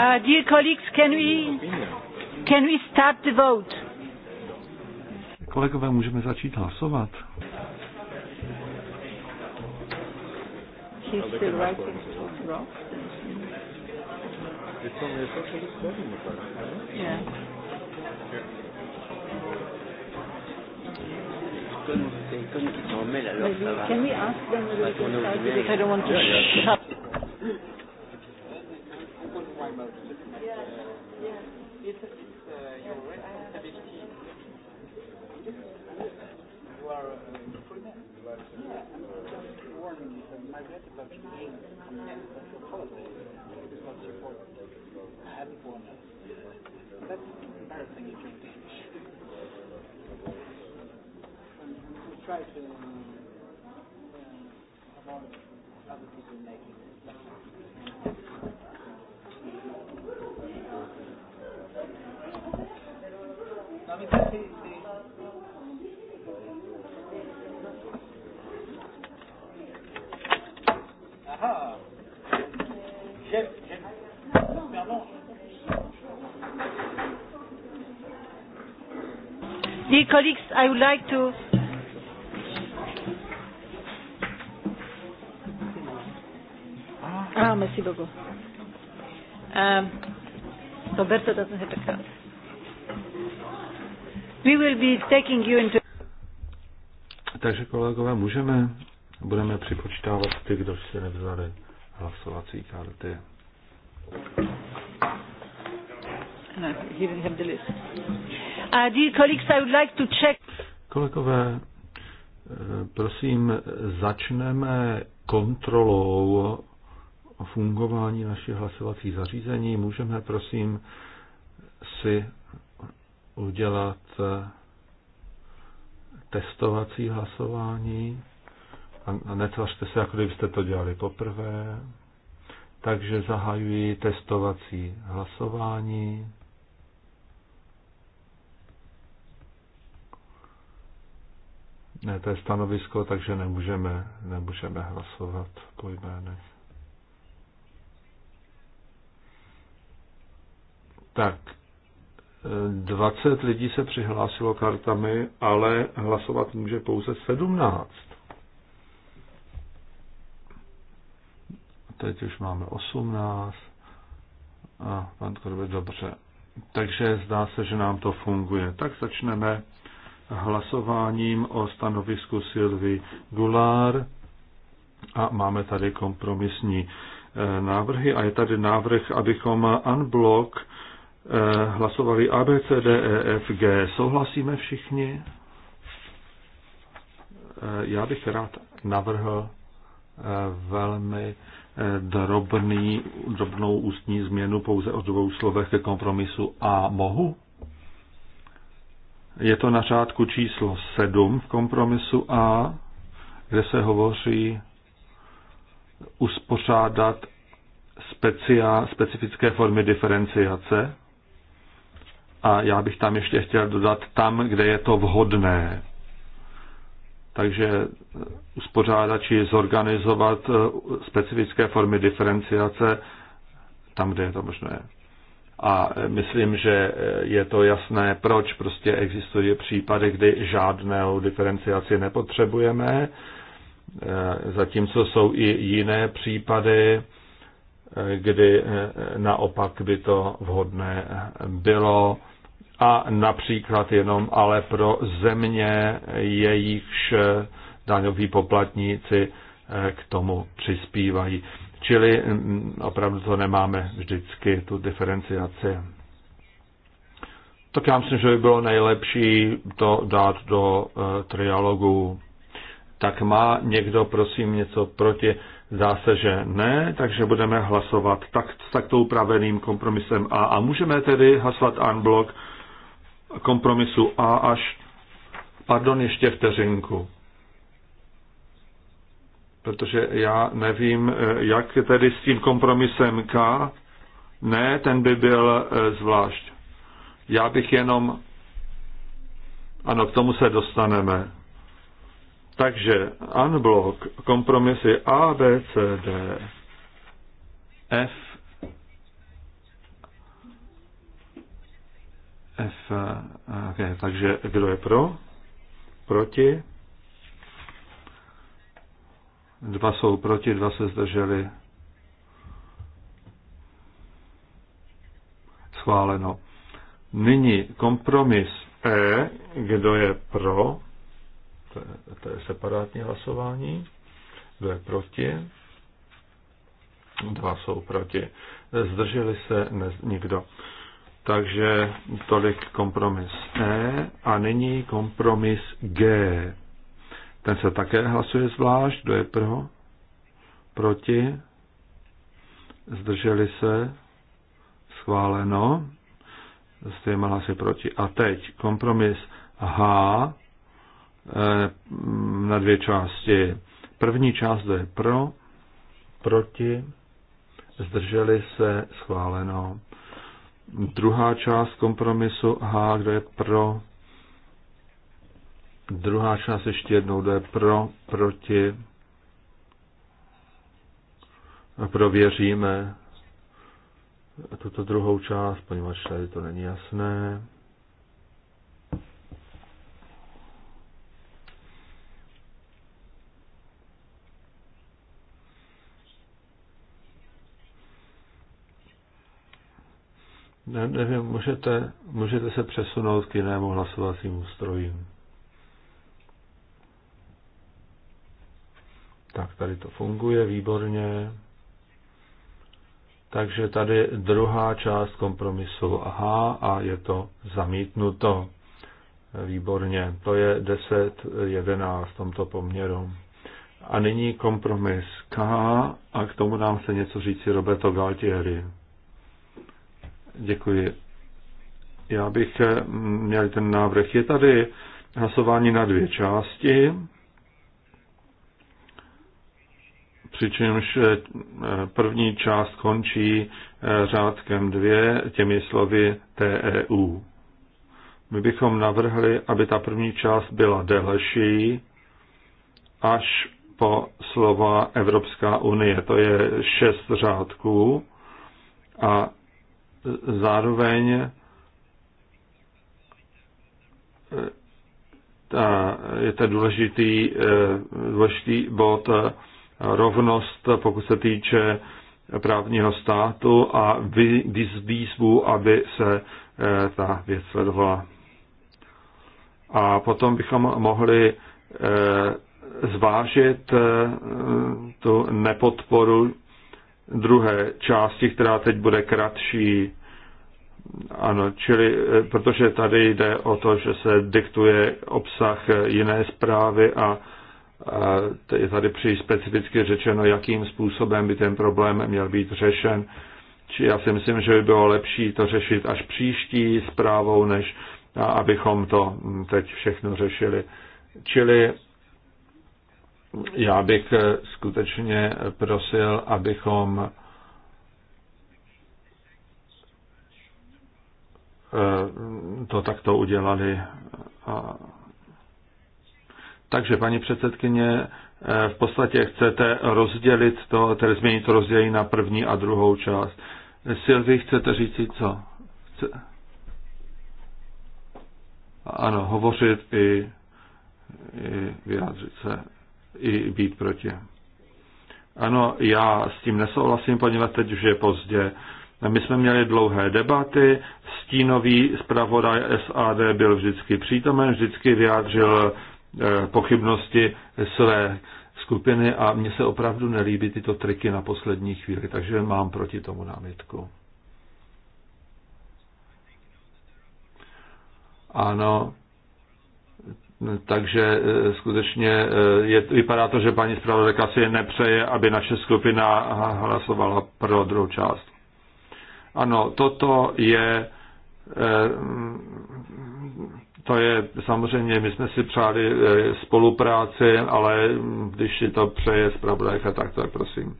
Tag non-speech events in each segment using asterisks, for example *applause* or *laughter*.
Uh, dear colleagues, can we, can we start the vote? Kolegové, můžeme začít hlasovat. Can we ask them to little Because I don't want to shut I would like to Ah, merci beaucoup. Um, Roberto doesn't have a card. We will be taking you into... Takže kolegové, můžeme, budeme připočítávat ty, kdo se nevzali hlasovací karty. No, he didn't have the list. Uh, dear colleagues, I would like to check. Kolegové, eh, prosím, začneme kontrolou fungování našich hlasovacích zařízení. Můžeme, prosím, si udělat eh, testovací hlasování a netvařte se, jako kdybyste to dělali poprvé. Takže zahajuji testovací hlasování. Ne, to je stanovisko, takže nemůžeme, nemůžeme hlasovat po jménech. Tak, 20 lidí se přihlásilo kartami, ale hlasovat může pouze 17. Teď už máme 18. A pan Korbe, dobře. Takže zdá se, že nám to funguje. Tak začneme hlasováním o stanovisku Silvy Gulár a máme tady kompromisní eh, návrhy a je tady návrh, abychom unblock eh, hlasovali A, B, C, D, E, F, G. Souhlasíme všichni? Eh, já bych rád navrhl velmi drobný, drobnou ústní změnu pouze o dvou slovech ke kompromisu A. Mohu? Je to na řádku číslo 7 v kompromisu A, kde se hovoří uspořádat specia, specifické formy diferenciace. A já bych tam ještě chtěl dodat tam, kde je to vhodné. Takže uspořádat či zorganizovat eh, specifické formy diferenciace tam, kde je to možné. A myslím, že je to jasné, proč prostě existuje případy, kdy žádnou diferenciaci nepotřebujeme, e, zatímco jsou i jiné případy, e, kdy e, naopak by to vhodné bylo. A například jenom ale pro země jejichž daňoví poplatníci k tomu přispívají. Čili mm, opravdu to nemáme vždycky, tu diferenciaci. Tak já myslím, že by bylo nejlepší to dát do e, trialogu. Tak má někdo, prosím, něco proti? Zdá se, že ne, takže budeme hlasovat tak, s takto upraveným kompromisem A. A můžeme tedy hlasovat unblock kompromisu A až, pardon, ještě vteřinku protože já nevím, eh, jak tedy s tím kompromisem K. Ne, ten by byl eh, zvlášť. Já bych jenom. Ano, k tomu se dostaneme. Takže unblock, kompromisy A, B, C, D, F, F, okay, takže kdo je pro? Proti? Dva jsou proti, dva se zdrželi. Schváleno. Nyní kompromis E, kdo je pro, to je, to je separátní hlasování, kdo je proti, dva jsou proti, zdrželi se ne, nikdo. Takže tolik kompromis E a nyní kompromis G. Ten se také hlasuje zvlášť. Kdo je pro? Proti? Zdrželi se? Schváleno. S těma hlasy proti. A teď kompromis H eh, na dvě části. První část je pro, proti, zdrželi se, schváleno. Druhá část kompromisu H, kdo je pro, Druhá část ještě jednou, to je pro, proti. Prověříme tuto druhou část, poněvadž tady to není jasné. Ne, nevím, můžete, můžete se přesunout k jinému hlasovacímu stroji. Tak tady to funguje výborně. Takže tady druhá část kompromisu aha a je to zamítnuto. Výborně. To je 10, 11 v tomto poměru. A nyní kompromis K a k tomu nám se něco říci Roberto Galtieri. Děkuji. Já bych mm, měl ten návrh. Je tady hlasování na dvě části. přičemž eh, první část končí eh, řádkem dvě těmi slovy TEU. My bychom navrhli, aby ta první část byla delší až po slova Evropská unie. To je šest řádků a zároveň eh, ta, je to důležitý, důležitý bod rovnost, pokud se týče právního státu a výzvu, aby se eh, ta věc sledovala. A potom bychom mohli eh, zvážit eh, tu nepodporu druhé části, která teď bude kratší. Ano, čili protože tady jde o to, že se diktuje obsah jiné zprávy a je tady při specificky řečeno, jakým způsobem by ten problém měl být řešen. Či já si myslím, že by bylo lepší to řešit až příští zprávou, než abychom to hm, teď všechno řešili. Čili já bych eh, skutečně prosil, abychom eh, to takto udělali a takže, paní předsedkyně, eh, v podstatě chcete rozdělit to, tedy změnit to rozdělení na první a druhou část. Silvi, chcete říci co? Chce... Ano, hovořit i, i vyjádřit se, i být proti. Ano, já s tím nesouhlasím, poněvadž teď už je pozdě. My jsme měli dlouhé debaty, stínový zpravodaj SAD byl vždycky přítomen, vždycky vyjádřil Eh, pochybnosti své skupiny a mně se opravdu nelíbí tyto triky na poslední chvíli, takže mám proti tomu námitku. Ano, takže eh, skutečně eh, je, vypadá to, že paní zpravodajka si nepřeje, aby naše skupina hlasovala pro druhou část. Ano, toto je to je samozřejmě, my jsme si přáli eh, spolupráci, ale když si to přeje zpravodajka, tak to je prosím.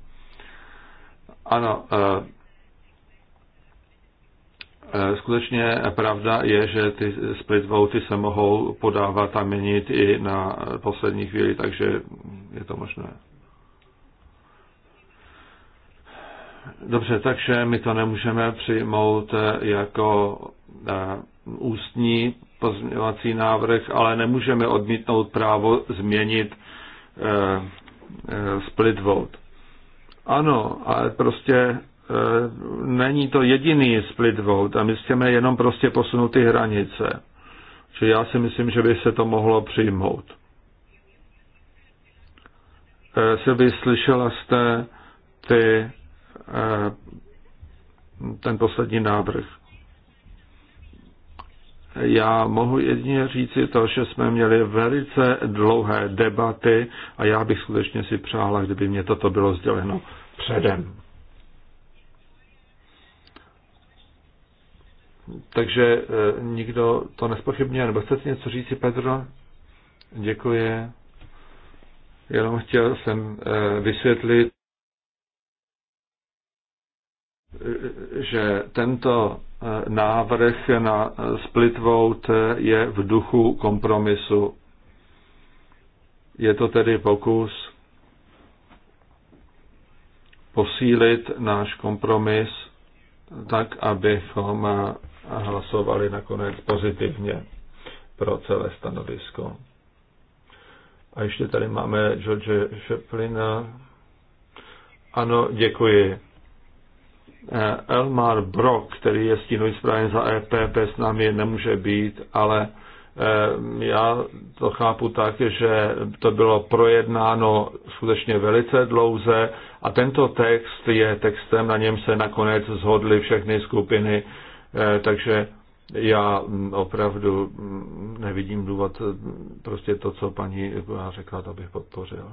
Ano, eh, eh, skutečně pravda je, že ty split voty se mohou podávat a měnit i na poslední chvíli, takže je to možné. Dobře, takže my to nemůžeme přijmout jako ústní pozměňovací návrh, ale nemůžeme odmítnout právo změnit eh, eh, split vote. Ano, ale prostě eh, není to jediný split vote a my chceme jenom prostě posunout ty hranice. Čili já si myslím, že by se to mohlo přijmout. Se by slyšela jste ty, ten poslední návrh. Já mohu jedině říci to, že jsme měli velice dlouhé debaty a já bych skutečně si přála, kdyby mě toto bylo sděleno předem. Takže e, nikdo to nespochybně, Nebo chcete něco říci, Pedro? Děkuji. Jenom chtěl jsem e, vysvětlit, že tento eh, návrh na eh, split vote je v duchu kompromisu. Je to tedy pokus posílit náš kompromis tak, abychom eh, hlasovali nakonec pozitivně pro celé stanovisko. A ještě tady máme George Chaplina. Ano, děkuji. Eh, Elmar Brock, který je stínový zprávě za EPP, s námi nemůže být, ale eh, já to chápu tak, že to bylo projednáno skutečně velice dlouze a tento text je textem, na něm se nakonec zhodly všechny skupiny, eh, takže já mm, opravdu mm, nevidím důvod prostě to, co paní řekla, to bych podpořil.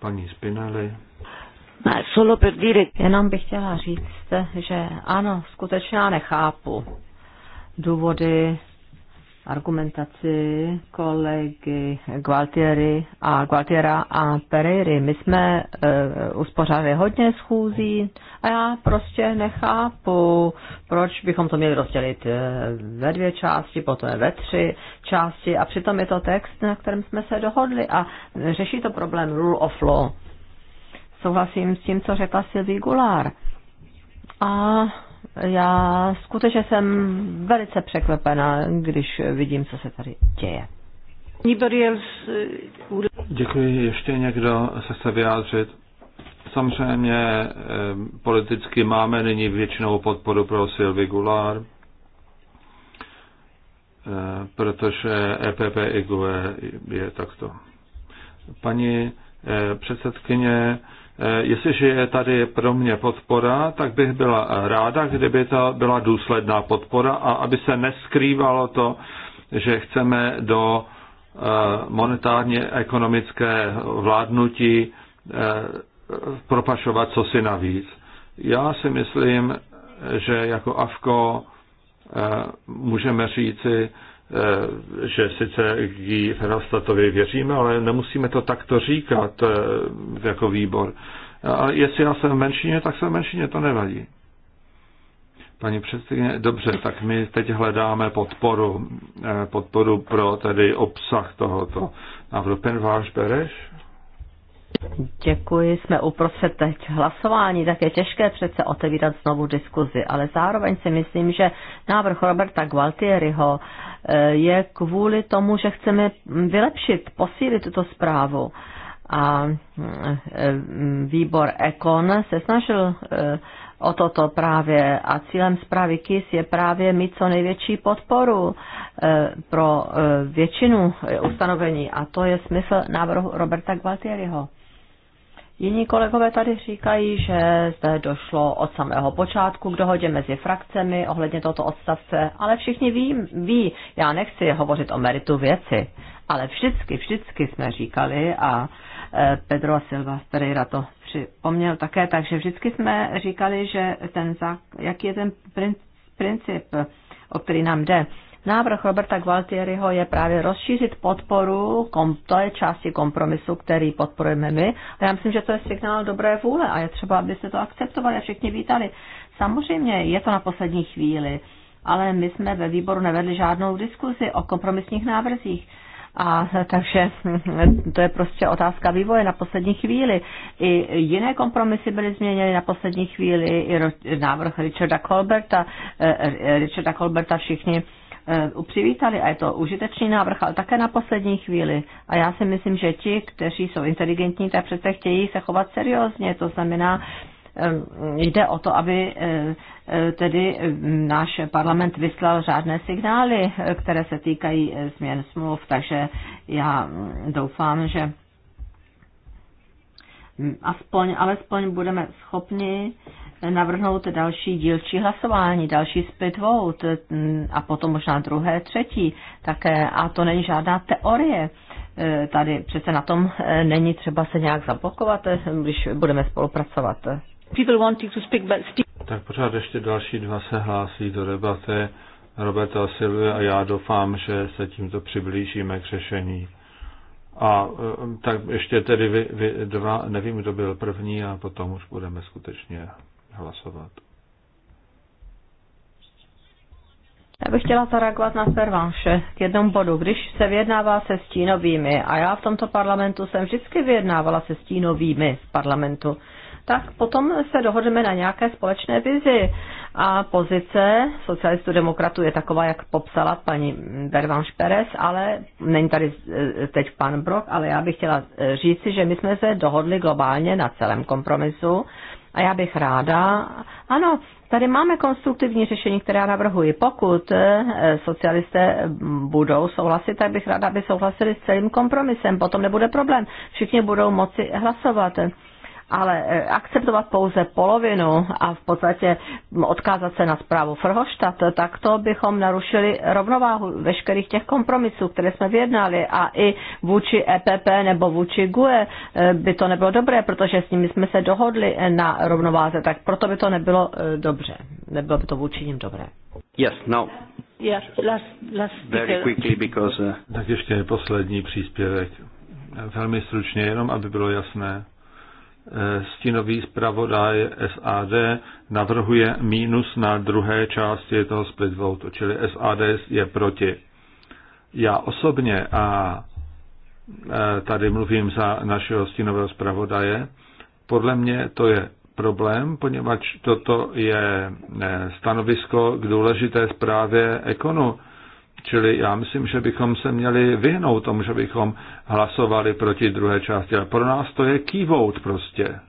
Paní Spinelli. Ne, Solo per dire. Jenom bych chtěla říct, že ano, skutečně já nechápu důvody argumentaci kolegy Gualtieri a Gualtiera a Pereiry. My jsme uh, uspořádali hodně schůzí a já prostě nechápu, proč bychom to měli rozdělit e, ve dvě části, potom ve tři části a přitom je to text, na kterém jsme se dohodli a řeší to problém rule of law. Souhlasím s tím, co řekla Sylvie Goulart. A já skutečně jsem velice překvapená, když vidím, co se tady děje. Uh, Děkuji. Ještě někdo se chce vyjádřit? Samozřejmě eh, politicky máme nyní většinou podporu pro Sylvie Gular, eh, protože EPP IGUE je takto. Paní eh, předsedkyně, Eh, jestliže je tady pro mě podpora, tak bych byla ráda, kdyby to byla důsledná podpora a aby se neskrývalo to, že chceme do eh, monetárně ekonomické vládnutí eh, propašovat co si navíc. Já si myslím, že jako AFKO můžeme říci, Eh, že sice Guy Verhofstadtovi věříme, ale nemusíme to takto říkat eh, jako výbor. A jestli já jsem v menšině, tak jsem v menšině, to nevadí. Paní předsedkyně, dobře, tak my teď hledáme podporu, eh, podporu pro tedy obsah tohoto návrhu. Pen váš bereš? Děkuji, jsme uprostřed teď hlasování, tak je těžké přece otevírat znovu diskuzi, ale zároveň si myslím, že návrh Roberta Gualtieriho eh, je kvůli tomu, že chceme vylepšit, posílit tuto zprávu. A eh, výbor Econ se snažil eh, o toto právě a cílem zprávy KIS je právě mít co největší podporu pro většinu ustanovení a to je smysl návrhu Roberta Gualtieriho. Jiní kolegové tady říkají, že zde došlo od samého počátku k dohodě mezi frakcemi ohledně tohoto odstavce, ale všichni ví, ví, já nechci hovořit o meritu věci, ale vždycky, vždycky jsme říkali a e, Pedro Silva Pereira to připomněl také, takže vždycky jsme říkali, že ten, jaký je ten princip, o který nám jde, Návrh Roberta Gualtieriho je právě rozšířit podporu kom, to je části kompromisu, který podporujeme my. A já myslím, že to je signál dobré vůle a je třeba, aby se to akceptovali a všichni vítali. Samozřejmě je to na poslední chvíli, ale my jsme ve výboru nevedli žádnou diskuzi o kompromisních návrzích. A takže *laughs* to je prostě otázka vývoje na poslední chvíli. I jiné kompromisy byly změněny na poslední chvíli, i návrh Richarda Colberta, eh, eh, Richarda Colberta všichni Eh, přivítali a je to užitečný návrh, ale také na poslední chvíli. A já si myslím, že ti, kteří jsou inteligentní, tak přece chtějí se chovat seriózně. To znamená, eh, jde o to, aby eh, tedy mm, náš parlament vyslal řádné signály, které se týkají změn smluv, takže já mm, doufám, že mm, aspoň, alespoň budeme schopni navrhnout další dílčí hlasování, další split vote mm, a potom možná druhé, třetí také. A to není žádná teorie. E, tady přece na tom e, není třeba se nějak zablokovat, e, když budeme spolupracovat. Tak pořád ještě další dva se hlásí do debaty. Roberta a Silvia a já doufám, že se tímto přiblížíme k řešení. A tak ještě tedy vy, vy dva, nevím, kdo byl první a potom už budeme skutečně hlasovat. Já bych chtěla zareagovat na Fervanše k jednom bodu. Když se vyjednává se stínovými, a já v tomto parlamentu jsem vždycky vyjednávala se stínovými z parlamentu, tak potom se dohodneme na nějaké společné vizi. A pozice socialistů demokratů je taková, jak popsala paní Bervanš Perez, ale není tady eh, teď pan Brok, ale já bych chtěla eh, říci, že my jsme se dohodli globálně na celém kompromisu a já bych ráda, ano, tady máme konstruktivní řešení, které já navrhuji. Pokud eh, socialisté budou souhlasit, tak bych ráda, aby souhlasili s celým kompromisem. Potom nebude problém. Všichni budou moci hlasovat ale e, akceptovat pouze polovinu a v podstatě odkázat se na zprávu Frhoštat, tak to bychom narušili rovnováhu veškerých těch kompromisů, které jsme vyjednali a i vůči EPP nebo vůči GUE e, by to nebylo dobré, protože s nimi jsme se dohodli na rovnováze, tak proto by to nebylo e, dobře. Nebylo by to vůči nim dobré. Yes, no. Yes, last, last Very quickly because, uh... Tak ještě poslední příspěvek. Velmi stručně, jenom aby bylo jasné. Eh, stínový zpravodaj SAD navrhuje mínus na druhé části toho split vote, čili SAD je proti. Já osobně, a eh, tady mluvím za našeho stínového zpravodaje, podle mě to je problém, poněvadž toto je eh, stanovisko k důležité zprávě ekonu Čili já myslím, že bychom se měli vyhnout tomu, že bychom hlasovali proti druhé části. Ale pro nás to je key vote prostě.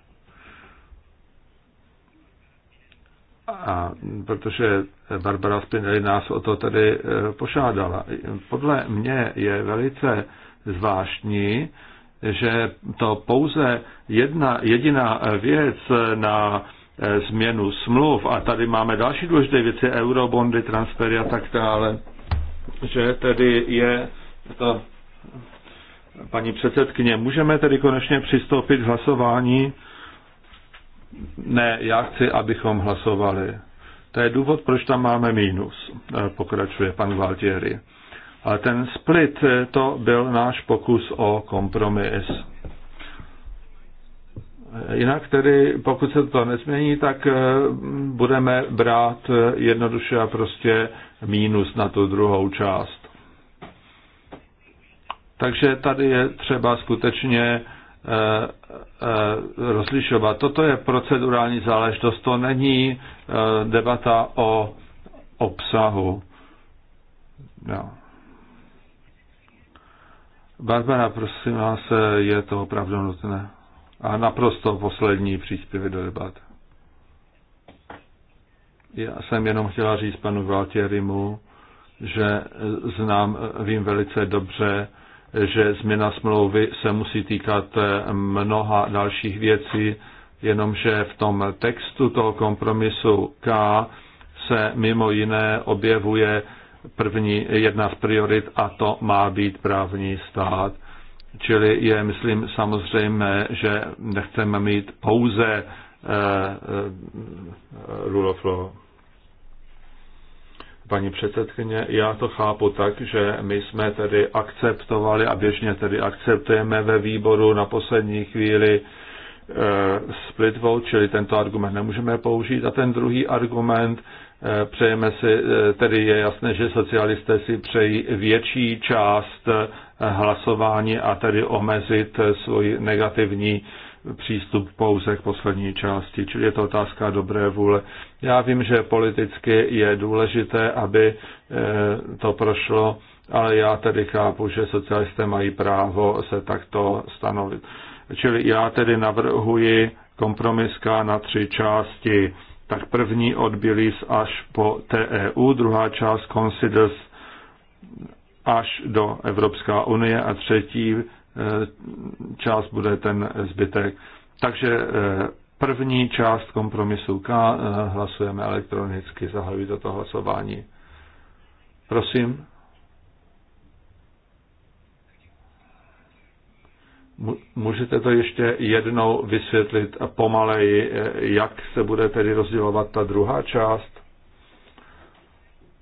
A protože Barbara Spinelli nás o to tedy eh, pošádala. Podle mě je velice zvláštní, že to pouze jedna jediná věc na eh, změnu smluv, a tady máme další důležité věci, eurobondy, transfery a tak dále, že tedy je to paní předsedkyně. Můžeme tedy konečně přistoupit k hlasování? Ne, já chci, abychom hlasovali. To je důvod, proč tam máme mínus, eh, pokračuje pan Valtieri. Ale ten split, eh, to byl náš pokus o kompromis. Jinak tedy, pokud se to nezmění, tak eh, budeme brát jednoduše a prostě mínus na tu druhou část. Takže tady je třeba skutečně eh, eh, rozlišovat. Toto je procedurální záležitost, to není eh, debata o obsahu. No. Barbara, prosím vás, je to opravdu nutné. A naprosto poslední příspěvek do debaty. Já jsem jenom chtěla říct panu Valtierimu, že znám, vím velice dobře, že změna smlouvy se musí týkat mnoha dalších věcí, jenomže v tom textu toho kompromisu K se mimo jiné objevuje první jedna z priorit a to má být právní stát. Čili je, myslím, samozřejmé, že nechceme mít pouze eh, eh, rule of law. Paní předsedkyně, já to chápu tak, že my jsme tedy akceptovali a běžně tedy akceptujeme ve výboru na poslední chvíli eh, split vote, čili tento argument nemůžeme použít. A ten druhý argument, eh, přejeme si, eh, tedy je jasné, že socialisté si přejí větší část hlasování a tedy omezit svůj negativní přístup pouze k poslední části. Čili je to otázka dobré vůle. Já vím, že politicky je důležité, aby eh, to prošlo, ale já tedy chápu, že socialisté mají právo se takto stanovit. Čili já tedy navrhuji kompromiska na tři části. Tak první od Belize až po TEU, druhá část Considers až do Evropská unie a třetí eh, část bude ten zbytek. Takže eh, První část kompromisu K eh, hlasujeme elektronicky. Zahajuji toto hlasování. Prosím. Můžete to ještě jednou vysvětlit pomaleji, eh, jak se bude tedy rozdělovat ta druhá část?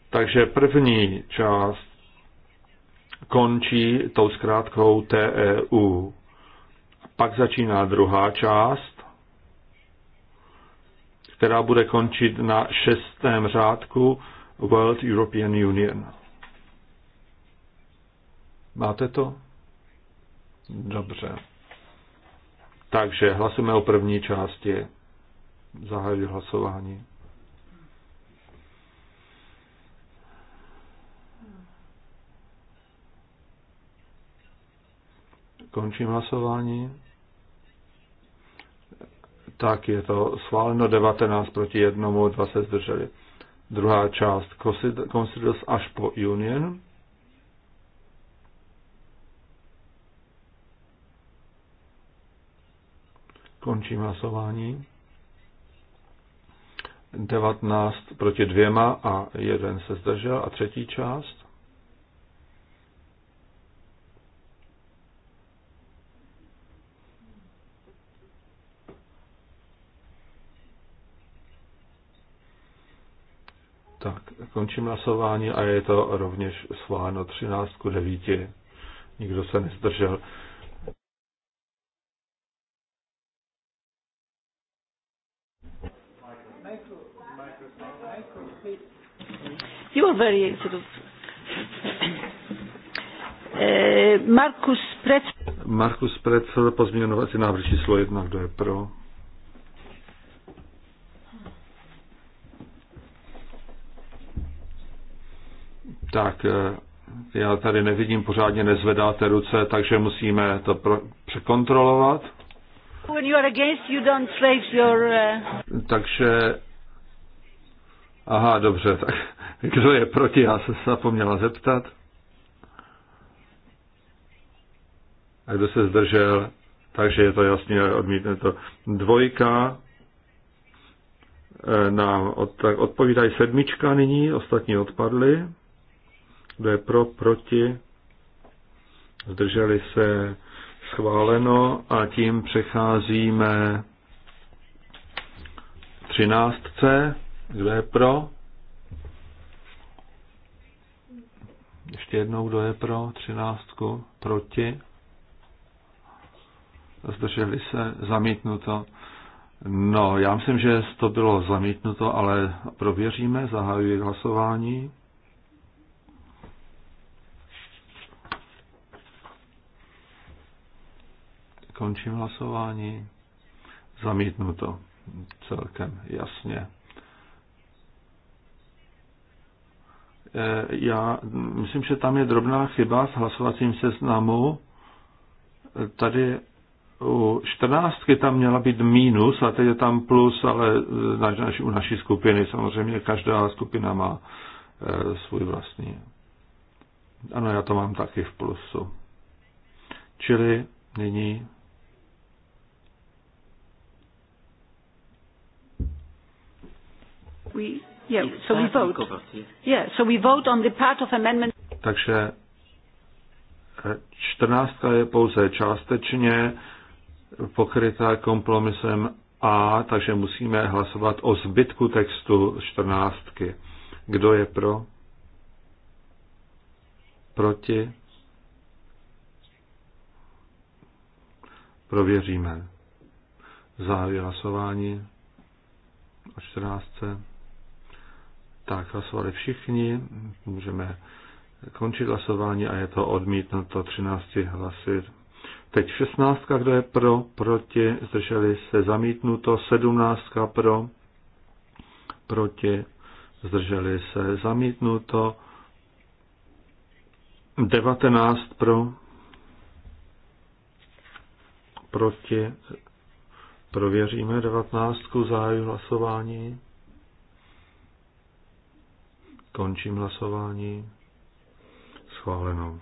Takže první část končí tou zkrátkou TEU. Pak začíná druhá část která bude končit na šestém řádku World European Union. Máte to? Dobře. Takže hlasujeme o první části. Zahajuji hlasování. Končím hlasování tak je to schváleno 19 proti 1, 2 se zdrželi. Druhá část Considers až po Union. Končím hlasování. 19 proti dvěma a jeden se zdržel a třetí část. Končím hlasování a je to rovněž sváno 13 k 9. Nikdo se nezdržel. You are very sort of *coughs* eh, Markus Pretzel. Markus Pretzel, pozměňovací návrh číslo jedna, kdo je pro? Tak eh, já tady nevidím, pořádně nezvedáte ruce, takže musíme to pro- překontrolovat. When you are against, you don't your, uh... Takže, aha, dobře, tak *laughs* kdo je proti, já se zapomněla zeptat. A kdo se zdržel, takže je to jasně odmítne to. Dvojka eh, nám od, tak odpovídají sedmička nyní, ostatní odpadly. Kdo je pro, proti? Zdrželi se schváleno a tím přecházíme 13. Kdo je pro? Ještě jednou, kdo je pro třináctku? Proti? Zdrželi se? Zamítnuto? No, já myslím, že to bylo zamítnuto, ale prověříme, zahajuji hlasování. Končím hlasování. to Celkem jasně. E, já myslím, že tam je drobná chyba s hlasovacím seznamu. E, tady u 14 tam měla být mínus a teď je tam plus, ale e, u naší skupiny samozřejmě každá skupina má svůj vlastní. Ano, já to mám taky v plusu. Čili nyní Takže čtrnáctka je pouze částečně pokrytá kompromisem A, takže musíme hlasovat o zbytku textu čtrnáctky. Kdo je pro? Proti? Prověříme. Zahajuji hlasování o čtrnáctce. Tak, hlasovali všichni, můžeme končit hlasování a je to odmítnuto 13 hlasy. Teď 16, kdo je pro, proti, zdrželi se zamítnuto, 17 pro, proti, zdrželi se zamítnuto, 19 pro, proti, prověříme 19, zahájí hlasování. Končím hlasování. Schváleno.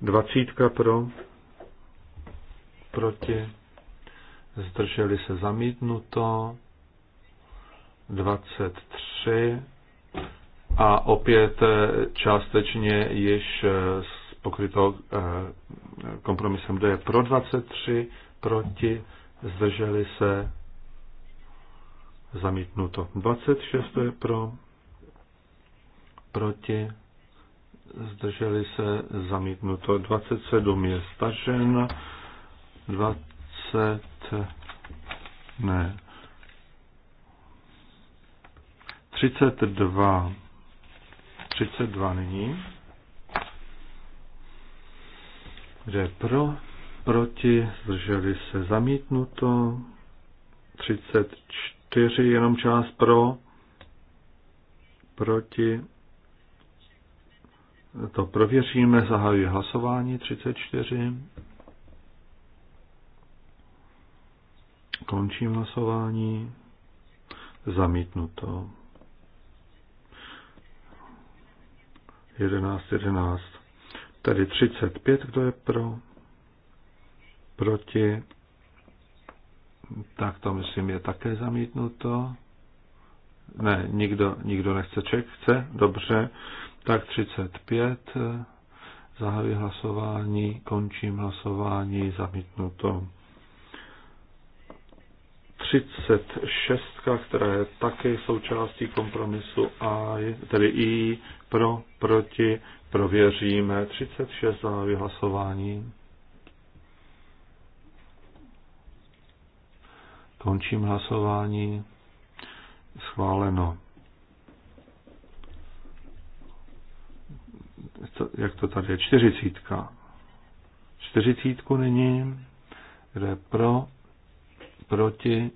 Dvacítka pro, proti, zdrželi se zamítnuto. 23 a opět eh, částečně již eh, pokryto eh, kompromisem, kde je pro 23, proti, zdrželi se, zamítnuto. 26 je pro, proti, zdrželi se zamítnuto. 27 je stažen, 20 ne. 32. 32 nyní. Kde pro, proti, zdrželi se zamítnuto. 34 jenom část pro, proti, to prověříme, zahajuji hlasování 34. Končím hlasování. Zamítnuto. 11, 11. Tedy 35, kdo je pro? Proti? Tak to myslím je také zamítnuto. Ne, nikdo, nikdo nechce ček, chce? Dobře. Tak 35. Zahajuji hlasování, končím hlasování, zamítnuto. 36, která je také součástí kompromisu A, tedy I, pro, proti, prověříme. 36 za vyhlasování. Končím hlasování. Schváleno. to, jak to tady je, čtyřicítka. Čtyřicítku nyní, kde pro, proti,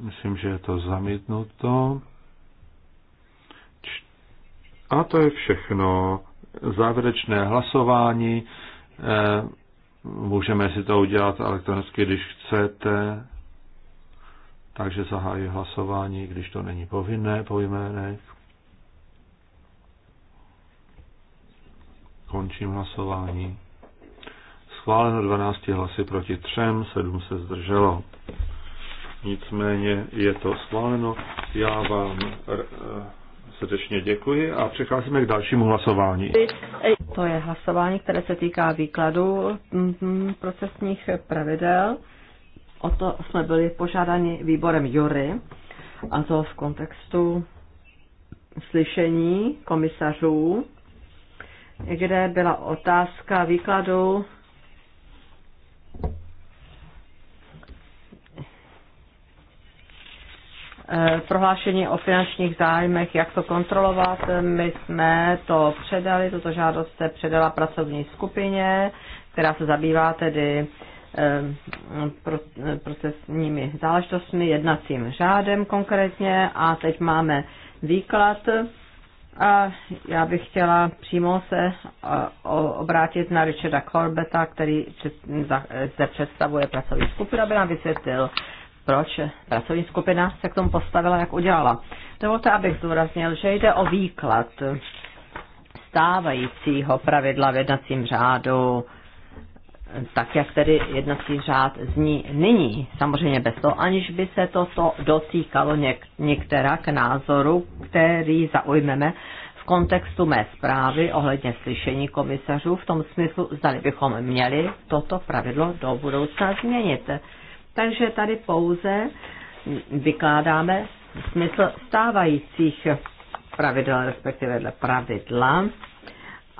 myslím, že je to zamítnuto. A to je všechno. Závěrečné hlasování. Eh, můžeme si to udělat elektronicky, když chcete. Takže zahájí hlasování, když to není povinné po jménech. Končím hlasování. Schváleno 12 hlasy proti 3, 7 se zdrželo. Nicméně je to schváleno. Já vám eh, srdečně děkuji a přecházíme k dalšímu hlasování. To je hlasování, které se týká výkladu mm, mm, procesních pravidel. O to jsme byli požádáni výborem Jury a to v kontextu slyšení komisařů kde byla otázka výkladu eh, prohlášení o finančních zájmech, jak to kontrolovat. My jsme to předali, tuto žádost se předala pracovní skupině, která se zabývá tedy eh, eh, procesními záležitostmi, jednacím řádem konkrétně a teď máme výklad a já bych chtěla přímo se obrátit na Richarda Corbeta, který zde představuje pracovní skupinu, aby nám vysvětlil, proč pracovní skupina se k tomu postavila, jak udělala. Dovolte, abych zdůraznil, že jde o výklad stávajícího pravidla v jednacím řádu tak jak tedy jednací řád zní nyní. Samozřejmě bez toho, aniž by se toto dotýkalo něk- některá k názoru, který zaujmeme v kontextu mé zprávy ohledně slyšení komisařů v tom smyslu, zdali bychom měli toto pravidlo do budoucna změnit. Takže tady pouze vykládáme smysl stávajících pravidel, respektive pravidla,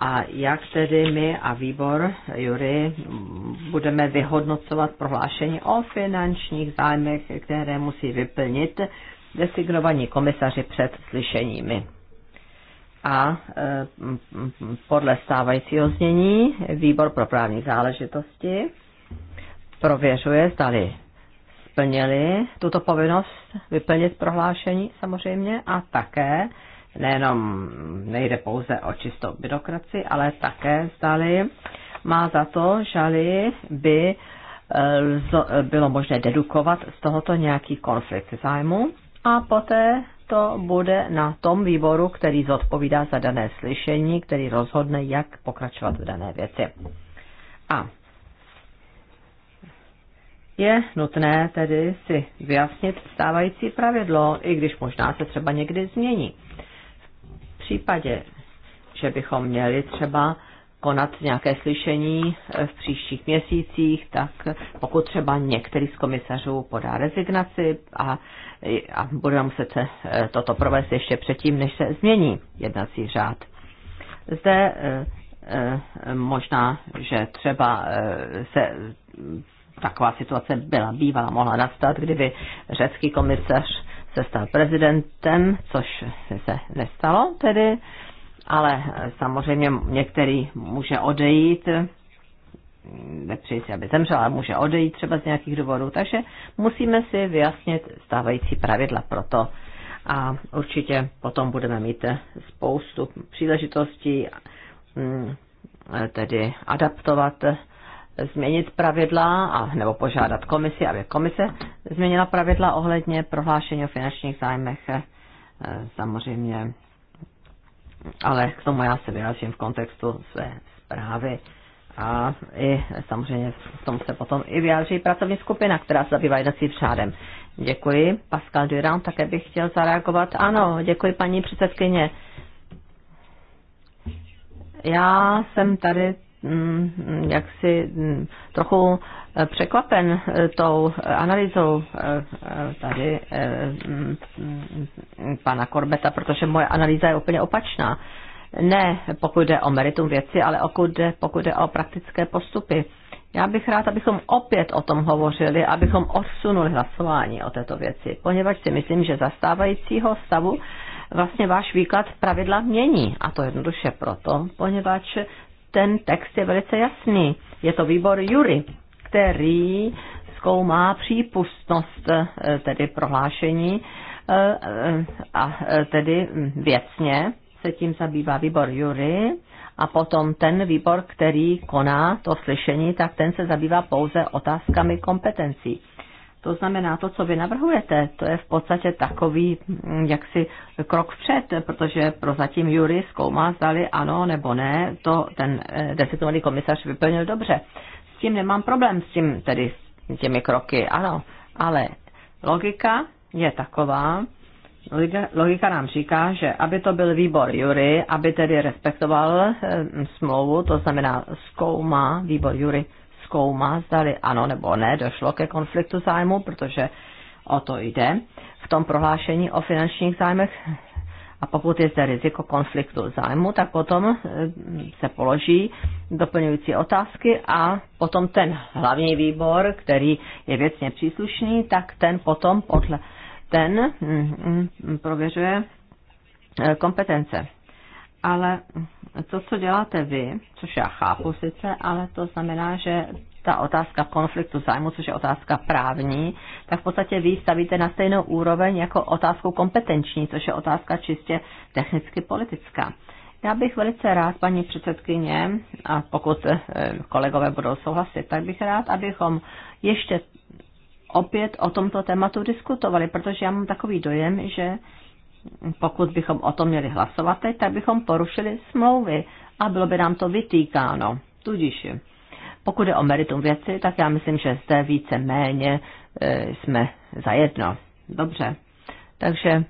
a jak tedy my a výbor Jury budeme vyhodnocovat prohlášení o finančních zájmech, které musí vyplnit designovaní komisaři před slyšeními. A e, podle stávajícího znění výbor pro právní záležitosti prověřuje, zdali splnili tuto povinnost vyplnit prohlášení samozřejmě a také nejenom nejde pouze o čistou byrokraci, ale také zdali má za to, že by eh, bylo možné dedukovat z tohoto nějaký konflikt zájmu a poté to bude na tom výboru, který zodpovídá za dané slyšení, který rozhodne, jak pokračovat v dané věci. A je nutné tedy si vyjasnit stávající pravidlo, i když možná se třeba někdy změní případě, že bychom měli třeba konat nějaké slyšení eh, v příštích měsících, tak pokud třeba některý z komisařů podá rezignaci a, a budeme muset se eh, toto provést ještě předtím, než se změní jednací řád. Zde eh, možná, že třeba se taková situace byla bývala, mohla nastat, kdyby řecký komisař se stal prezidentem, což se nestalo tedy, ale samozřejmě některý může odejít, nepřeji si, aby zemřel, ale může odejít třeba z nějakých důvodů, takže musíme si vyjasnit stávající pravidla pro to a určitě potom budeme mít spoustu příležitostí mm, tedy adaptovat změnit pravidla a, nebo požádat komisi, aby komise změnila pravidla ohledně prohlášení o finančních zájmech eh, samozřejmě. Ale k tomu já se vyjádřím v kontextu své zprávy a i samozřejmě v tom se potom i vyjádří pracovní skupina, která se zabývá jednacím řádem. Děkuji. Pascal Durand také bych chtěl zareagovat. Ano, děkuji paní předsedkyně. Já jsem tady Mm, jaksi mm, trochu eh, překvapen eh, tou analýzou eh, tady mm, pana Korbeta, protože moje analýza je úplně opačná. Ne pokud jde o meritum věci, ale pokud jde, o praktické postupy. Já bych rád, abychom opět o tom hovořili, abychom odsunuli hlasování o této věci, poněvadž si myslím, že zastávajícího stavu vlastně váš výklad pravidla mění. A to jednoduše proto, poněvadž ten text je velice jasný. Je to výbor Jury, který zkoumá přípustnost eh, tedy prohlášení eh, eh, a tedy věcně se tím zabývá výbor Jury a potom ten výbor, který koná to slyšení, tak ten se zabývá pouze otázkami kompetencí. To znamená, to, co vy navrhujete, to je v podstatě takový mm, jaksi krok vpřed, protože prozatím jury zkoumá, zdali ano nebo ne, to ten eh, desetovaný komisař vyplnil dobře. S tím nemám problém, s tím tedy s těmi kroky, ano, ale logika je taková, Logika nám říká, že aby to byl výbor jury, aby tedy respektoval eh, smlouvu, to znamená zkoumá výbor jury zkoumá, zdali ano nebo ne, došlo ke konfliktu zájmu, protože o to jde v tom prohlášení o finančních zájmech. A pokud je zde riziko konfliktu zájmu, tak potom eh, se položí doplňující otázky a potom ten hlavní výbor, který je věcně příslušný, tak ten potom podle ten mm, mm, prověřuje eh, kompetence ale to, co děláte vy, což já chápu sice, ale to znamená, že ta otázka konfliktu zájmu, což je otázka právní, tak v podstatě vy stavíte na stejnou úroveň jako otázku kompetenční, což je otázka čistě technicky politická. Já bych velice rád, paní předsedkyně, a pokud eh, kolegové budou souhlasit, tak bych rád, abychom ještě opět o tomto tématu diskutovali, protože já mám takový dojem, že pokud bychom o tom měli hlasovat teď, tak bychom porušili smlouvy a bylo by nám to vytýkáno. Tudíž, pokud je o meritum věci, tak já myslím, že zde více méně e, jsme zajedno. Dobře. Takže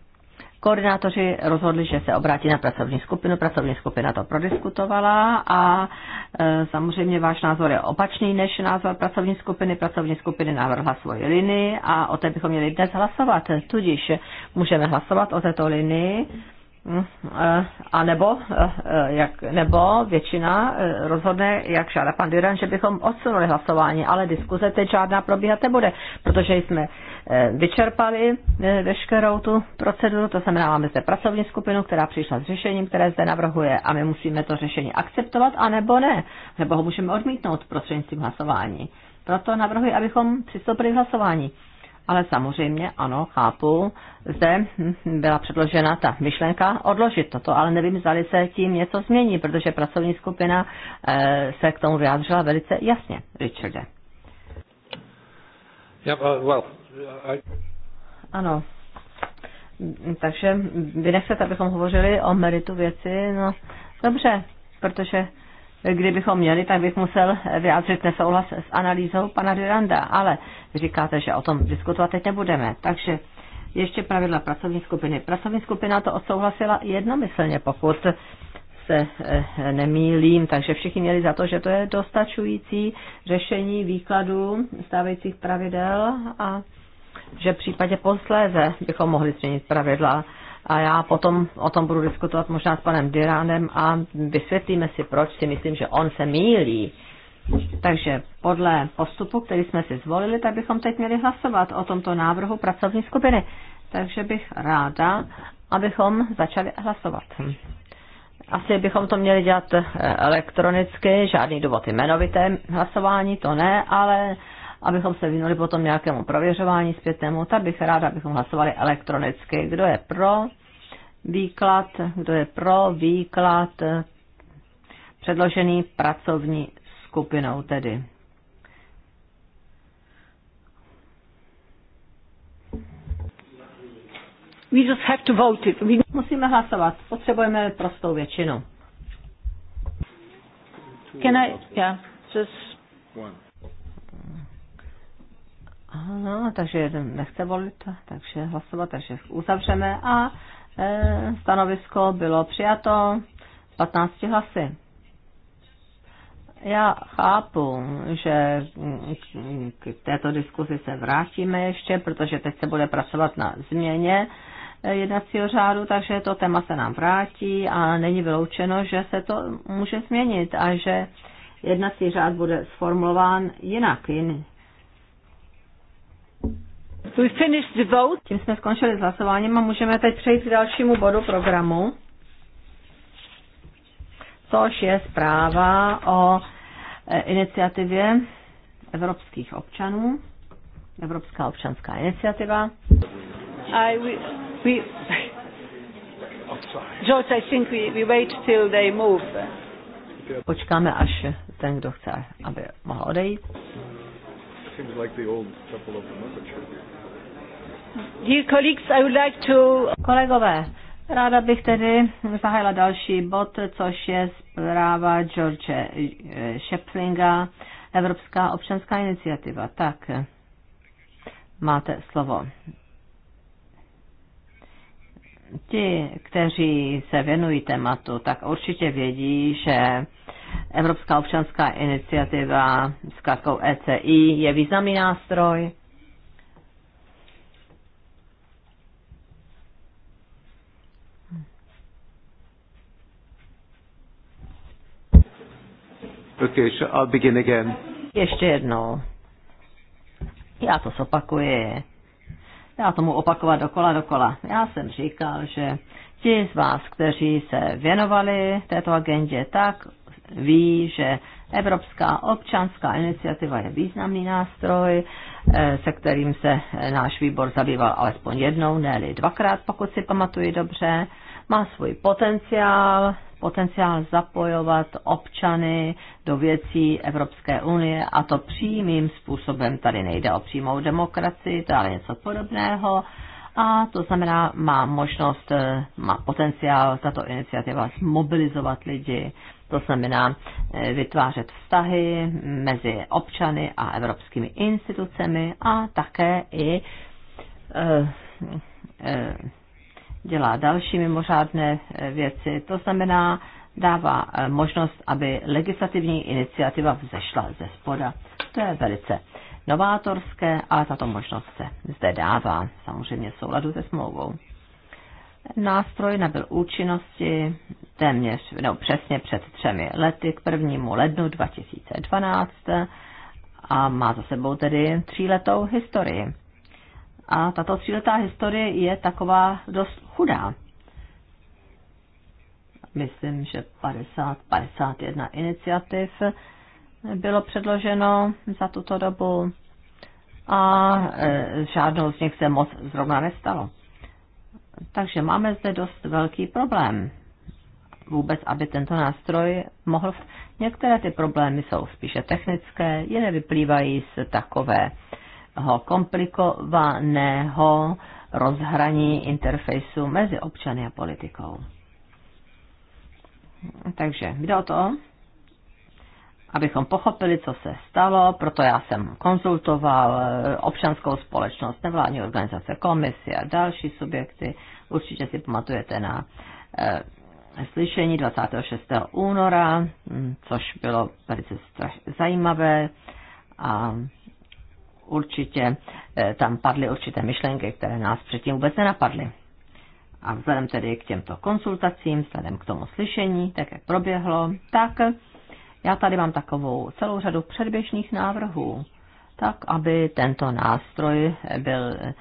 Koordinátoři rozhodli, že se obrátí na pracovní skupinu, pracovní skupina to prodiskutovala a e, samozřejmě váš názor je opačný než názor pracovní skupiny. Pracovní skupiny navrhla svoji linii a o té bychom měli dnes hlasovat. Tudíž můžeme hlasovat o této linii. Hm, eh, a nebo, eh, eh, jak, nebo většina rozhodne, jak žádá pan Duran, že bychom odsunuli hlasování, ale diskuze teď žádná probíhat nebude, protože jsme vyčerpali veškerou tu proceduru, to znamená, máme zde pracovní skupinu, která přišla s řešením, které zde navrhuje a my musíme to řešení akceptovat, a nebo ne, nebo ho můžeme odmítnout prostřednictvím hlasování. Proto navrhuji, abychom přistoupili k hlasování ale samozřejmě, ano, chápu, zde byla předložena ta myšlenka odložit toto, ale nevím, zda se tím něco změní, protože pracovní skupina eh, se k tomu vyjádřila velice jasně, Richarde. Yeah, uh, well, I... Ano, takže vy nechcete, abychom hovořili o meritu věci, no dobře, protože kdybychom měli, tak bych musel vyjádřit nesouhlas s analýzou pana Duranda, ale říkáte, že o tom diskutovat teď nebudeme. Takže ještě pravidla pracovní skupiny. Pracovní skupina to odsouhlasila jednomyslně, pokud se eh, nemýlím, takže všichni měli za to, že to je dostačující řešení výkladu stávajících pravidel a že v případě posléze bychom mohli změnit pravidla a já potom o tom budu diskutovat možná s panem Diránem a vysvětlíme si, proč si myslím, že on se mílí. Takže podle postupu, který jsme si zvolili, tak bychom teď měli hlasovat o tomto návrhu pracovní skupiny. Takže bych ráda, abychom začali hlasovat. Asi bychom to měli dělat eh, elektronicky, žádný důvod jmenovité hlasování, to ne, ale abychom se vynuli potom nějakému prověřování zpětnému, tak bych ráda, abychom hlasovali elektronicky. Kdo je pro výklad, kdo je pro výklad eh, předložený pracovní skupinou tedy. We just have to vote it. We... Musíme hlasovat. Potřebujeme prostou většinu. Can I? Yeah. Just. One. Aha, takže jeden nechce volit, takže hlasovat, takže uzavřeme a e, stanovisko bylo přijato 15 hlasy. Já chápu, že k této diskuzi se vrátíme ještě, protože teď se bude pracovat na změně e, jednacího řádu, takže to téma se nám vrátí a není vyloučeno, že se to může změnit a že jednací řád bude sformulován jinak, jiný, We finished the vote. Tím jsme skončili s hlasováním a můžeme teď přejít k dalšímu bodu programu, což je zpráva o e, iniciativě evropských občanů, Evropská občanská iniciativa. I, we, we, George, I think we, we wait till they move. Počkáme, až ten, kdo chce, aby mohl odejít. Seems like the old couple of Dear colleagues, I would like to... Kolegové, ráda bych tedy zahájila další bod, což je zpráva George eh, Sheplinga, Evropská občanská iniciativa. Tak, máte slovo ti, kteří se věnují tématu, tak určitě vědí, že Evropská občanská iniciativa s krátkou ECI je významný nástroj. Okay, so I'll begin again. Ještě jednou. Já to zopakuji já tomu opakovat dokola dokola. Já jsem říkal, že ti z vás, kteří se věnovali této agendě, tak ví, že Evropská občanská iniciativa je významný nástroj, eh, se kterým se eh, náš výbor zabýval alespoň jednou, ne dvakrát, pokud si pamatuji dobře. Má svůj potenciál, potenciál zapojovat občany do věcí Evropské unie a to přímým způsobem. Tady nejde o přímou demokracii, to je ale něco podobného. A to znamená, má možnost, eh, má potenciál tato iniciativa zmobilizovat lidi, to znamená eh, vytvářet vztahy mezi občany a evropskými institucemi a také i eh, dělá další mimořádné eh, věci. To znamená, dává eh, možnost, aby legislativní iniciativa vzešla ze spoda. To je velice novátorské, ale tato možnost se zde dává, samozřejmě v souladu se smlouvou. Nástroj nabyl účinnosti téměř, no přesně před třemi lety, k prvnímu lednu 2012 a má za sebou tedy tříletou historii. A tato tříletá historie je taková dost chudá. Myslím, že 50, 51 iniciativ bylo předloženo za tuto dobu a e, žádnou z nich se moc zrovna nestalo. Takže máme zde dost velký problém vůbec, aby tento nástroj mohl. Některé ty problémy jsou spíše technické, jiné vyplývají z takové eh, komplikovaného rozhraní interfejsu mezi občany a politikou. Takže jde o to, abychom pochopili, co se stalo, proto já jsem konzultoval eh, občanskou společnost, nevládní organizace, komisi a další subjekty. Určitě si pamatujete na eh, slyšení 26. února, hm, což bylo velice zajímavé a určitě eh, tam padly určité myšlenky, které nás předtím vůbec nenapadly. A vzhledem tedy k těmto konsultacím, vzhledem k tomu slyšení, tak jak proběhlo, tak já tady mám takovou celou řadu předběžných návrhů, tak aby tento nástroj byl eh,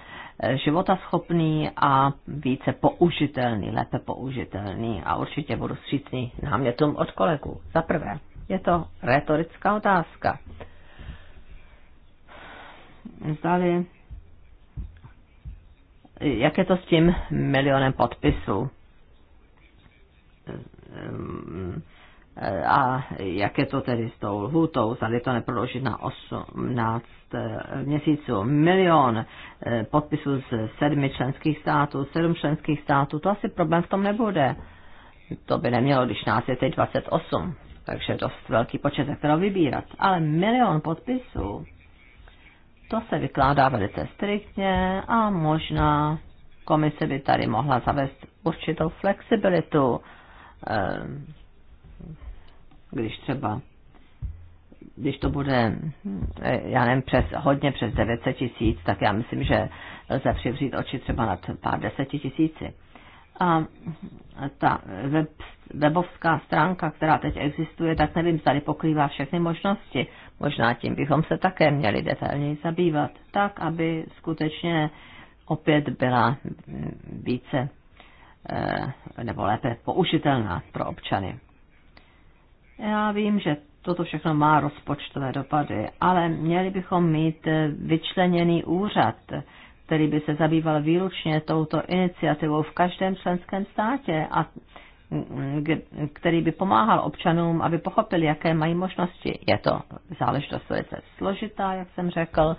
životaschopný a více použitelný, lépe použitelný a určitě budu střícný námětům od kolegů. Za prvé, je to retorická otázka zdali, jak je to s tím milionem podpisů ehm, a jak je to tedy s tou lhůtou, zdali to neprodloužit na 18 eh, měsíců, milion eh, podpisů z sedmi členských států, sedm členských států, to asi problém v tom nebude. To by nemělo, když nás je teď 28, takže dost velký počet, ze kterého vybírat. Ale milion podpisů, to se vykládá velice striktně a možná komise by tady mohla zavést určitou flexibilitu, eh, když třeba když to bude, eh, já nevím, přes, hodně přes 900 tisíc, tak já myslím, že lze přivřít oči třeba nad pár deseti tisíci. A ta web, webovská stránka, která teď existuje, tak nevím, zda pokrývá všechny možnosti. Možná tím bychom se také měli detailněji zabývat, tak aby skutečně opět byla více eh, nebo lépe použitelná pro občany. Já vím, že toto všechno má rozpočtové dopady, ale měli bychom mít eh, vyčleněný úřad, který by se zabýval výlučně touto iniciativou v každém členském státě a který by pomáhal občanům, aby pochopili, jaké mají možnosti. Je to záležitost velice složitá, jak jsem řekl,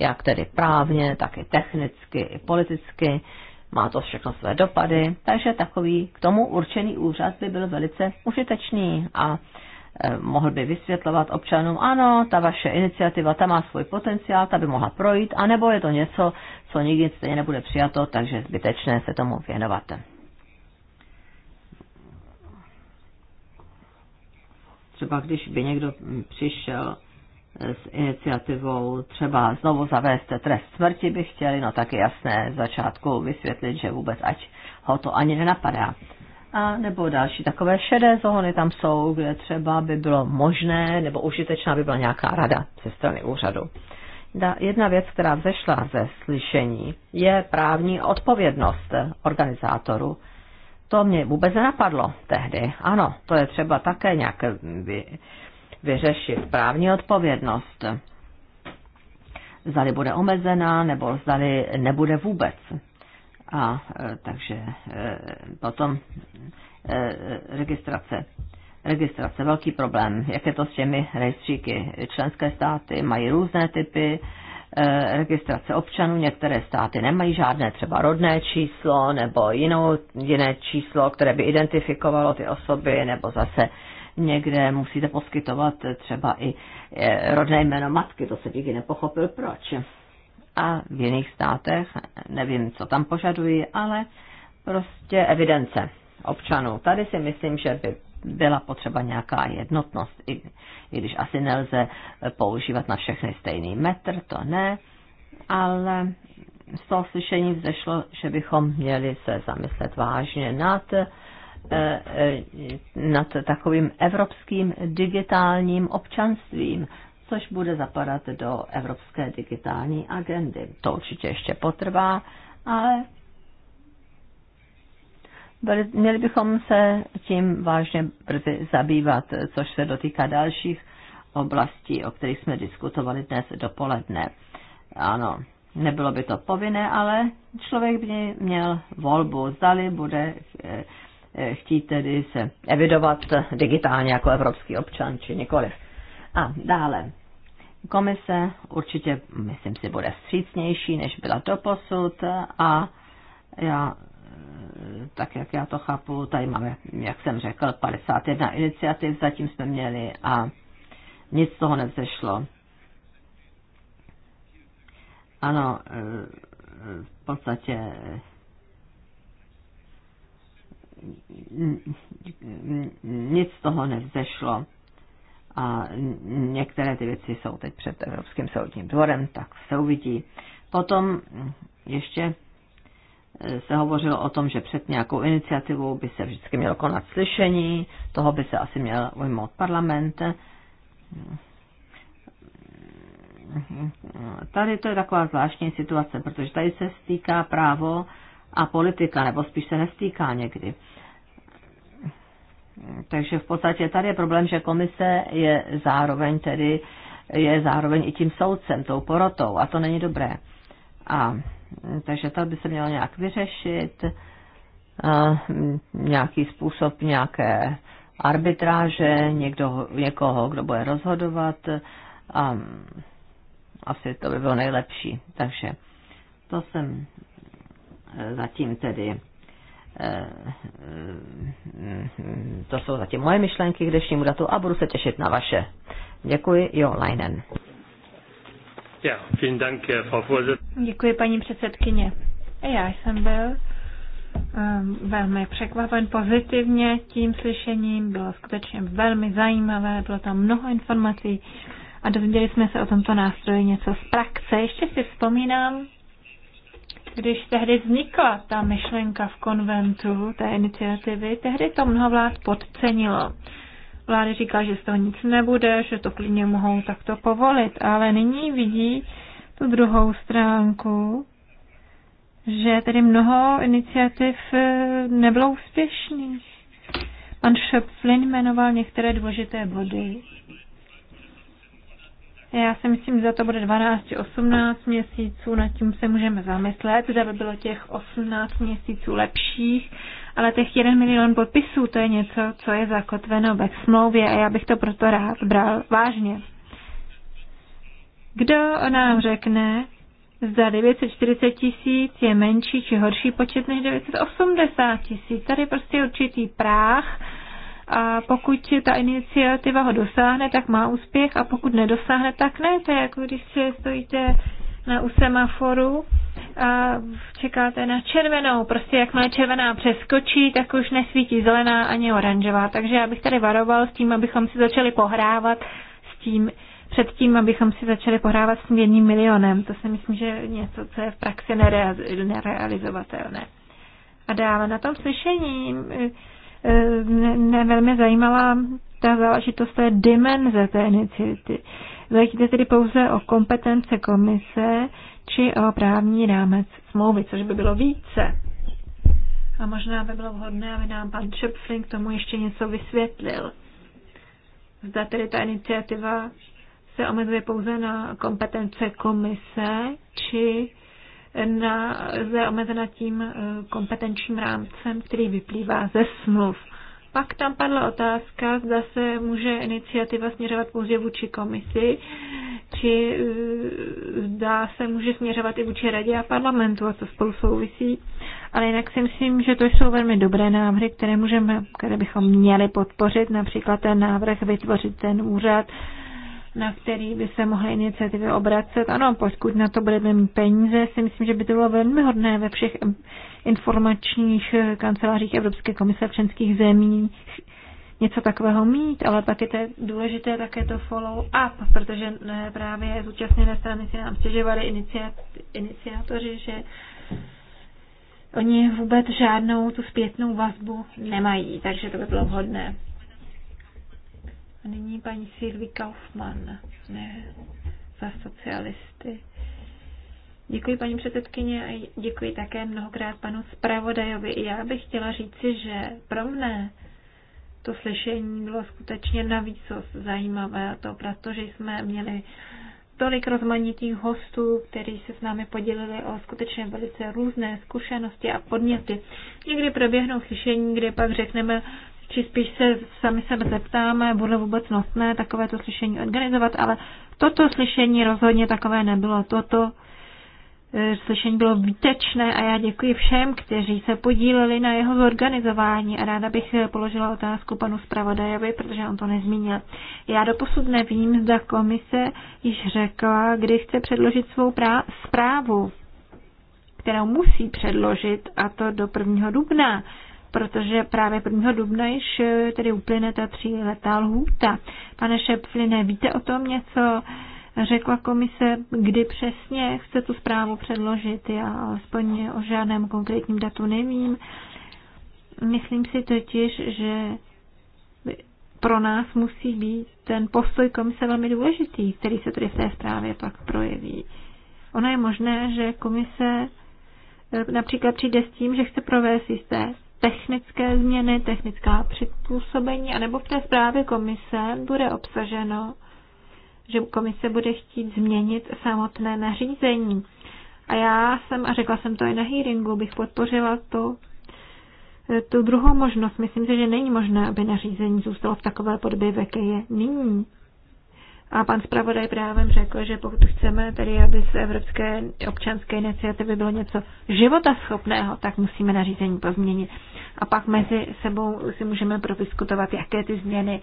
jak tedy právně, tak i technicky, i politicky. Má to všechno své dopady, takže takový k tomu určený úřad by byl velice užitečný a e, mohl by vysvětlovat občanům, ano, ta vaše iniciativa, ta má svůj potenciál, ta by mohla projít, anebo je to něco, co nikdy stejně nebude přijato, takže zbytečné se tomu věnovat. třeba když by někdo přišel s iniciativou třeba znovu zavést trest smrti by chtěli, no tak je jasné začátku vysvětlit, že vůbec ať ho to ani nenapadá. A nebo další takové šedé zóny tam jsou, kde třeba by bylo možné nebo užitečná by byla nějaká rada ze strany úřadu. Jedna věc, která vzešla ze slyšení, je právní odpovědnost organizátoru. To mě vůbec nenapadlo tehdy. Ano, to je třeba také nějak vy, vyřešit. Právní odpovědnost. Zdali bude omezená, nebo zdali nebude vůbec. A e, takže e, potom e, registrace. Registrace, velký problém. Jak je to s těmi rejstříky? Členské státy mají různé typy Eh, registrace občanů. Některé státy nemají žádné třeba rodné číslo nebo jinou, jiné číslo, které by identifikovalo ty osoby, nebo zase někde musíte poskytovat třeba i eh, rodné jméno matky, to se díky nepochopil proč. A v jiných státech, nevím, co tam požadují, ale prostě evidence občanů. Tady si myslím, že by byla potřeba nějaká jednotnost, i, i když asi nelze používat na všechny stejný metr, to ne, ale z toho slyšení vzešlo, že bychom měli se zamyslet vážně nad, eh, eh, nad takovým evropským digitálním občanstvím, což bude zapadat do evropské digitální agendy. To určitě ještě potrvá, ale Měli bychom se tím vážně brzy zabývat, což se dotýká dalších oblastí, o kterých jsme diskutovali dnes dopoledne. Ano, nebylo by to povinné, ale člověk by měl volbu, zdali bude eh, eh, chtít tedy se evidovat digitálně jako evropský občan, či nikoliv. A dále. Komise určitě, myslím si, bude střícnější, než byla doposud a já tak jak já to chápu, tady máme, jak jsem řekl, 51 iniciativ, zatím jsme měli a nic z toho nevzešlo. Ano, e, v podstatě nic z toho nevzešlo a některé ty věci jsou teď před Evropským soudním dvorem, tak se uvidí. Potom ještě se hovořilo o tom, že před nějakou iniciativou by se vždycky mělo konat slyšení, toho by se asi měl ujmout parlament. Tady to je taková zvláštní situace, protože tady se stýká právo a politika, nebo spíš se nestýká někdy. Takže v podstatě tady je problém, že komise je zároveň tedy je zároveň i tím soudcem, tou porotou a to není dobré. A Eh, takže to by se mělo nějak vyřešit, eh, nějaký způsob nějaké arbitráže, někdo, někoho, kdo bude rozhodovat eh, a asi to by bylo nejlepší. Takže to jsem zatím tedy to jsou zatím moje myšlenky k dnešnímu datu a budu se těšit na vaše. Děkuji, jo, Leinen. Děkuji, paní předsedkyně. Já jsem byl ehm, velmi překvapen pozitivně tím slyšením. Bylo skutečně velmi zajímavé, bylo tam mnoho informací a dozvěděli jsme se o tomto nástroji něco z praxe. Ještě si vzpomínám, když tehdy vznikla ta myšlenka v konventu té iniciativy, tehdy to mnoho vlád podcenilo. Vláda říká, že z toho nic nebude, že to klidně mohou takto povolit, ale nyní vidí tu druhou stránku, že tedy mnoho iniciativ e, nebylo úspěšných. Pan Schöpflin jmenoval některé důležité body já si myslím, že za to bude 12 či 18 měsíců, nad tím se můžeme zamyslet, zda by bylo těch 18 měsíců lepších, ale těch 1 milion podpisů, to je něco, co je zakotveno ve smlouvě a já bych to proto rád bral vážně. Kdo nám řekne, zda 940 tisíc je menší či horší počet než 980 tisíc? Tady prostě určitý práh, a pokud ta iniciativa ho dosáhne, tak má úspěch a pokud nedosáhne, tak ne. To je jako když stojíte na, u semaforu a čekáte na červenou. Prostě jakmile červená přeskočí, tak už nesvítí zelená ani oranžová. Takže já bych tady varoval s tím, abychom si začali pohrávat s tím, před tím, abychom si začali pohrávat s tím jedním milionem. To si myslím, že je něco, co je v praxi nerealizovatelné. A dále na tom slyšení mě velmi zajímala ta záležitost té dimenze té iniciativy. Zajíte tedy pouze o kompetence komise či o právní rámec smlouvy, což by bylo více. A možná by bylo vhodné, aby nám pan Schöpfling tomu ještě něco vysvětlil. Zda tedy ta iniciativa se omezuje pouze na kompetence komise, či na, je omezena tím eh, kompetenčním rámcem, který vyplývá ze smluv. Pak tam padla otázka, zda se může iniciativa směřovat pouze vůči komisi, či eh, zda se může směřovat i vůči radě a parlamentu, a to spolu souvisí. Ale jinak si myslím, že to jsou velmi dobré návrhy, které, můžeme, které bychom měli podpořit, například ten návrh vytvořit ten úřad, na který by se mohly iniciativy obracet. Ano, pokud na to budeme mít peníze, si myslím, že by to bylo velmi hodné ve všech informačních kancelářích Evropské komise v členských zemích něco takového mít, ale pak je to důležité také to follow-up, protože právě zúčastněné strany si nám stěžovali iniciat, iniciátoři, že oni vůbec žádnou tu zpětnou vazbu nemají, takže to by bylo vhodné. A nyní paní Silvi Kaufmann, ne, za socialisty. Děkuji paní předsedkyně a děkuji také mnohokrát panu zpravodajovi. Já bych chtěla říci, že pro mne to slyšení bylo skutečně navícos zajímavé a to proto, že jsme měli tolik rozmanitých hostů, kteří se s námi podělili o skutečně velice různé zkušenosti a podněty. Někdy proběhnou slyšení, kde pak řekneme, či spíš se sami sebe zeptáme, bude vůbec nutné takovéto slyšení organizovat, ale toto slyšení rozhodně takové nebylo. Toto e, slyšení bylo výtečné a já děkuji všem, kteří se podíleli na jeho zorganizování a ráda bych položila otázku panu zpravodajovi, protože on to nezmínil. Já doposud nevím, zda komise již řekla, kdy chce předložit svou zprávu, kterou musí předložit a to do 1. dubna protože právě 1. dubna již eh, tedy uplyne ta letá lhůta. Pane Šepfline, víte o tom něco? Řekla komise, kdy přesně chce tu zprávu předložit. Já alespoň o žádném konkrétním datu nevím. Myslím si totiž, že pro nás musí být ten postoj komise velmi důležitý, který se tedy v té zprávě pak projeví. Ono je možné, že komise eh, například přijde s tím, že chce provést jisté technické změny, technická přizpůsobení, anebo v té zprávě komise bude obsaženo, že komise bude chtít změnit samotné nařízení. A já jsem, a řekla jsem to i na hearingu, bych podpořila to, eh, tu druhou možnost. Myslím si, že není možné, aby nařízení zůstalo v takové podobě, v jaké je nyní. A pan zpravodaj právě řekl, že pokud chceme tedy, aby z Evropské občanské iniciativy bylo něco životaschopného, tak musíme nařízení pozměnit. A pak mezi sebou si můžeme prodiskutovat, jaké ty změny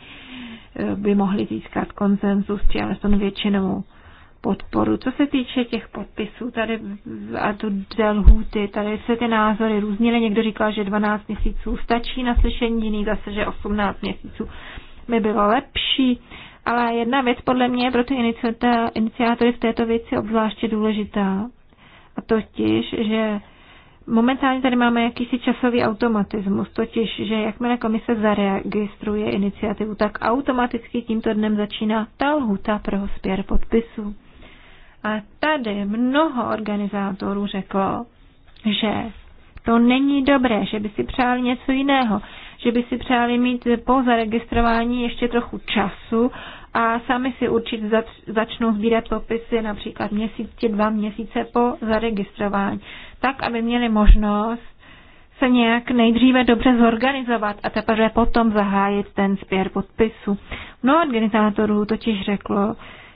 eh, by mohly získat konsenzus, či alespoň většinou podporu. Co se týče těch podpisů tady a tu lhůty, tady se ty názory různily. Někdo říkal, že 12 měsíců stačí na slyšení, jiný zase, že 18 měsíců by bylo lepší. Ale jedna věc podle mě je pro ty iniciátory v této věci obzvláště důležitá. A totiž, že momentálně tady máme jakýsi časový automatismus, totiž, že jakmile komise zaregistruje iniciativu, tak automaticky tímto dnem začíná ta lhuta pro sběr podpisů. A tady mnoho organizátorů řeklo, že to není dobré, že by si přáli něco jiného, že by si přáli mít po zaregistrování ještě trochu času a sami si určitě začnou sbírat popisy například měsíci, dva měsíce po zaregistrování, tak, aby měli možnost se nějak nejdříve dobře zorganizovat a teprve potom zahájit ten sběr podpisu. Mnoho organizátorů totiž řeklo,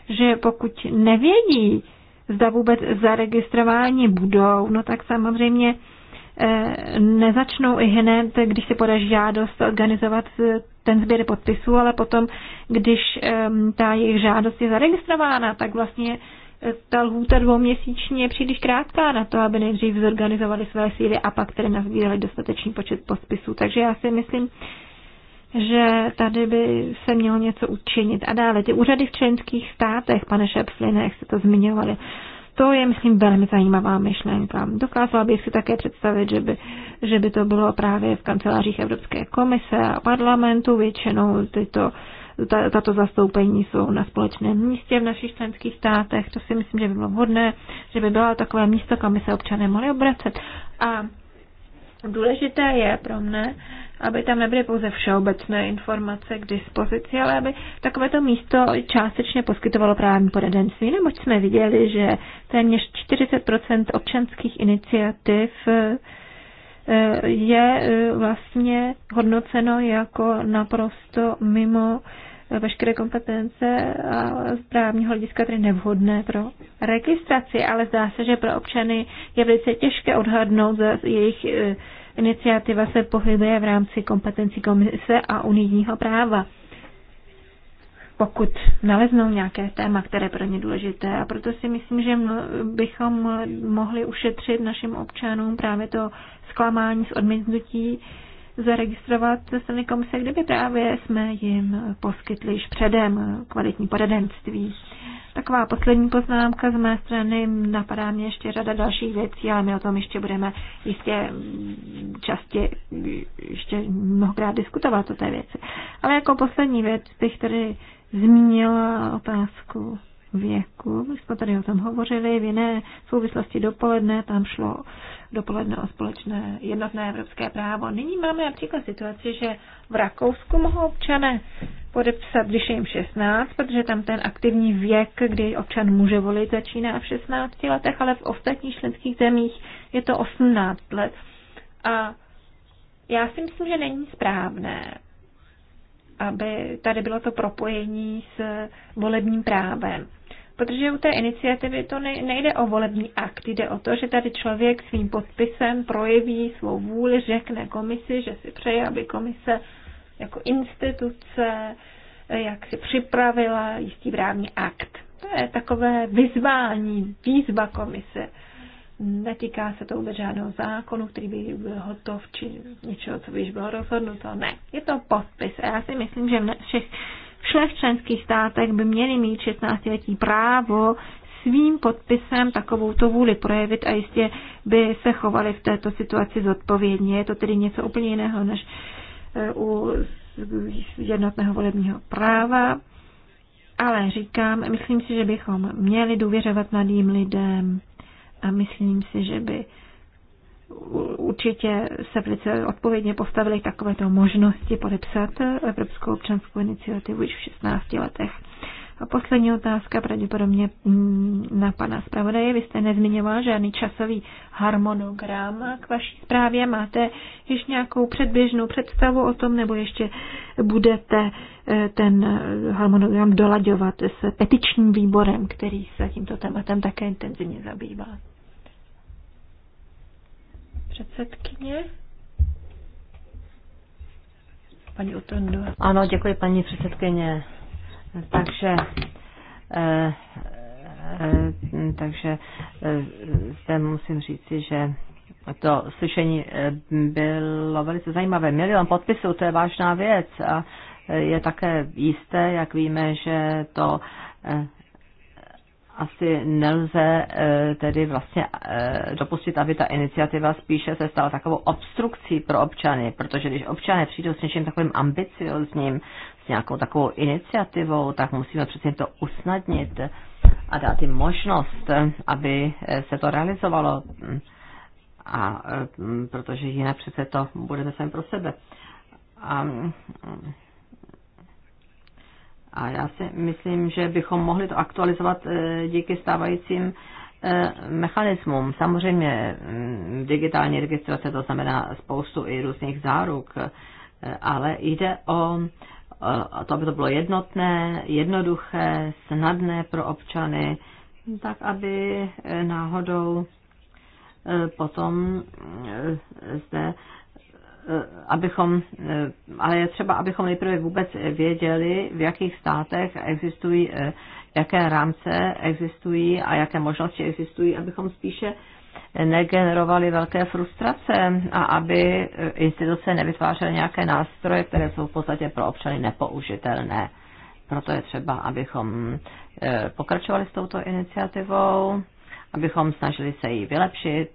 že pokud nevědí, zda vůbec zaregistrování budou, no tak samozřejmě eh, nezačnou i hned, když se podaří žádost organizovat ten sběr podpisů, ale potom, když ta jejich žádost je zaregistrována, tak vlastně eh, ta lhůta dvouměsíčně je příliš krátká na to, aby nejdřív zorganizovali své síly a pak tedy nazbírali dostatečný počet podpisů. Takže já si myslím, že tady by se mělo něco učinit. A dále, ty úřady v členských státech, pane Šepsline, jak jste to zmiňovali, to je, myslím, velmi zajímavá myšlenka. Dokázala bych si také představit, že by, že by to bylo právě v kancelářích Evropské komise a parlamentu. Většinou tyto, ta, tato zastoupení jsou na společném místě v našich členských státech. To si myslím, že by bylo vhodné, že by bylo takové místo, kam by se občané mohli obracet. A Důležité je pro mne, aby tam nebyly pouze všeobecné informace k dispozici, ale aby takovéto místo částečně poskytovalo právní poradenství, neboť jsme viděli, že téměř 40 občanských iniciativ eh, je eh, vlastně hodnoceno jako naprosto mimo veškeré kompetence a z právního hlediska tedy nevhodné pro registraci, ale zdá se, že pro občany je velice těžké odhadnout jejich eh, Iniciativa se pohybuje v rámci kompetencí komise a unijního práva pokud naleznou nějaké téma, které pro ně důležité. A proto si myslím, že bychom mohli ušetřit našim občanům právě to zklamání z odmítnutí zaregistrovat ze strany komise, kdyby právě jsme jim poskytli již předem kvalitní poradenství. Taková poslední poznámka z mé strany, napadá mě ještě řada dalších věcí, ale my o tom ještě budeme jistě častě ještě mnohokrát diskutovat o té věci. Ale jako poslední věc bych tady zmínila otázku věku. My jsme tady o tom hovořili v jiné souvislosti dopoledne, tam šlo dopoledne o společné jednotné evropské právo. Nyní máme například situaci, že v Rakousku mohou občané podepsat, když je jim 16, protože tam ten aktivní věk, kdy občan může volit, začíná v 16 letech, ale v ostatních členských zemích je to 18 let. A já si myslím, že není správné, aby tady bylo to propojení s volebním právem. Protože u té iniciativy to nejde o volební akt, jde o to, že tady člověk svým podpisem projeví svou vůli, řekne komisi, že si přeje, aby komise jako instituce eh, jak si připravila jistý právní akt. To je takové vyzvání, výzva komise. Netýká se to vůbec žádného zákonu, který by byl hotov, či něčeho, co by již bylo rozhodnuto. Ne, je to podpis. A já si myslím, že v našich všech členských státech by měli mít 16-letí právo svým podpisem to vůli projevit a jistě by se chovali v této situaci zodpovědně. Je to tedy něco úplně jiného než eh, u jednotného volebního práva. Ale říkám, myslím si, že bychom měli důvěřovat mladým lidem a myslím si, že by určitě se velice odpovědně postavili takovéto možnosti podepsat Evropskou občanskou iniciativu již v 16 letech. A poslední otázka pravděpodobně mm, na pana zpravodaje. Vy jste nezmiňoval žádný časový harmonogram k vaší zprávě. Máte již nějakou předběžnou představu o tom, nebo ještě budete eh, ten eh, harmonogram dolaďovat s petičním výborem, který se tímto tématem také intenzivně zabývá? Předsedkyně. Paní Otondo. Ano, děkuji paní předsedkyně. Takže eh, eh, takže eh, zde musím říci, že to slyšení eh, bylo velice zajímavé. Milion podpisů, to je vážná věc a je také jisté, jak víme, že to eh, asi nelze eh, tedy vlastně eh, dopustit, aby ta iniciativa spíše se stala takovou obstrukcí pro občany, protože když občané přijdou s něčím takovým ambiciozním, s nějakou takovou iniciativou, tak musíme přece to usnadnit a dát jim možnost, eh, aby se to realizovalo, mm, a mm, protože jinak přece to budeme sami pro sebe. A mm, a já si myslím, že bychom mohli to aktualizovat eh, díky stávajícím eh, mechanismům. Samozřejmě mm, digitální registrace to znamená spoustu i různých záruk, eh, ale jde o to, aby to bylo jednotné, jednoduché, snadné pro občany, tak aby náhodou potom zde Eh, abychom, eh, ale je třeba, abychom nejprve vůbec věděli, v jakých státech existují, eh, jaké rámce existují a jaké možnosti existují, abychom spíše negenerovali velké frustrace a aby instituce nevytvářely nějaké nástroje, které jsou v podstatě pro občany nepoužitelné. Proto je třeba, abychom pokračovali s touto iniciativou, abychom snažili se ji vylepšit,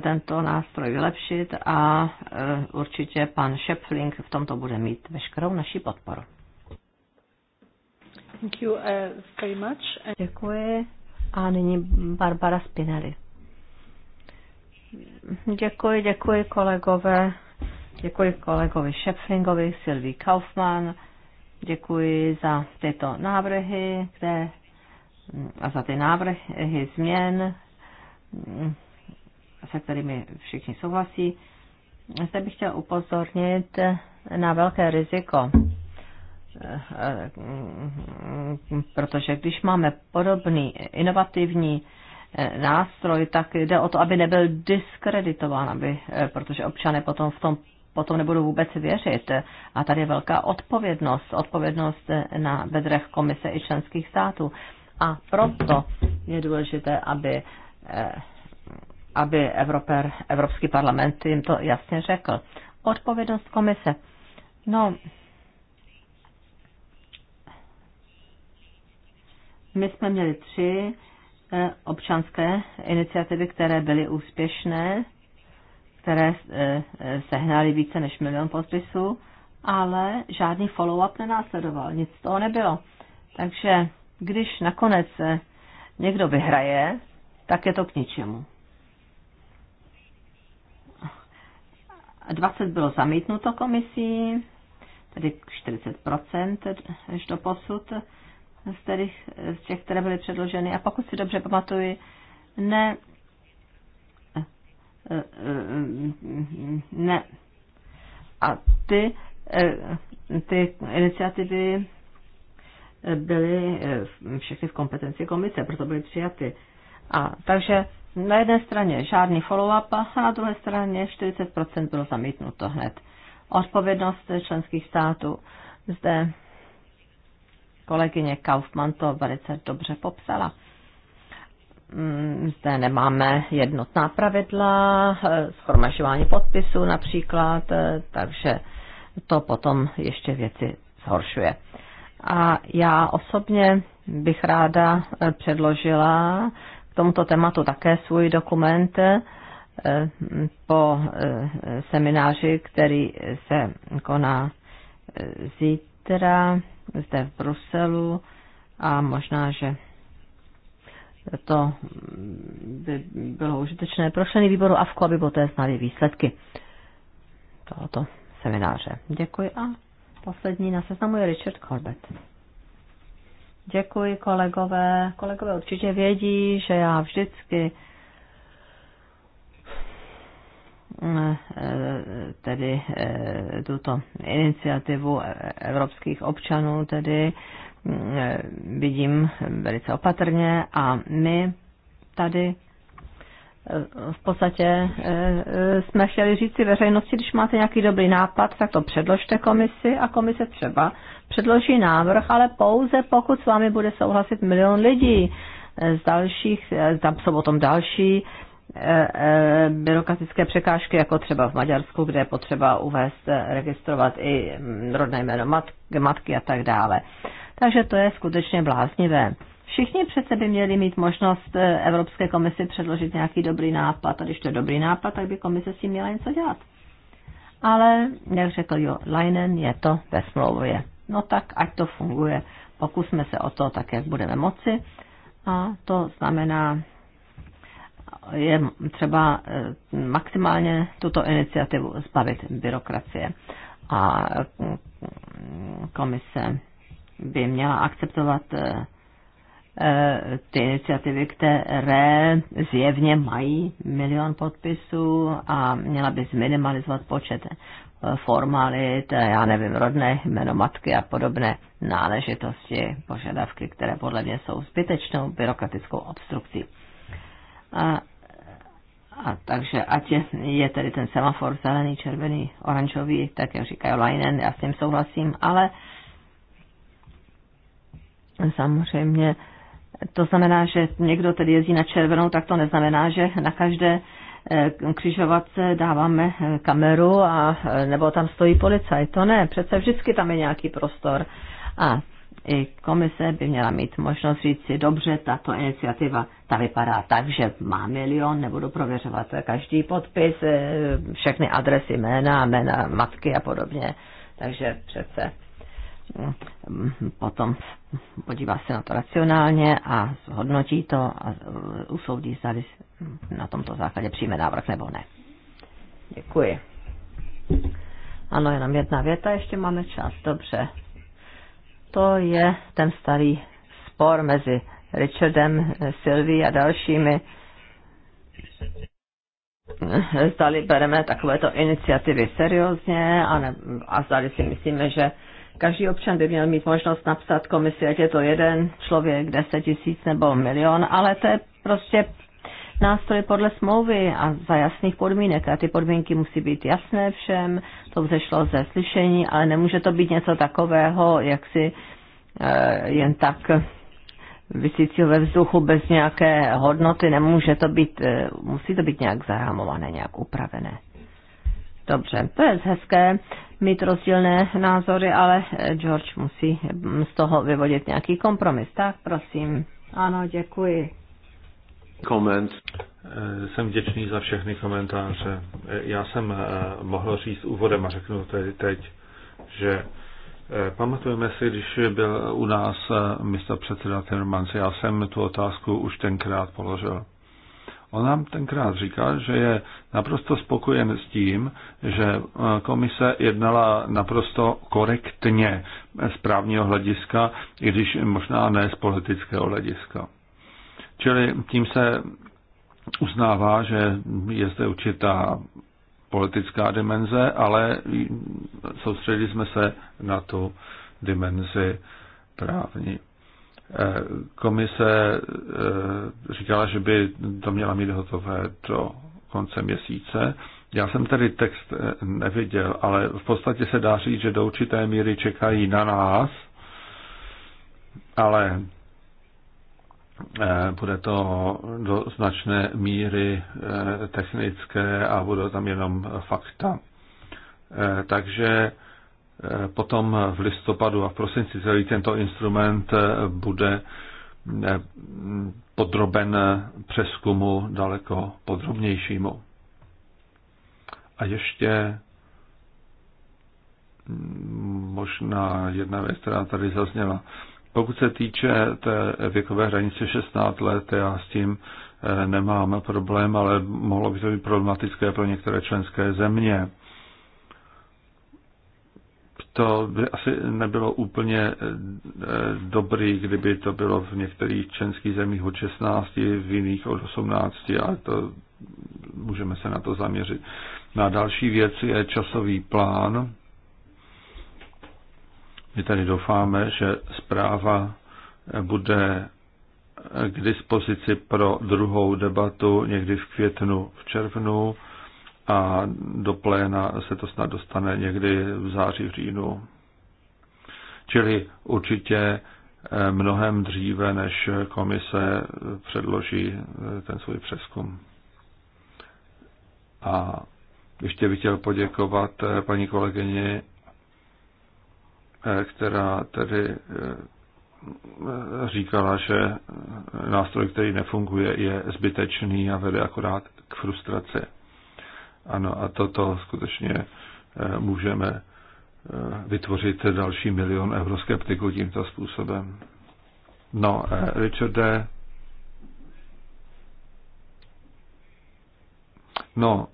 tento nástroj vylepšit a eh, určitě pan Šepfling v tomto bude mít veškerou naši podporu. Thank you, uh, very much. Děkuji. A nyní Barbara Spinelli. Děkuji, děkuji kolegové. Děkuji kolegovi Šepflingovi, Silví Kaufmann. Děkuji za tyto návrhy, které a za ty návrhy změn se kterými všichni souhlasí. Zde bych chtěl upozornit na velké riziko, protože když máme podobný inovativní nástroj, tak jde o to, aby nebyl diskreditován, aby, protože občané potom v tom potom nebudou vůbec věřit. A tady je velká odpovědnost, odpovědnost na bedrech komise i členských států. A proto je důležité, aby eh, aby Evroper, Evropský parlament jim to jasně řekl. Odpovědnost komise. No, my jsme měli tři eh, občanské iniciativy, které byly úspěšné, které eh, sehnaly více než milion podpisů, ale žádný follow-up nenásledoval, nic z toho nebylo. Takže když nakonec eh, někdo vyhraje, tak je to k ničemu. 20 bylo zamítnuto komisí, tedy 40% až do posud z, těch, z těch, které byly předloženy. A pokud si dobře pamatuji, ne, ne. A ty, ty iniciativy byly všechny v kompetenci komise, proto byly přijaty. A takže na jedné straně žádný follow-up a na druhé straně 40% bylo zamítnuto hned. Odpovědnost členských států. Zde kolegyně Kaufmann to velice dobře popsala. Mm, zde nemáme jednotná pravidla, eh, schromažování podpisů například, eh, takže to potom ještě věci zhoršuje. A já osobně bych ráda eh, předložila tomuto tématu také svůj dokument eh, po eh, semináři, který se koná eh, zítra zde v Bruselu a možná, že to by bylo užitečné pro členy výboru AFKO, aby poté znali výsledky tohoto semináře. Děkuji a poslední na seznamu je Richard Corbett. Děkuji kolegové. Kolegové určitě vědí, že já vždycky eh, eh, tedy eh, tuto iniciativu evropských občanů tedy mm, vidím velice opatrně a my tady v podstatě jsme chtěli říct si veřejnosti, když máte nějaký dobrý nápad, tak to předložte komisi a komise třeba předloží návrh, ale pouze pokud s vámi bude souhlasit milion lidí z dalších, tam jsou tom další eh, eh, byrokratické překážky, jako třeba v Maďarsku, kde je potřeba uvést, eh, registrovat i mm, rodné jméno matky, matky a tak dále. Takže to je skutečně bláznivé. Všichni přece by měli mít možnost Evropské komisi předložit nějaký dobrý nápad a když to je dobrý nápad, tak by komise s tím měla něco dělat. Ale, jak řekl Jo Leinen, je to ve smlouvě no tak ať to funguje. Pokusme se o to tak, jak budeme moci. A to znamená, je třeba eh, maximálně tuto iniciativu zbavit byrokracie. A mm, komise by měla akceptovat eh, eh, ty iniciativy, které zjevně mají milion podpisů a měla by zminimalizovat počet formalit, já nevím, rodné jméno matky a podobné náležitosti, požadavky, které podle mě jsou zbytečnou byrokratickou obstrukcí. A, a takže ať je, je tedy ten semafor zelený, červený, oranžový, tak jak říkají Leinen, já s tím souhlasím, ale samozřejmě to znamená, že někdo tedy jezdí na červenou, tak to neznamená, že na každé Eh, křižovatce dáváme eh, kameru a eh, nebo tam stojí policajt. To ne, přece vždycky tam je nějaký prostor. A i komise by měla mít možnost říct si, dobře, tato iniciativa, ta vypadá tak, že má milion, nebudu prověřovat každý podpis, všechny adresy, jména, jména matky a podobně. Takže přece Mm, potom podívá se na to racionálně a zhodnotí to a uh, usoudí, zda na tomto základě přijme návrh nebo ne. Děkuji. Ano, jenom jedna věta, ještě máme čas, dobře. To je ten starý spor mezi Richardem, Sylvie a dalšími. Zdali bereme takovéto iniciativy seriózně a, ne, a zdali si myslíme, že Každý občan by měl mít možnost napsat komisi, ať je to jeden člověk, deset tisíc nebo milion, ale to je prostě nástroj podle smlouvy a za jasných podmínek. A ty podmínky musí být jasné všem, to vzešlo ze slyšení, ale nemůže to být něco takového, jak si e, jen tak vysícího ve vzduchu bez nějaké hodnoty, nemůže to být, eh, musí to být nějak zahámované, nějak upravené. Dobře, to je hezké mít rozdílné názory, ale George musí mm, z toho vyvodit nějaký kompromis. Tak, prosím. Ano, děkuji. Koment. Eh, jsem vděčný za všechny komentáře. Eh, já jsem eh, mohl říct úvodem a řeknu to teď, že pamatujeme si, když byl u nás místo předseda Timmermans, já jsem tu otázku už tenkrát položil. On nám tenkrát říkal, že je naprosto spokojen s tím, že eh, komise jednala naprosto korektně z právního hlediska, i když možná ne z politického hlediska. Čili tím se uznává, že je zde určitá politická dimenze, ale soustředili jsme se na tu dimenzi právní. Eh, komise eh, říkala, že by to měla mít hotové do konce měsíce. Já jsem tedy text eh, neviděl, ale v podstatě se dá říct, že do určité míry čekají na nás, ale bude to do značné míry technické a budou tam jenom fakta. Takže Potom v listopadu a v prosinci celý tento instrument eh, bude eh, podroben přeskumu daleko podrobnějšímu. A ještě mm, možná jedna věc, která tady zazněla. Pokud se týče té věkové hranice 16 let, já s tím eh, nemám problém, ale mohlo by to být problematické pro některé členské země to by asi nebylo úplně eh, dobrý, kdyby to bylo v některých členských zemích od 16, v jiných od 18, ale to můžeme se na to zaměřit. Na no další věc je časový plán. My tady doufáme, že zpráva eh, bude eh, k dispozici pro druhou debatu někdy v květnu, v červnu a do pléna se to snad dostane někdy v září, v říjnu. Čili určitě eh, mnohem dříve, než komise předloží eh, ten svůj přeskum. A ještě bych chtěl poděkovat eh, paní kolegyni, která tedy říkala, že nástroj, který nefunguje, je zbytečný a vede akorát k frustraci. Ano, a toto skutečně eh, můžeme eh, vytvořit další milion euroskeptiků tímto způsobem. No, eh, Richarde, no,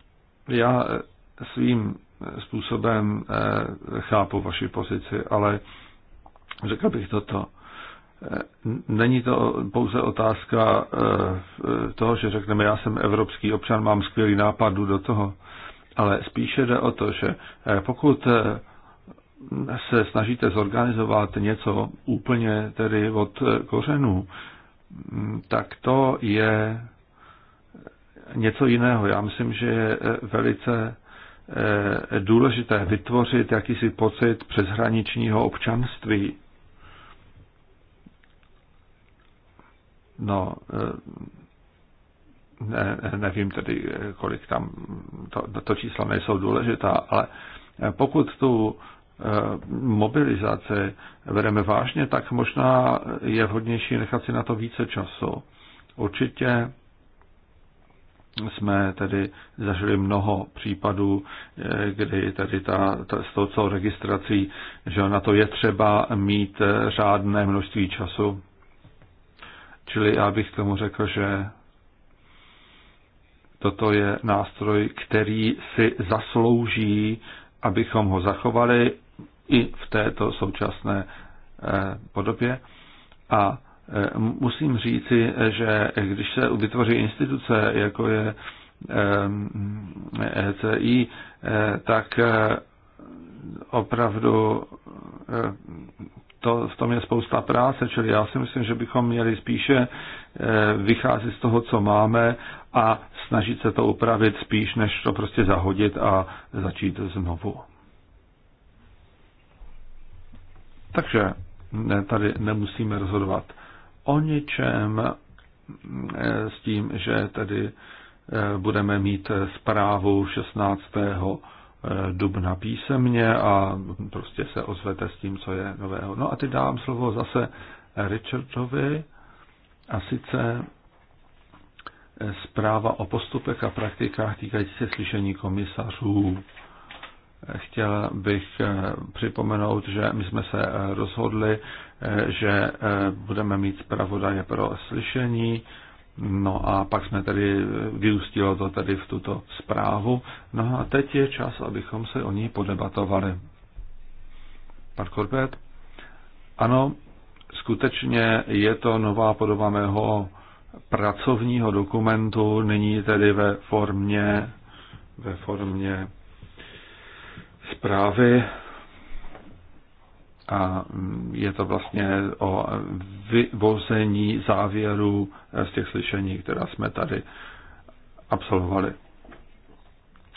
já svým způsobem chápu vaši pozici, ale řekl bych toto. Eh, není to pouze otázka eh, toho, že řekneme, já jsem evropský občan, mám skvělý nápad, jdu do toho. Ale spíše jde o to, že eh, pokud se snažíte zorganizovat něco úplně tedy od kořenů, hm, tak to je něco jiného. Já myslím, že je velice důležité vytvořit jakýsi pocit přeshraničního občanství No, eh, ne, nevím tedy, kolik tam, to, to čísla nejsou důležitá, ale pokud tu eh, mobilizaci vedeme vážně, tak možná je vhodnější nechat si na to více času. Určitě jsme tedy zažili mnoho případů, eh, kdy tedy ta, ta, s tou celou registrací, že na to je třeba mít řádné množství času. Čili já bych tomu řekl, že toto je nástroj, který si zaslouží, abychom ho zachovali i v této současné eh, podobě. A eh, musím říci, že když se vytvoří instituce, jako je ECI, eh, e tak opravdu to, v tom je spousta práce, čili já si myslím, že bychom měli spíše eh, vycházet z toho, co máme a snažit se to upravit spíš, než to prostě zahodit a začít znovu. Takže ne, tady nemusíme rozhodovat o ničem eh, s tím, že tedy eh, budeme mít zprávu 16 dubna písemně a prostě se ozvete s tím, co je nového. No a teď dávám slovo zase Richardovi a sice eh, zpráva o postupech a praktikách týkající se slyšení komisařů. Eh, chtěl bych eh, připomenout, že my jsme se rozhodli, že budeme mít zpravodaje pro slyšení No a pak jsme tady, eh, vyústilo to tady v tuto zprávu. No a teď je čas, abychom se o ní podebatovali. Pan Korbet? Ano, skutečně je to nová podoba mého pracovního dokumentu, nyní tedy ve formě, ve formě zprávy a je to vlastně o vyvození závěru z těch slyšení, která jsme tady absolvovali.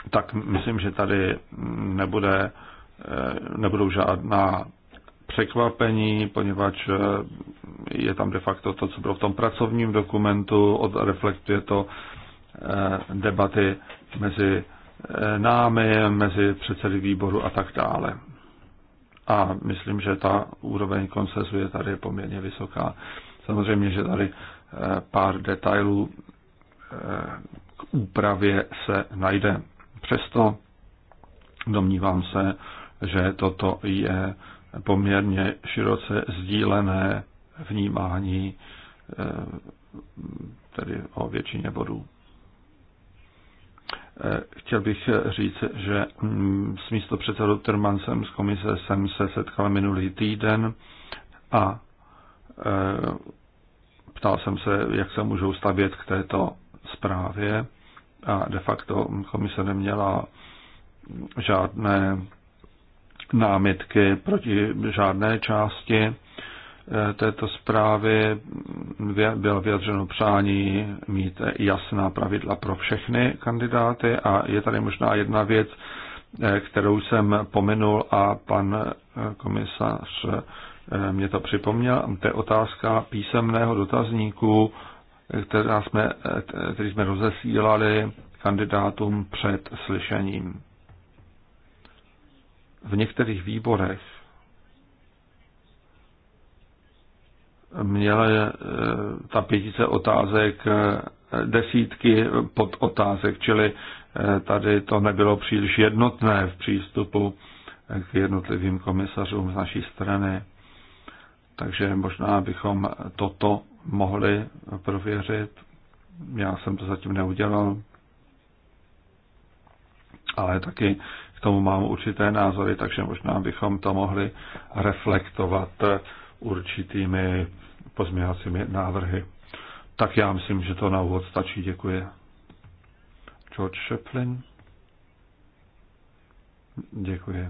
Tak myslím, že tady nebude, nebudou žádná překvapení, poněvadž je tam de facto to, co bylo v tom pracovním dokumentu, reflektuje to eh, debaty mezi eh, námi, mezi předsedy výboru a tak dále a myslím, že ta úroveň konsenzu je tady poměrně vysoká. Samozřejmě, že tady eh, pár detailů eh, k úpravě se najde. Přesto domnívám se, že toto je poměrně široce sdílené vnímání eh, tedy o většině bodů. Chtěl bych říct, že s místo předsedou Termansem z komise jsem se setkal minulý týden a e, ptal jsem se, jak se můžou stavět k této zprávě a de facto komise neměla žádné námitky proti žádné části Eh, této zprávy bylo vyjadřeno přání mít jasná pravidla pro všechny kandidáty a je tady možná jedna věc, eh, kterou jsem pominul a pan eh, komisař mě to připomněl. To je otázka písemného dotazníku, která jsme, který jsme rozesílali kandidátům před slyšením. V některých výborech měla eh, ta pětice otázek eh, desítky pod otázek, čili eh, tady to nebylo příliš jednotné v přístupu k jednotlivým komisařům z naší strany. Takže možná bychom toto mohli prověřit. Já jsem to zatím neudělal, ale taky k tomu mám určité názory, takže možná bychom to mohli reflektovat určitými pozměňovacími návrhy. Tak já myslím, že to na úvod stačí. Děkuji. George Chaplin. Děkuji.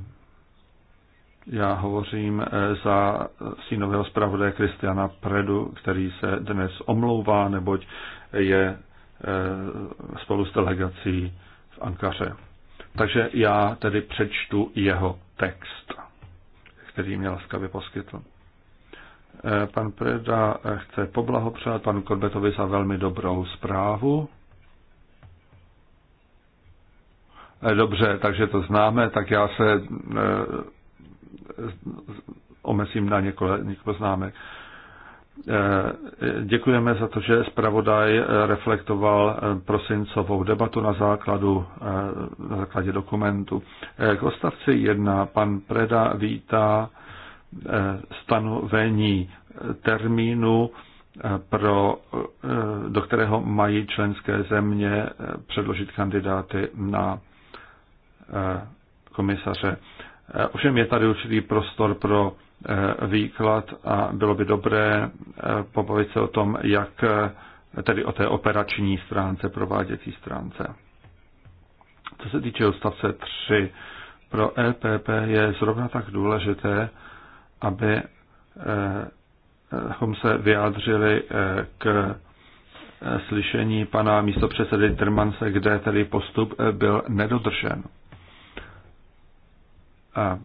Já hovořím eh, za synového zpravodaje Kristiana Predu, který se dnes omlouvá, neboť je eh, spolu s delegací v Ankaře. Takže já tedy přečtu jeho text, který mě laskavě poskytl. Eh, pan Preda eh, chce poblahopřát panu Korbetovi za velmi dobrou zprávu. Eh, dobře, takže to známe, tak já se omezím na několik poznámek. Děkujeme za to, že zpravodaj reflektoval prosincovou debatu na, základu, na základě dokumentu. K ostavci 1 pan Preda vítá Eh, stanovení termínu, eh, pro, eh, do kterého mají členské země předložit kandidáty na komisaře. Ovšem je tady určitý prostor pro výklad a bylo by dobré pobavit se o tom, jak tedy o té operační stránce, prováděcí stránce. Co se týče odstavce 3, pro EPP je zrovna tak důležité, aby eh, abychom se vyjádřili eh, k eh, slyšení pana místopředsedy Trmance, kde tedy postup byl nedodržen. A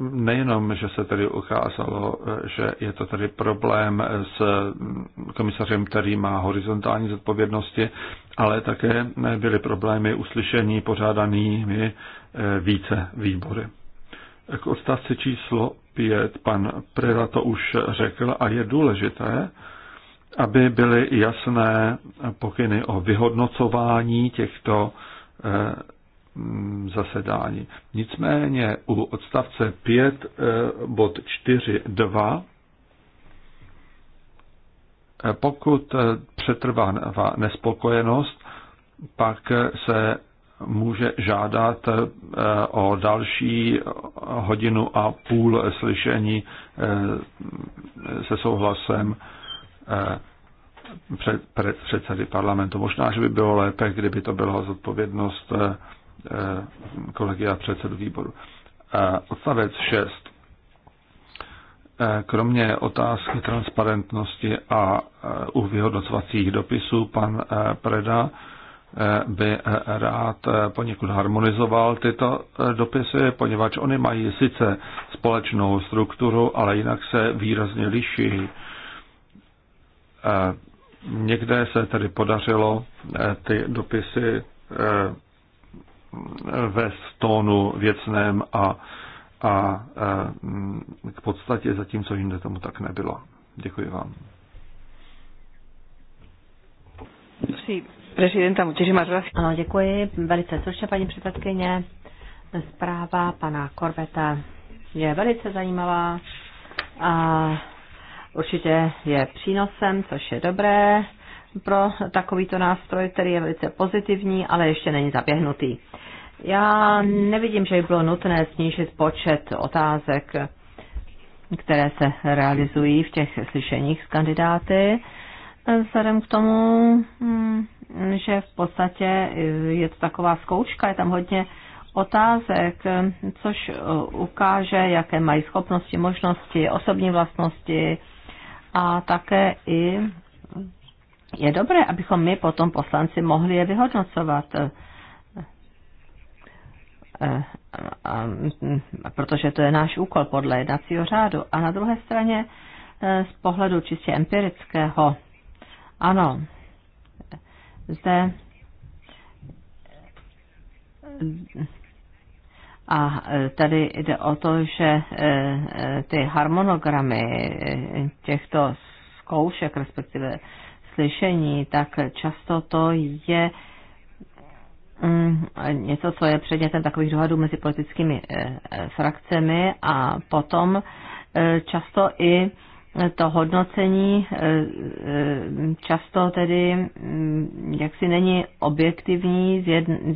nejenom, že se tedy ukázalo, že je to tedy problém s mm, komisařem, který má horizontální zodpovědnosti, ale také byly problémy uslyšení pořádanými více výbory. K odstavci číslo 5 pan Prera to už řekl a je důležité, aby byly jasné pokyny o vyhodnocování těchto eh, mm, zasedání. Nicméně u odstavce 5 eh, bod 4 2 eh, pokud přetrvá nespokojenost, pak se může žádat eh, o další hodinu a půl slyšení eh, se souhlasem eh, před, před, předsedy parlamentu. Možná, že by bylo lépe, kdyby to byla zodpovědnost kolegia předsedu výboru. Odstavec 6. Kromě otázky transparentnosti a u vyhodnocovacích dopisů pan Preda by rád poněkud harmonizoval tyto dopisy, poněvadž oni mají sice společnou strukturu, ale jinak se výrazně liší. Někde se tedy podařilo eh, ty dopisy eh, ve tónu věcném a, a eh, k podstatě, zatímco jinde tomu tak nebylo. Děkuji vám. Sí, prezidenta, muchísimas gracias. Ano, děkuji. Velice stručně, paní předsedkyně. Zpráva pana Korbeta je velice zajímavá a určitě je přínosem, což je dobré pro takovýto nástroj, který je velice pozitivní, ale ještě není zaběhnutý. Já nevidím, že by bylo nutné snížit počet otázek, které se realizují v těch slyšeních s kandidáty vzhledem k tomu, hm, že v podstatě je to taková zkouška, je tam hodně otázek, což eh, ukáže, jaké mají schopnosti, možnosti, osobní vlastnosti a také i je dobré, abychom my potom poslanci mohli je vyhodnocovat. Eh, eh, protože to je náš úkol podle jednacího řádu. A na druhé straně z pohledu čistě empirického ano, zde a tady jde o to, že e, ty harmonogramy e, těchto zkoušek, respektive slyšení, tak často to je mm, něco, co je předmětem takových dohadů mezi politickými e, frakcemi a potom často i to hodnocení eh, eh, často tedy mm, jaksi není objektivní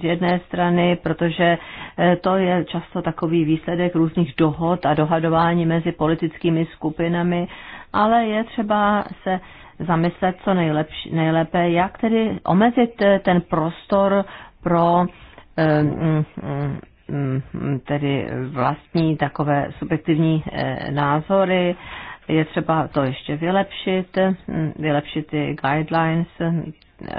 z jedné strany, protože eh, to je často takový výsledek různých dohod a dohadování mezi politickými skupinami, ale je třeba se zamyslet co nejlepší, nejlépe, jak tedy omezit ten prostor pro mm, mm, tedy vlastní takové subjektivní názory je třeba to ještě vylepšit, vylepšit ty guidelines,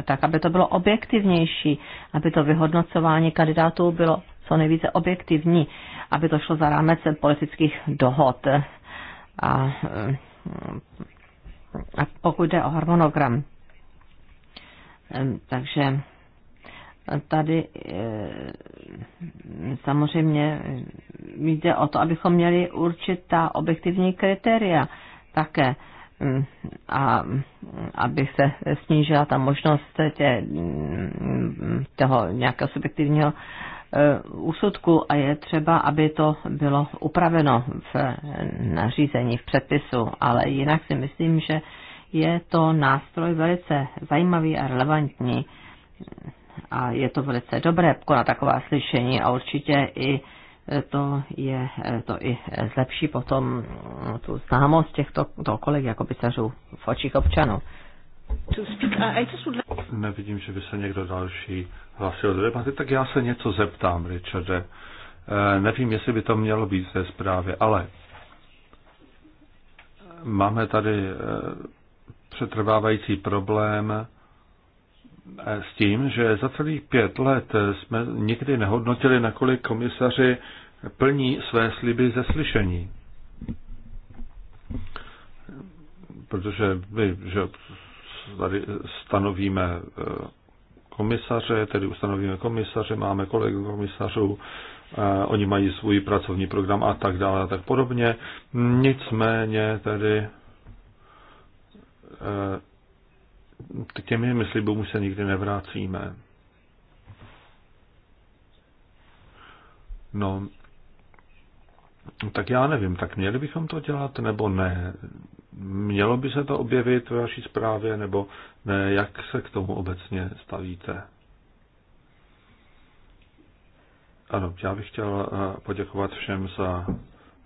tak aby to bylo objektivnější, aby to vyhodnocování kandidátů bylo co nejvíce objektivní, aby to šlo za rámec politických dohod. A, a pokud jde o harmonogram, takže tady eh, samozřejmě jde o to, abychom měli určitá objektivní kritéria také mm, a aby se snížila ta možnost tě, mm, toho nějakého subjektivního eh, úsudku a je třeba, aby to bylo upraveno v nařízení, v předpisu, ale jinak si myslím, že je to nástroj velice zajímavý a relevantní a je to velice dobré konat taková slyšení a určitě i e, to je e, to i zlepší potom mm, tu známost těchto toho kolik jako pisařů v očích občanů. Nevidím, že by se někdo další hlasil do debaty, tak já se něco zeptám, Richarde. E, nevím, jestli by to mělo být ze zprávy, ale máme tady přetrvávající problém s tím, že za celých pět let jsme nikdy nehodnotili, nakolik komisaři plní své sliby ze slyšení. Protože my že tady stanovíme eh, komisaře, tedy ustanovíme komisaře, máme kolegu komisařů, eh, oni mají svůj pracovní program a tak dále a tak podobně. Nicméně tedy eh, k těmi myslibům se nikdy nevrácíme. No, tak já nevím, tak měli bychom to dělat nebo ne? Mělo by se to objevit ve vaší zprávě nebo ne? Jak se k tomu obecně stavíte? Ano, já bych chtěl eh, poděkovat všem za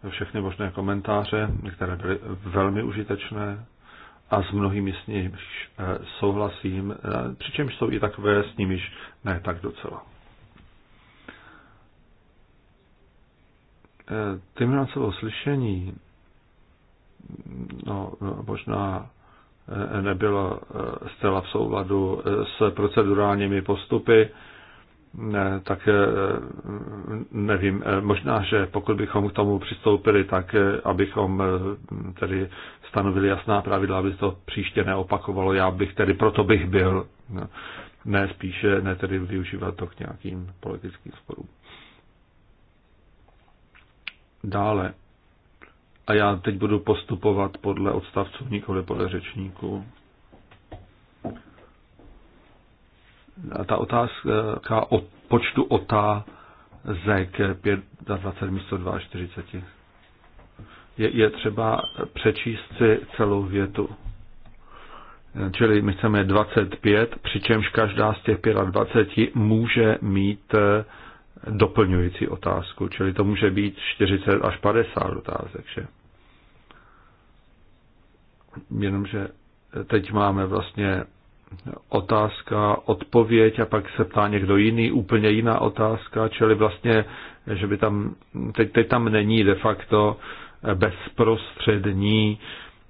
všechny možné komentáře, které byly velmi užitečné a s mnohými s nimiž eh, souhlasím, eh, přičemž jsou i takové s nimiž ne tak docela. Eh, Timrancovo slyšení no, no možná nebylo zcela v souladu s procedurálními postupy, ne, tak eh, nevím, eh, možná, že pokud bychom k tomu přistoupili, tak eh, abychom tedy stanovili jasná pravidla, aby to příště neopakovalo, já bych tedy, proto bych byl, no, ne spíše, ne tedy využívat to k nějakým politickým sporům. Dále. A já teď budu postupovat podle odstavců, nikoli podle řečníků. ta otázka o počtu otázek 25 místo 42. Je, je třeba přečíst si celou větu. Čili my chceme 25, přičemž každá z těch 25 může mít eh, doplňující otázku, čili to může být 40 až 50 otázek. Že? Jenomže eh, teď máme vlastně otázka, odpověď a pak se ptá někdo jiný, úplně jiná otázka, čili vlastně, že by tam, teď, teď tam není de facto eh, bezprostřední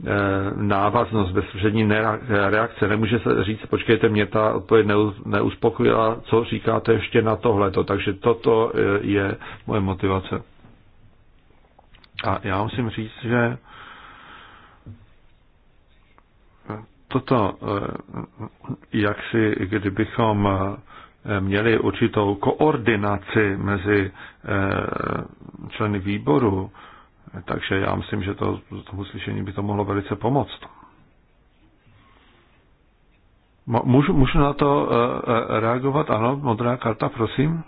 eh, návaznost, bezprostřední reakce. Nemůže se říct, počkejte, mě ta odpověď neuspokojila, co říkáte ještě na tohleto. Takže toto eh, je moje motivace. A já musím říct, že toto, eh, jak si, kdybychom eh, měli určitou koordinaci mezi eh, členy výboru, takže já myslím, že to, tomu slyšení by to mohlo velice pomoct. Můžu, můžu na to reagovat? Ano, modrá karta, prosím.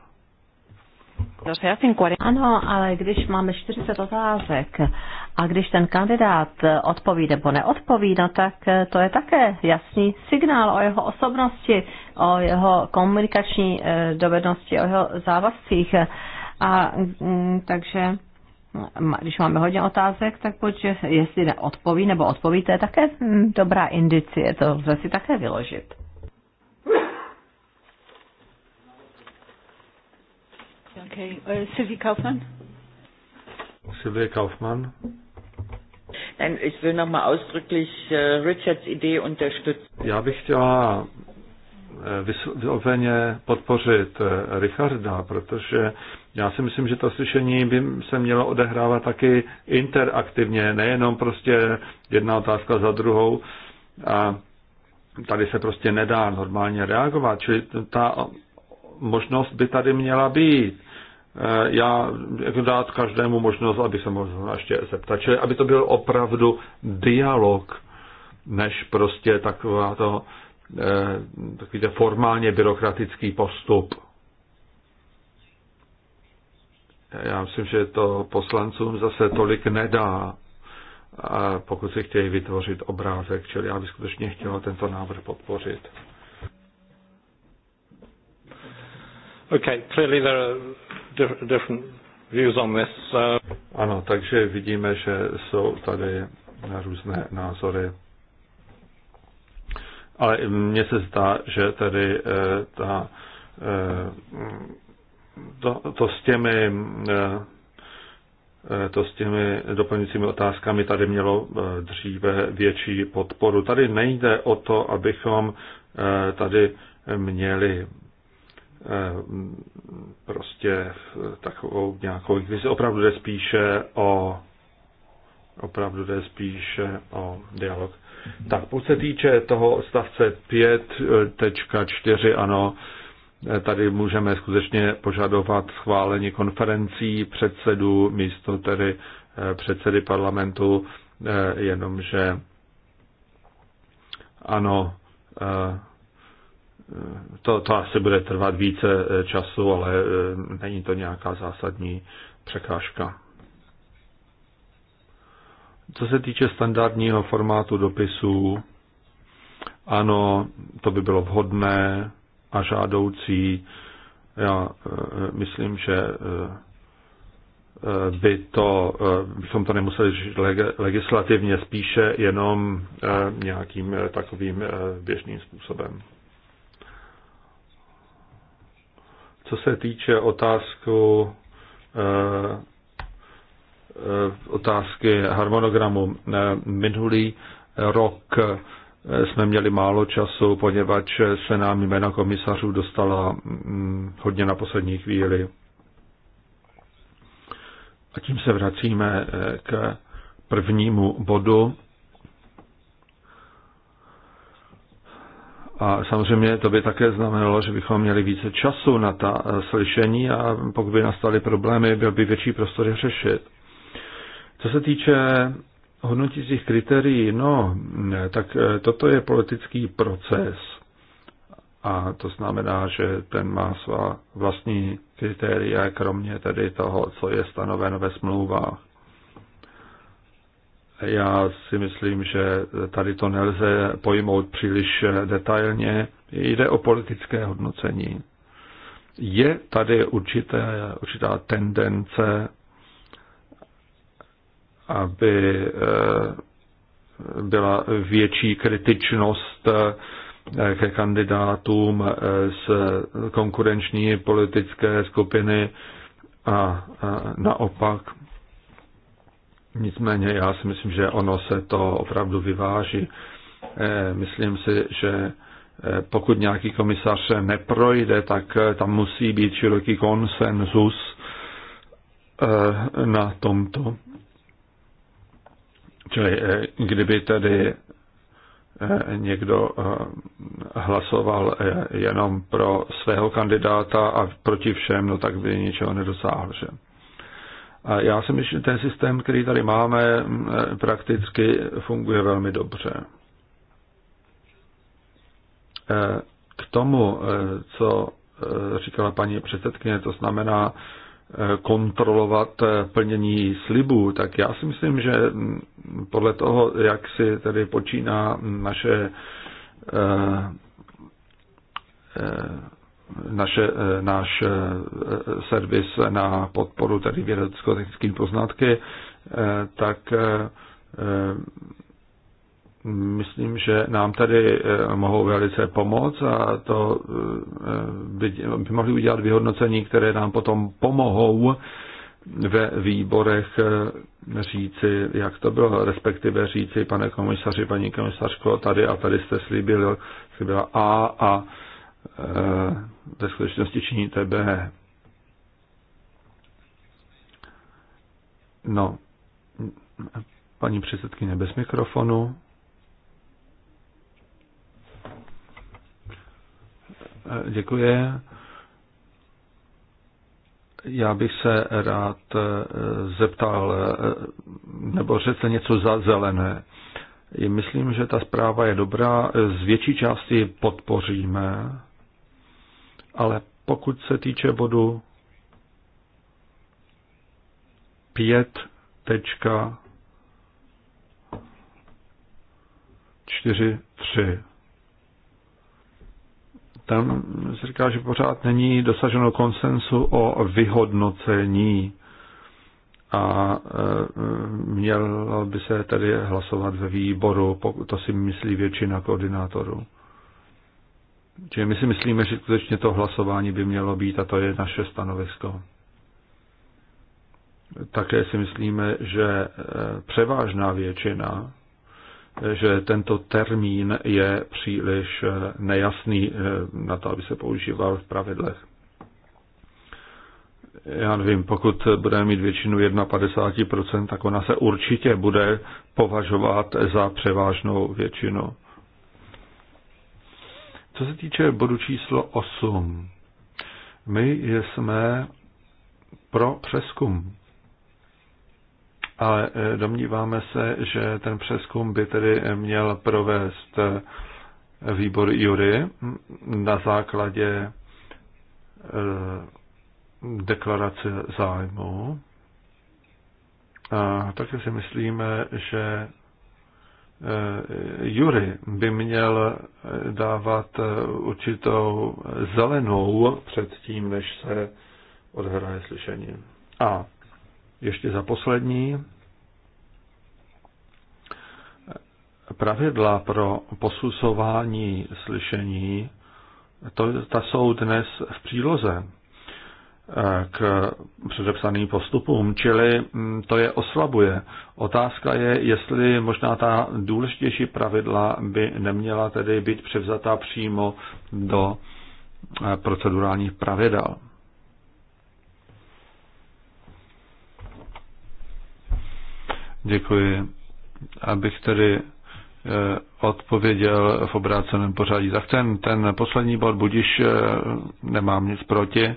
Ano, ale když máme 40 otázek a když ten kandidát eh, odpoví nebo neodpoví, no tak eh, to je také jasný signál o jeho osobnosti, o jeho komunikační eh, dovednosti, o jeho závazcích. A mm, takže mm, když máme hodně otázek, tak pojď, jestli neodpoví nebo odpoví, to je také mm, dobrá indicie, to lze si také vyložit. Okay. Uh, Sylvie Kaufmann. Sylvie Kaufmann. Nein, ähm, ich will nochmal ausdrücklich äh, Richards Idee unterstützen. Já bych chtěla äh, vysloveně podpořit äh, Richarda, protože já si myslím, že to slyšení by se mělo odehrávat taky interaktivně, nejenom prostě jedna otázka za druhou. A tady se prostě nedá normálně reagovat, čili ta možnost by tady měla být. Eh, já jako dát každému možnost, aby se mohl ještě zeptat. Čili aby to byl opravdu dialog, než prostě taková to, eh, takový to formálně byrokratický postup. Já myslím, že to poslancům zase tolik nedá, pokud si chtějí vytvořit obrázek, čili já bych skutečně chtěl tento návrh podpořit. Okay, clearly there are different views on this. Ano, takže vidíme, že jsou tady různé názory. Ale mně se zdá, že eh, ta, eh, to, to s těmi eh, eh, to s těmi doplňujícími otázkami tady mělo dříve větší podporu. Tady nejde o to, abychom tady měli Eh, prostě takovou nějakou, když se opravdu jde spíše o opravdu jde spíše o dialog. Tak pokud se týče toho odstavce 5.4, ano, eh, tady můžeme skutečně požadovat schválení konferencí předsedů místo tedy eh, předsedy parlamentu, jenomže ano, to, to asi bude trvat více eh, času, ale eh, není to nějaká zásadní překážka. Co se týče standardního formátu dopisů, ano, to by bylo vhodné a žádoucí. Já eh, myslím, že by to, bychom to nemuseli řešit legislativně, spíše jenom nějakým takovým běžným způsobem. Co se týče otázku, eh, eh, otázky harmonogramu, eh, minulý rok jsme měli málo času, poněvadž se nám jména komisařů dostala mm, hodně na poslední chvíli. A tím se vracíme k prvnímu bodu A samozřejmě to by také znamenalo, že bychom měli více času na ta eh, slyšení a pokud by nastaly problémy, byl by větší prostor je řešit. Co se týče hodnotících kritérií, no, eh, tak eh, toto je politický proces. A to znamená, že ten má svá vlastní kritéria, kromě tedy toho, co je stanoveno ve smlouvách. Já si myslím, že tady to nelze pojmout příliš detailně. Jde o politické hodnocení. Je tady určité, určitá tendence, aby eh, byla větší kritičnost eh, ke kandidátům eh, z konkurenční politické skupiny a naopak Nicméně já si myslím, že ono se to opravdu vyváží. Eh, myslím si, že eh, pokud nějaký komisař neprojde, tak eh, tam musí být široký konsenzus na tomto. Čili kdyby tedy někdo hlasoval jenom pro svého kandidáta a proti všem, no tak by ničeho nedosáhl. Že? A já si myslím, že ten systém, který tady máme, eh, prakticky funguje velmi dobře. Eh, k tomu, eh, co říkala paní předsedkyně, to znamená kontrolovat plnění slibů, tak já si myslím, že podle toho, jak si tedy počíná naše naše, eh, náš eh, servis na podporu tedy vědecko-technickými poznatky, eh, tak myslím, že nám tady mohou velice pomoct a to by, by mohli udělat vyhodnocení, které nám potom pomohou ve výborech říci, jak to bylo, respektive říci, pane komisaři, paní komisařko, tady a tady jste slíbil, slíbila A a Eh, ve skutečnosti činí tebe. No, paní předsedkyně bez mikrofonu. Eh, děkuji. Já bych se rád eh, zeptal, nebo řekl něco za zelené. Myslím, že ta zpráva je dobrá, z větší části podpoříme ale pokud se týče bodu 5.43, tam se říká, že pořád není dosaženo konsensu o vyhodnocení a e, měl by se tedy hlasovat ve výboru, to si myslí většina koordinátorů. Čili my si myslíme, že skutečně to hlasování by mělo být a to je naše stanovisko. Také si myslíme, že e, převážná většina, e, že tento termín je příliš e, nejasný na to, aby se používal v pravidlech. Já nevím, pokud budeme mít většinu 51%, tak ona se určitě bude považovat za převážnou většinu. Co se týče bodu číslo 8, my jsme pro přeskum. Ale eh, domníváme se, že ten přeskum by tedy měl provést eh, výbor jury na základě eh, deklarace zájmu. A také si myslíme, že Jury by měl dávat určitou zelenou před tím, než se odhraje slyšení. A ještě za poslední, pravidla pro posuzování slyšení, to, ta jsou dnes v příloze. Eh, k předepsaným postupům, čili hm, to je oslabuje. Otázka je, jestli možná ta důležitější pravidla by neměla tedy být převzata přímo do eh, procedurálních pravidel. Děkuji. Abych tedy eh, odpověděl v obráceném pořadí. Tak ten, ten poslední bod, budiš nemám nic proti,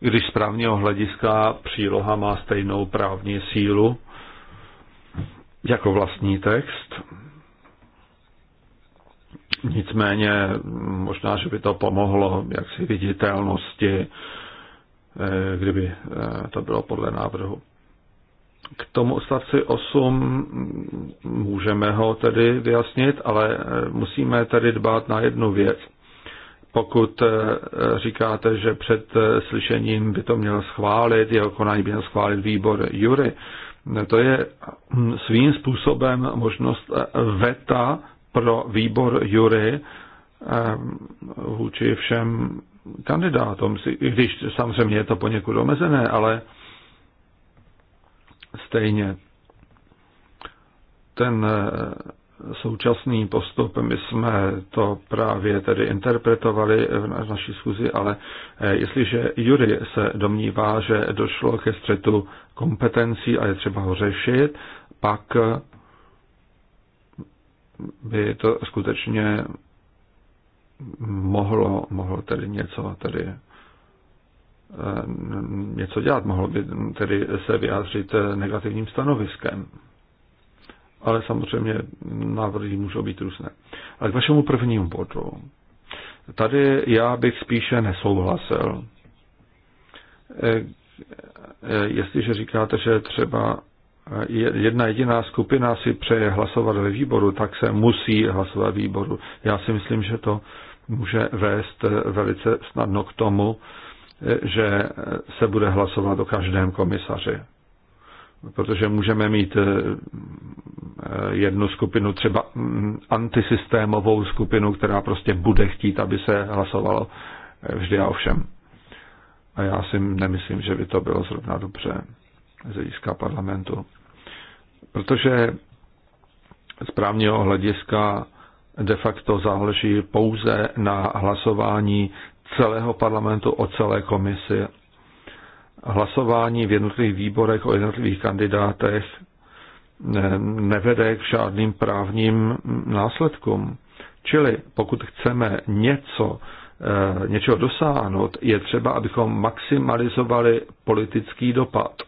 když z právního hlediska příloha má stejnou právní sílu jako vlastní text. Nicméně možná, že by to pomohlo jaksi viditelnosti, eh, kdyby eh, to bylo podle návrhu. K tomu odstavci 8 můžeme ho tedy vyjasnit, ale eh, musíme tedy dbát na jednu věc – pokud eh, říkáte, že před eh, slyšením by to měl schválit, jeho konání by měl schválit výbor Jury, no to je hm, svým způsobem možnost eh, veta pro výbor Jury vůči všem kandidátům, i když samozřejmě je to poněkud omezené, ale stejně ten současný postup. My jsme to právě tedy interpretovali v naší schůzi, ale eh, jestliže Jury se domnívá, že došlo ke střetu kompetencí a je třeba ho řešit, pak eh, by to skutečně mohlo, mohlo tedy něco tedy eh, něco dělat, mohlo by tedy se vyjádřit negativním stanoviskem ale samozřejmě návrhy můžou být různé. A k vašemu prvnímu bodu. Tady já bych spíše nesouhlasil. E, e, jestliže říkáte, že třeba jedna jediná skupina si přeje hlasovat ve výboru, tak se musí hlasovat ve výboru. Já si myslím, že to může vést velice snadno k tomu, e, že se bude hlasovat o každém komisaři protože můžeme mít eh, eh, jednu skupinu, třeba mm, antisystémovou skupinu, která prostě bude chtít, aby se hlasovalo eh, vždy a ovšem. A já si nemyslím, že by to bylo zrovna dobře z hlediska parlamentu. Protože z právního hlediska de facto záleží pouze na hlasování celého parlamentu o celé komisi hlasování v jednotlivých výborech o jednotlivých kandidátech nevede k žádným právním následkům. Čili pokud chceme něco, eh, něčeho dosáhnout, je třeba, abychom maximalizovali politický dopad.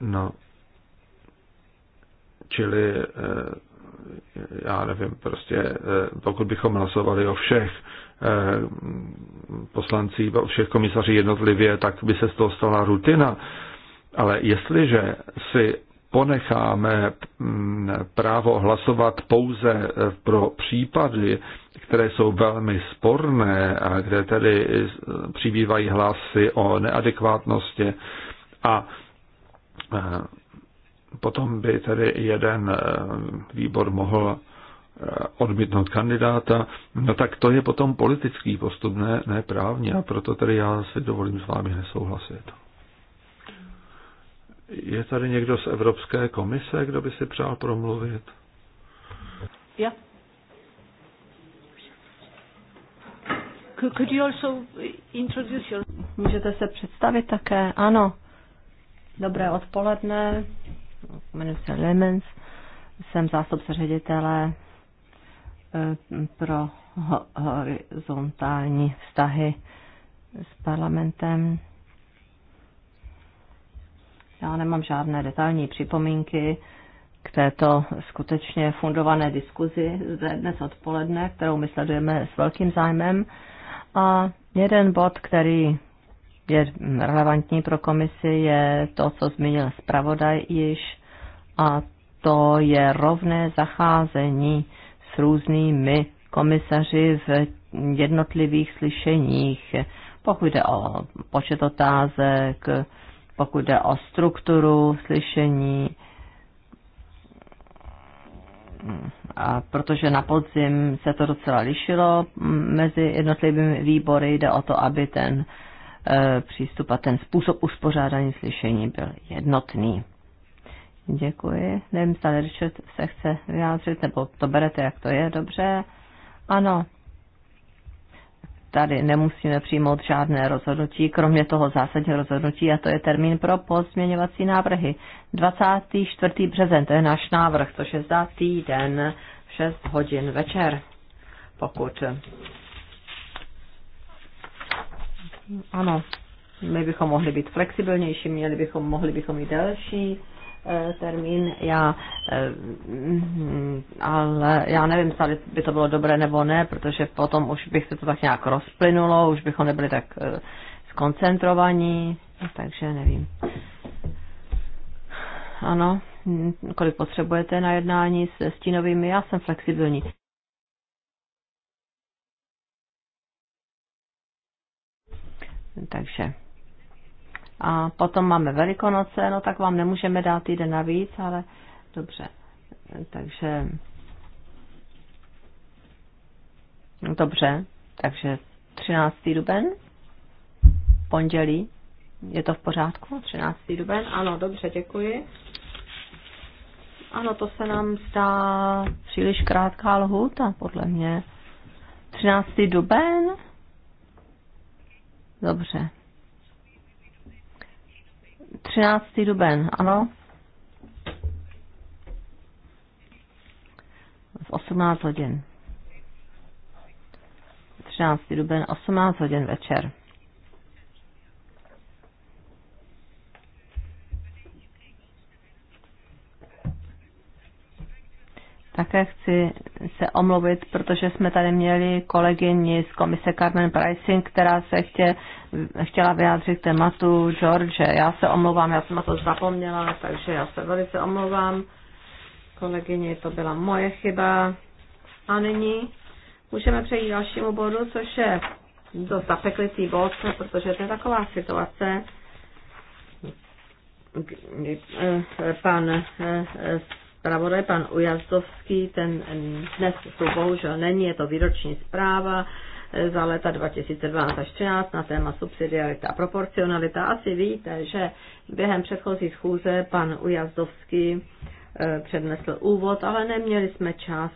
No, čili eh, já nevím, prostě eh, pokud bychom hlasovali o všech Eh, poslanci všech komisaří jednotlivě, tak by se z toho stala rutina. Ale jestliže si ponecháme mm, právo hlasovat pouze eh, pro případy, které jsou velmi sporné a kde tedy eh, přibývají hlasy o neadekvátnosti a potom by tedy jeden výbor mohl Eh, odmítnout kandidáta, no tak to je potom politický postup, ne, ne právně a proto tedy já si dovolím s vámi nesouhlasit. Je tady někdo z Evropské komise, kdo by si přál promluvit? Já. Could you also introduce your... Můžete se představit také? Ano. Dobré odpoledne. Jmenuji se Lemens. Jsem zástupce ředitele pro horizontální vztahy s parlamentem. Já nemám žádné detailní připomínky k této skutečně fundované diskuzi zde dnes odpoledne, kterou my sledujeme s velkým zájmem. A jeden bod, který je relevantní pro komisi, je to, co zmínil zpravodaj již, a to je rovné zacházení různými komisaři v jednotlivých slyšeních, pokud jde o počet otázek, pokud jde o strukturu slyšení. A protože na podzim se to docela lišilo mezi jednotlivými výbory, jde o to, aby ten eh, přístup a ten způsob uspořádání slyšení byl jednotný. Děkuji. Nevím, zda Richard se chce vyjádřit, nebo to berete, jak to je, dobře. Ano, tady nemusíme přijmout žádné rozhodnutí, kromě toho zásadní rozhodnutí, a to je termín pro pozměňovací návrhy. 24. březen, to je náš návrh, což je za týden 6 hodin večer, pokud... Ano, my bychom mohli být flexibilnější, měli bychom, mohli bychom mít delší Eh, termín, já, eh, mm, ale já nevím, zda by to bylo dobré nebo ne, protože potom už bych se to tak nějak rozplynulo, už bychom nebyli tak eh, skoncentrovaní, takže nevím. Ano, mm, kolik potřebujete na jednání se stínovými, já jsem flexibilní. Takže a potom máme Velikonoce, no tak vám nemůžeme dát týden navíc, ale dobře. Takže no dobře, takže 13. duben, pondělí, je to v pořádku, 13. duben, ano, dobře, děkuji. Ano, to se nám zdá příliš krátká lhůta, podle mě. 13. duben? Dobře. 13. duben, ano. V 18 hodin. 13. duben, 18 hodin večer. Také chci se omluvit, protože jsme tady měli kolegyni z komise Carmen Pricing, která se chtě, chtěla vyjádřit tématu George. Já se omlouvám, já jsem na to zapomněla, takže já se velice omlouvám. Kolegyni, to byla moje chyba. A nyní můžeme přejít dalšímu bodu, což je dost zapeklitý bod, protože to je taková situace, eh, pan eh, zpravodaj, pan Ujazdovský, ten dnes tu bohužel není, je to výroční zpráva e, za leta 2012 až 2013 na téma subsidiarita a proporcionalita. Asi víte, že během předchozí schůze pan Ujazdovský e, přednesl úvod, ale neměli jsme čas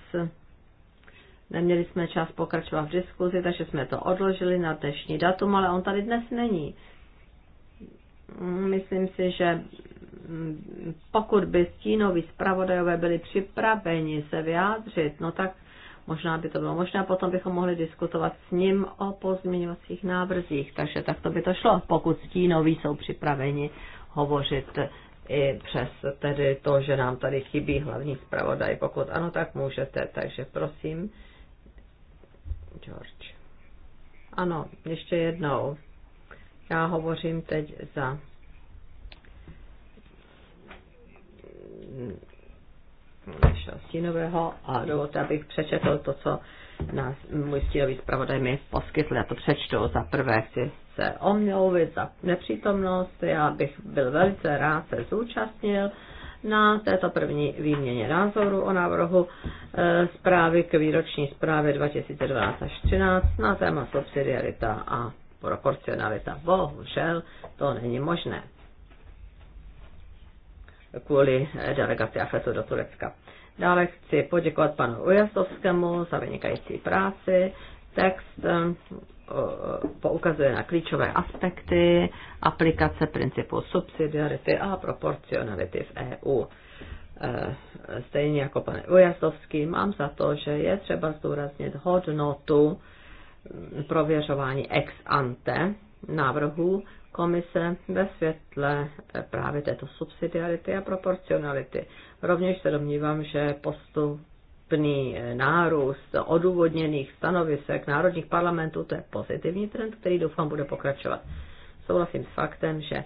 Neměli jsme čas pokračovat v diskuzi, takže jsme to odložili na dnešní datum, ale on tady dnes není. Myslím si, že pokud by stínoví zpravodajové byli připraveni se vyjádřit, no tak možná by to bylo možné, potom bychom mohli diskutovat s ním o pozměňovacích návrzích, takže tak to by to šlo, pokud stínoví jsou připraveni hovořit i přes tedy to, že nám tady chybí hlavní zpravodaj. Pokud ano, tak můžete, takže prosím. George. Ano, ještě jednou. Já hovořím teď za Mm, našeho stínového a dovolte, abych přečetl to, co nás můj stínový zpravodaj mi poskytl. Já to přečtu. Za prvé chci se omlouvit za nepřítomnost. Já bych byl velice rád se zúčastnil na této první výměně názoru o návrhu e, zprávy k výroční zprávě 2012 až 13 na téma subsidiarita a proporcionalita. Bohužel to není možné kvůli eh, delegaci AFETu do Turecka. Dále chci poděkovat panu Ujazdovskému za vynikající práci. Text eh, poukazuje na klíčové aspekty aplikace principu subsidiarity a proporcionality v EU. Eh, stejně jako pan Ujazdovský, mám za to, že je třeba zdůraznit hodnotu prověřování ex ante návrhu komise ve světle eh, právě této subsidiarity a proporcionality. Rovněž se domnívám, že postupný eh, nárůst odůvodněných stanovisek národních parlamentů, to je pozitivní trend, který doufám bude pokračovat. Souhlasím s faktem, že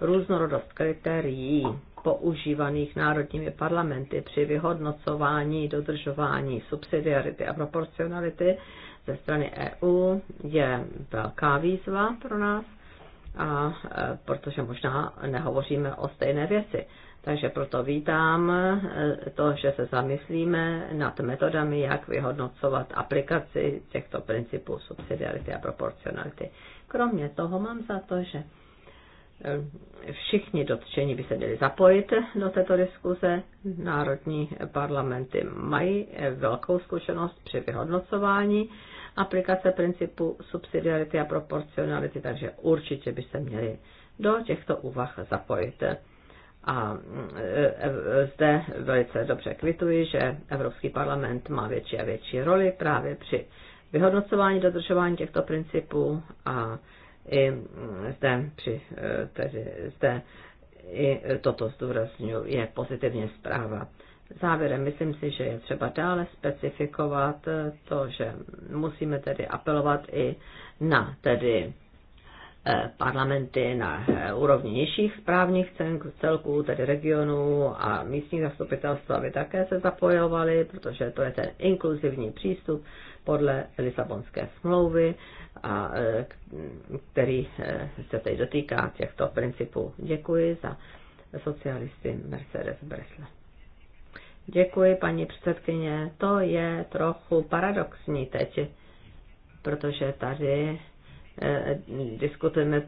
různorodost kritérií používaných národními parlamenty při vyhodnocování dodržování subsidiarity a proporcionality ze strany EU je velká výzva pro nás a e, protože možná nehovoříme o stejné věci. Takže proto vítám e, to, že se zamyslíme nad metodami, jak vyhodnocovat aplikaci těchto principů subsidiarity a proporcionality. Kromě toho mám za to, že e, všichni dotčení by se měli zapojit do této diskuze. Národní parlamenty mají velkou zkušenost při vyhodnocování aplikace principu subsidiarity a proporcionality, takže určitě by se měli do těchto úvah zapojit. A e, e, zde velice dobře kvituji, že Evropský parlament má větší a větší roli právě při vyhodnocování dodržování těchto principů a i zde, při, e, tedy zde i toto je pozitivně zpráva Závěrem myslím si, že je třeba dále specifikovat to, že musíme tedy apelovat i na tedy eh, parlamenty na eh, úrovni nižších správních celků, tedy regionů a místních zastupitelstv, aby také se zapojovali, protože to je ten inkluzivní přístup podle Lisabonské smlouvy, a, eh, který se teď dotýká těchto principů. Děkuji za socialisty Mercedes Bresle. Děkuji, paní předsedkyně. To je trochu paradoxní teď, protože tady eh, diskutujeme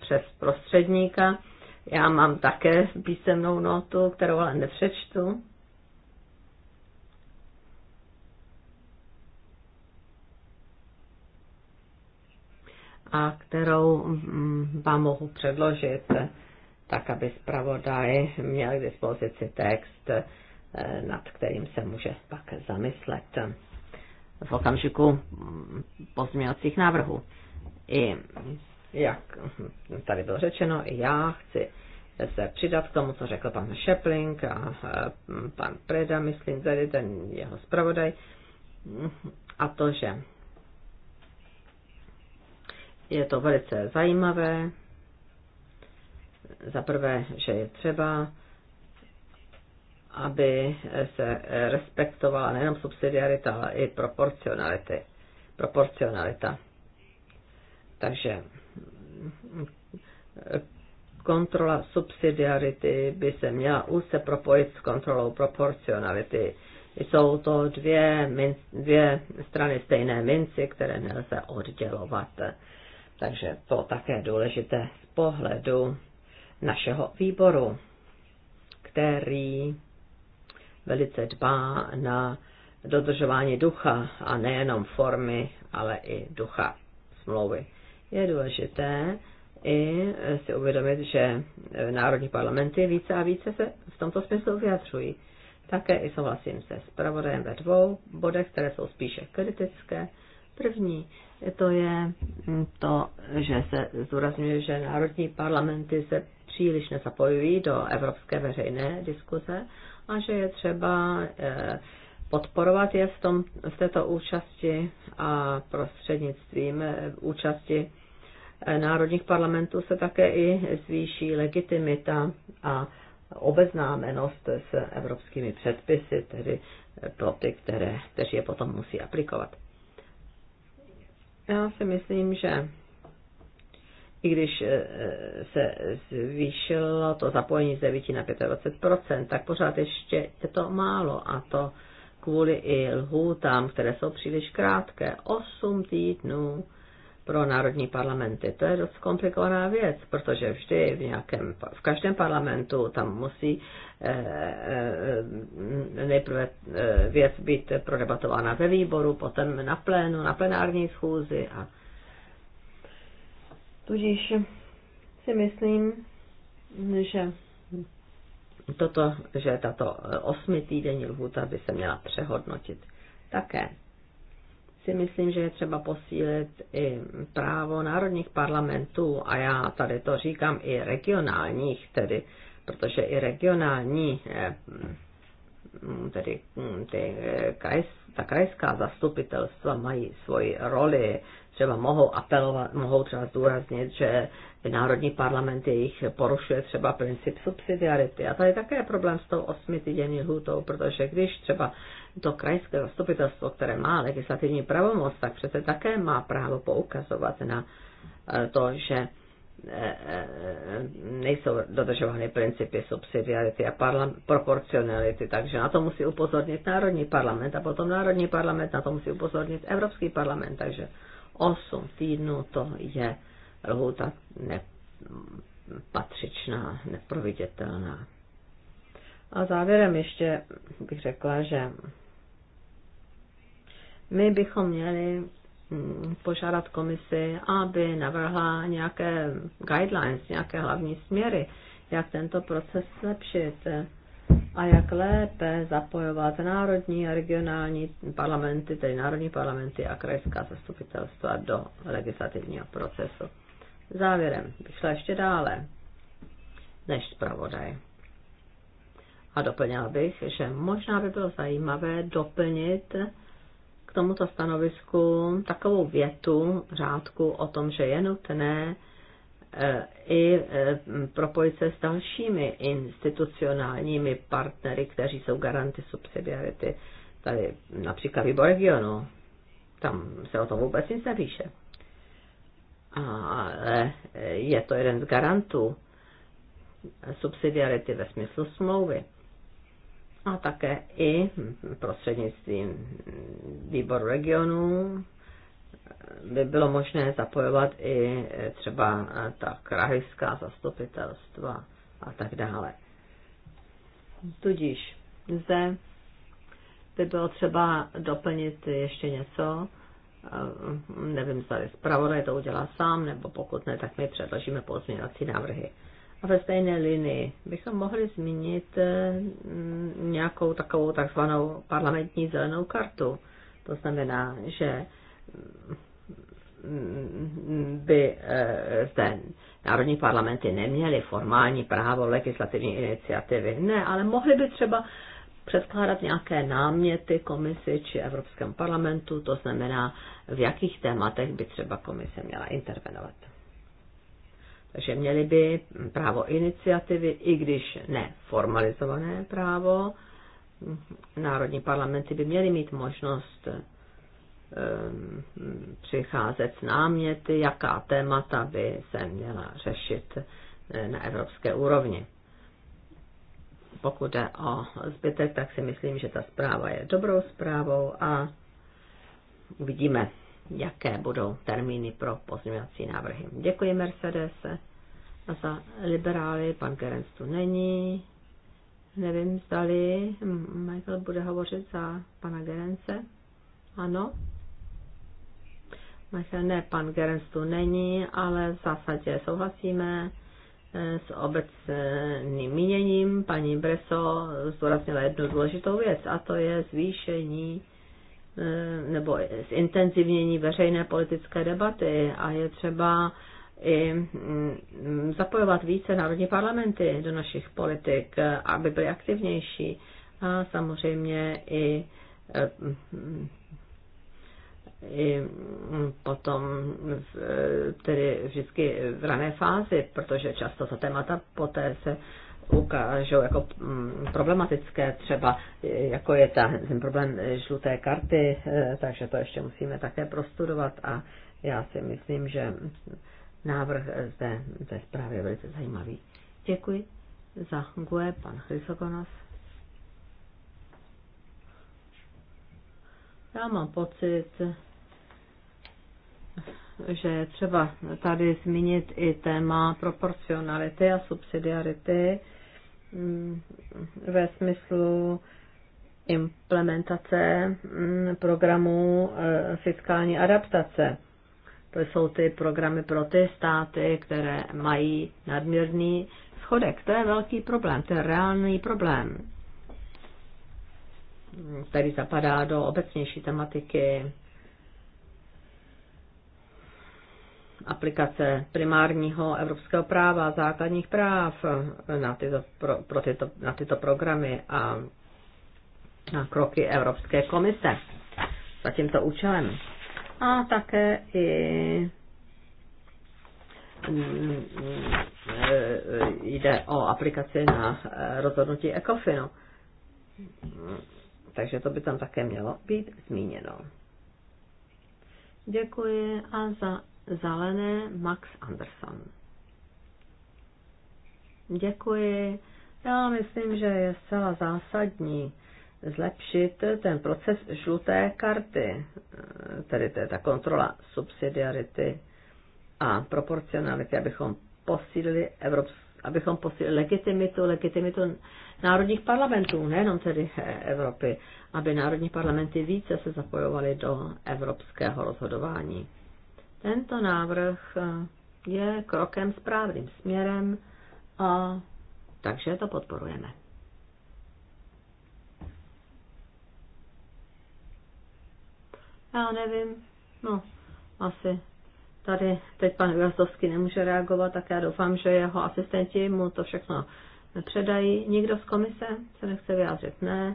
přes prostředníka. Já mám také písemnou notu, kterou ale nepřečtu. A kterou mm, vám mohu předložit, tak aby zpravodaj měl k dispozici text Eh, nad kterým se může pak zamyslet v okamžiku mm, pozměňovacích návrhů. I jak tady bylo řečeno, i já chci se přidat k tomu, co řekl pan Šepling a mm, pan Preda, myslím tady ten jeho zpravodaj, a to, že je to velice zajímavé, za prvé, že je třeba aby se respektovala nejenom subsidiarita, ale i proporcionality. proporcionalita. Takže kontrola subsidiarity by se měla úzce propojit s kontrolou proporcionality. Jsou to dvě, min, dvě strany stejné minci, které nelze oddělovat. Takže to také důležité z pohledu našeho výboru, který velice dbá na dodržování ducha a nejenom formy, ale i ducha smlouvy. Je důležité i si uvědomit, že národní parlamenty více a více se v tomto smyslu vyjadřují. Také i souhlasím se pravodajem ve dvou bodech, které jsou spíše kritické. První to je to, že se zdůrazňuje, že národní parlamenty se příliš nezapojují do evropské veřejné diskuze a že je třeba eh, podporovat je v, tom, v této účasti a prostřednictvím eh, účasti eh, národních parlamentů se také i zvýší legitimita a obeznámenost s evropskými předpisy, tedy pro ty, které, kteří je potom musí aplikovat. Já si myslím, že i když eh, se zvýšilo to zapojení z 9 na 25%, tak pořád ještě je to málo a to kvůli i lhůtám, které jsou příliš krátké, 8 týdnů pro národní parlamenty. To je dost komplikovaná věc, protože vždy v, nějakém, v každém parlamentu tam musí eh, eh, nejprve věc být prodebatována ve výboru, potom na plénu, na plenární schůzi a Tudíž si myslím, že toto, že tato e, týdenní lhůta by se měla přehodnotit. Také si myslím, že je třeba posílit i právo národních parlamentů, a já tady to říkám i regionálních, tedy, protože i regionální, e, tedy ty, e, ta krajská zastupitelstva mají svoji roli třeba mohou apelovat, mohou třeba zdůraznit, že národní parlament jejich porušuje třeba princip subsidiarity. A tady také je problém s tou osmitýdenní lhůtou, protože když třeba to krajské zastupitelstvo, které má legislativní pravomoc, tak přece také má právo poukazovat na eh, to, že eh, eh, nejsou dodržovány principy subsidiarity a proporcionality, takže na to musí upozornit Národní parlament a potom Národní parlament na to musí upozornit Evropský parlament, takže 8 týdnů to je lhůta nepatřičná, neproviditelná. A závěrem ještě bych řekla, že my bychom měli mm, požádat komisi, aby navrhla nějaké guidelines, nějaké hlavní směry, jak tento proces zlepšit a jak lépe zapojovat národní a regionální parlamenty, tedy národní parlamenty a krajská zastupitelstva do legislativního procesu. Závěrem bych šla ještě dále než zpravodaj. A doplnila bych, že možná by bylo zajímavé doplnit k tomuto stanovisku takovou větu řádku o tom, že je nutné E, i e, propojit se s dalšími institucionálními partnery, kteří jsou garanty subsidiarity. Tady například výbor regionu, tam se o tom vůbec nic nepíše. Ale je to jeden z garantů subsidiarity ve smyslu smlouvy. A také i prostřednictvím výboru regionu by bylo možné zapojovat i e, třeba e, ta krajská zastupitelstva a tak dále. Tudíž zde by bylo třeba doplnit ještě něco, e, nevím, zda zpravodaj to udělá sám, nebo pokud ne, tak my předložíme pozměňovací návrhy. A ve stejné linii bychom mohli zmínit nějakou takovou takzvanou parlamentní zelenou kartu. To znamená, že by eh, zde národní parlamenty neměly formální právo legislativní iniciativy. Ne, ale mohly by třeba předkládat nějaké náměty komisi či Evropskému parlamentu, to znamená, v jakých tématech by třeba komise měla intervenovat. Takže měli by právo iniciativy, i když ne formalizované právo, národní parlamenty by měly mít možnost Ehm, přicházet s náměty, jaká témata by se měla řešit eh, na evropské úrovni. Pokud jde o zbytek, tak si myslím, že ta zpráva je dobrou zprávou a uvidíme, jaké budou termíny pro pozměňovací návrhy. Děkuji Mercedes a za liberály pan Gerenc tu není. Nevím, zdali Michael bude hovořit za pana Gerence. Ano, ne, pan Gerens tu není, ale v zásadě souhlasíme eh, s obecným míněním. Paní Breso zdůraznila jednu důležitou věc, a to je zvýšení eh, nebo zintenzivnění veřejné politické debaty a je třeba i mm, zapojovat více národní parlamenty do našich politik, eh, aby byly aktivnější a samozřejmě i i potom v, tedy vždycky v rané fázi, protože často ta témata poté se ukážou jako mm, problematické, třeba jako je ta, ten problém žluté karty, eh, takže to ještě musíme také prostudovat a já si myslím, že návrh zde ve zprávě je velice zajímavý. Děkuji za Gue, pan Chrysokonos. Já mám pocit, že třeba tady zmínit i téma proporcionality a subsidiarity mm, ve smyslu implementace mm, programů eh, fiskální adaptace. To jsou ty programy pro ty státy, které mají nadměrný schodek. To je velký problém, to je reálný problém, který zapadá do obecnější tematiky aplikace primárního evropského práva a základních práv na tyto, pro, pro tyto, na tyto programy a na kroky Evropské komise za tímto účelem. A také i mm, mm, e, jde o aplikaci na rozhodnutí ECOFINu. Takže to by tam také mělo být zmíněno. Děkuji a za zelené Max Anderson. Děkuji. Já myslím, že je zcela zásadní zlepšit ten proces žluté karty, tedy to je ta kontrola subsidiarity a proporcionality, abychom posílili evropskou abychom posílili legitimitu, legitimitu národních parlamentů, nejenom tedy Evropy, aby národní parlamenty více se zapojovaly do evropského rozhodování. Tento návrh eh, je krokem správným směrem, a, takže to podporujeme. Já nevím, no, asi tady teď pan Gvazdovský nemůže reagovat, tak já doufám, že jeho asistenti mu to všechno předají. Nikdo z komise se nechce vyjádřit? Ne.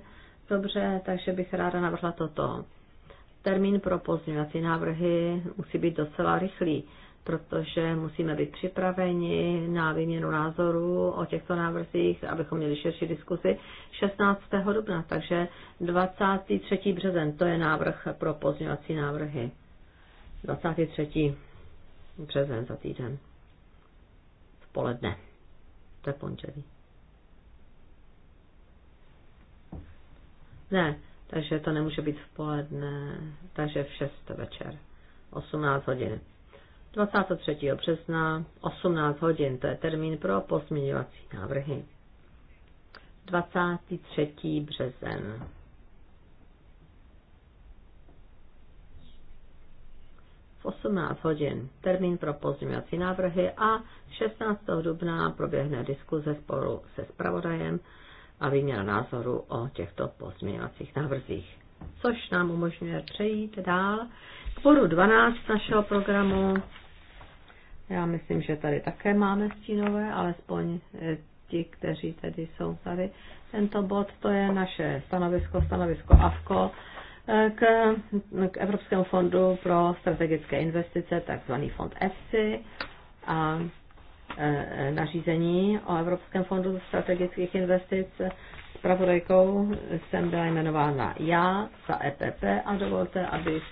Dobře, takže bych ráda navrhla toto. Termín pro pozměňovací návrhy musí být docela rychlý, protože musíme být připraveni na výměnu názorů o těchto návrzích, abychom měli širší diskusi 16. dubna, takže 23. březen, to je návrh pro pozměňovací návrhy. 23. březen za týden. V poledne. To je pondělí. Ne, takže to nemůže být v poledne, takže v 6 večer, 18 hodin. 23. března, 18 hodin, to je termín pro pozměňovací návrhy. 23. březen. V 18 hodin termín pro pozměňovací návrhy a 16. dubna proběhne diskuze spolu se spravodajem a výměna názoru o těchto pozměňovacích návrzích. Což nám umožňuje přejít dál k bodu 12 našeho programu. Já myslím, že tady také máme stínové, alespoň eh, ti, kteří tedy jsou tady. Tento bod to je naše stanovisko, stanovisko AFKO eh, k, k Evropskému fondu pro strategické investice, takzvaný fond EFSI. A Eh, nařízení o Evropském fondu strategických investic. pravodajkou jsem byla jmenována já za EPP a dovolte, abych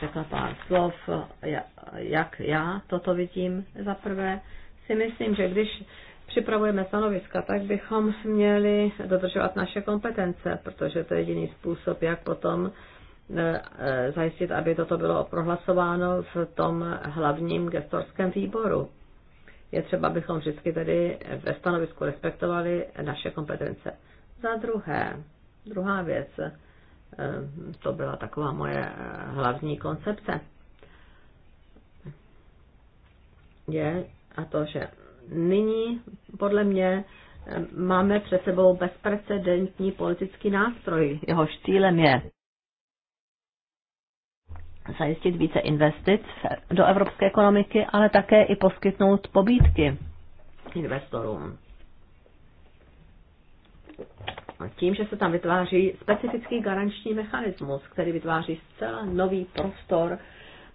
řekla pár slov, jak já toto vidím. Za prvé si myslím, že když připravujeme stanoviska, tak bychom měli dodržovat naše kompetence, protože to je jediný způsob, jak potom eh, eh, zajistit, aby toto bylo prohlasováno v tom hlavním gestorském výboru je třeba, abychom vždycky tedy ve stanovisku respektovali naše kompetence. Za druhé, druhá věc, eh, to byla taková moje eh, hlavní koncepce, je a to, že nyní podle mě eh, máme před sebou bezprecedentní politický nástroj. Jeho cílem je zajistit více investic do evropské ekonomiky, ale také i poskytnout pobídky investorům. Tím, že se tam vytváří specifický garanční mechanismus, který vytváří zcela nový prostor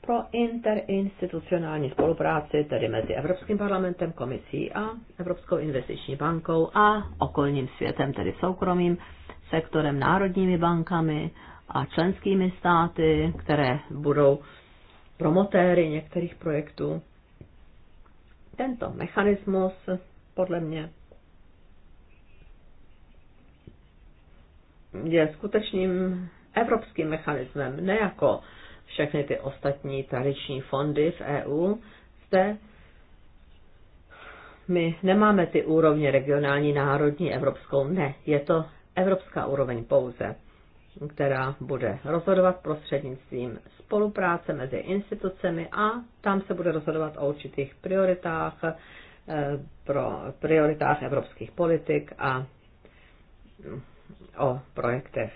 pro interinstitucionální spolupráci, tedy mezi Evropským parlamentem, komisí a Evropskou investiční bankou a okolním světem, tedy soukromým sektorem, národními bankami, a členskými státy, které budou promotéry některých projektů. Tento mechanismus podle mě je skutečným evropským mechanismem, ne jako všechny ty ostatní tradiční fondy v EU. Zde my nemáme ty úrovně regionální, národní, evropskou, ne, je to evropská úroveň pouze která bude rozhodovat prostřednictvím spolupráce mezi institucemi a tam se bude rozhodovat o určitých prioritách, eh, pro prioritách evropských politik a mm, o projektech.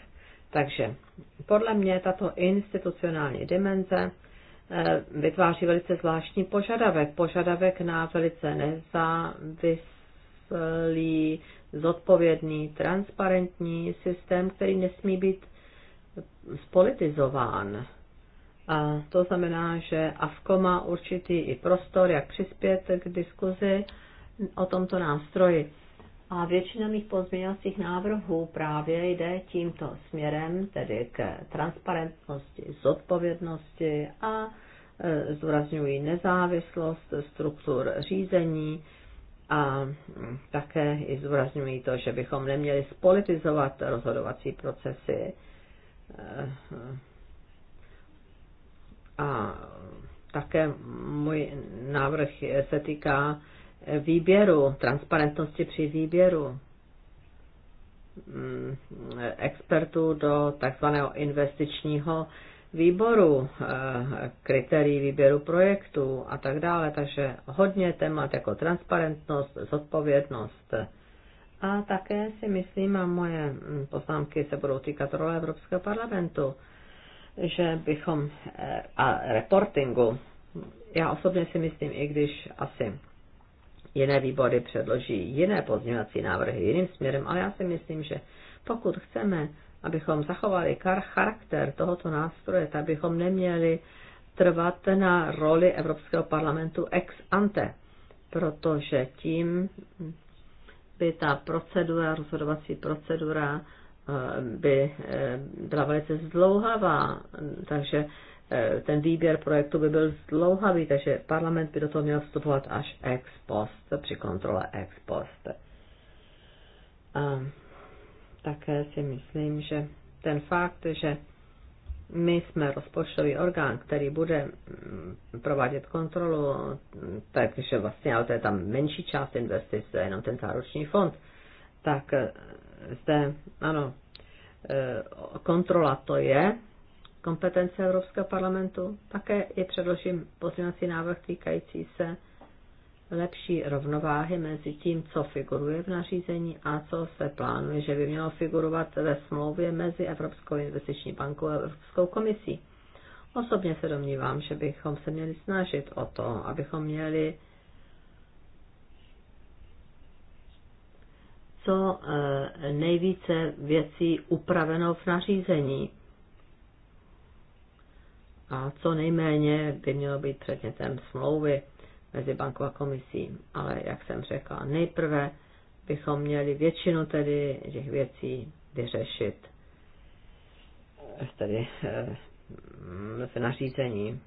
Takže podle mě tato institucionální dimenze eh, vytváří velice zvláštní požadavek, požadavek na velice nezávislý zodpovědný, transparentní systém, který nesmí být spolitizován. A to znamená, že AFKO má určitý i prostor, jak přispět k diskuzi o tomto nástroji. A většina mých pozměňovacích návrhů právě jde tímto směrem, tedy k transparentnosti, zodpovědnosti a e, zdůrazňují nezávislost struktur řízení, a mm, také i zdůrazňují to, že bychom neměli spolitizovat rozhodovací procesy eh, eh, a také můj návrh se týká výběru, transparentnosti při výběru mm, expertů do takzvaného investičního výboru, eh, kritérií výběru projektů a tak dále. Takže hodně témat jako transparentnost, zodpovědnost. A také si myslím, a moje mm, poznámky se budou týkat role Evropského parlamentu, že bychom eh, a reportingu. Já osobně si myslím, i když asi jiné výbory předloží jiné pozměňovací návrhy jiným směrem, ale já si myslím, že pokud chceme abychom zachovali charakter tohoto nástroje, tak bychom neměli trvat na roli Evropského parlamentu ex ante, protože tím by ta procedura, rozhodovací procedura eh, by eh, byla velice zdlouhavá, takže eh, ten výběr projektu by byl zdlouhavý, takže parlament by do toho měl vstupovat až ex post, při kontrole ex post také si myslím, že ten fakt, že my jsme rozpočtový orgán, který bude mm, provádět kontrolu, takže vlastně, ale to je tam menší část investic, to je jenom ten záruční fond, tak eh, zde, ano, eh, kontrola to je kompetence Evropského parlamentu. Také i předložím pozměňovací návrh týkající se lepší rovnováhy mezi tím, co figuruje v nařízení a co se plánuje, že by mělo figurovat ve smlouvě mezi Evropskou investiční bankou a Evropskou komisí. Osobně se domnívám, že bychom se měli snažit o to, abychom měli co eh, nejvíce věcí upraveno v nařízení a co nejméně by mělo být předmětem smlouvy mezi bankou a komisí. Ale jak jsem řekla, nejprve bychom měli většinu tedy těch věcí vyřešit tedy eh, v nařízení.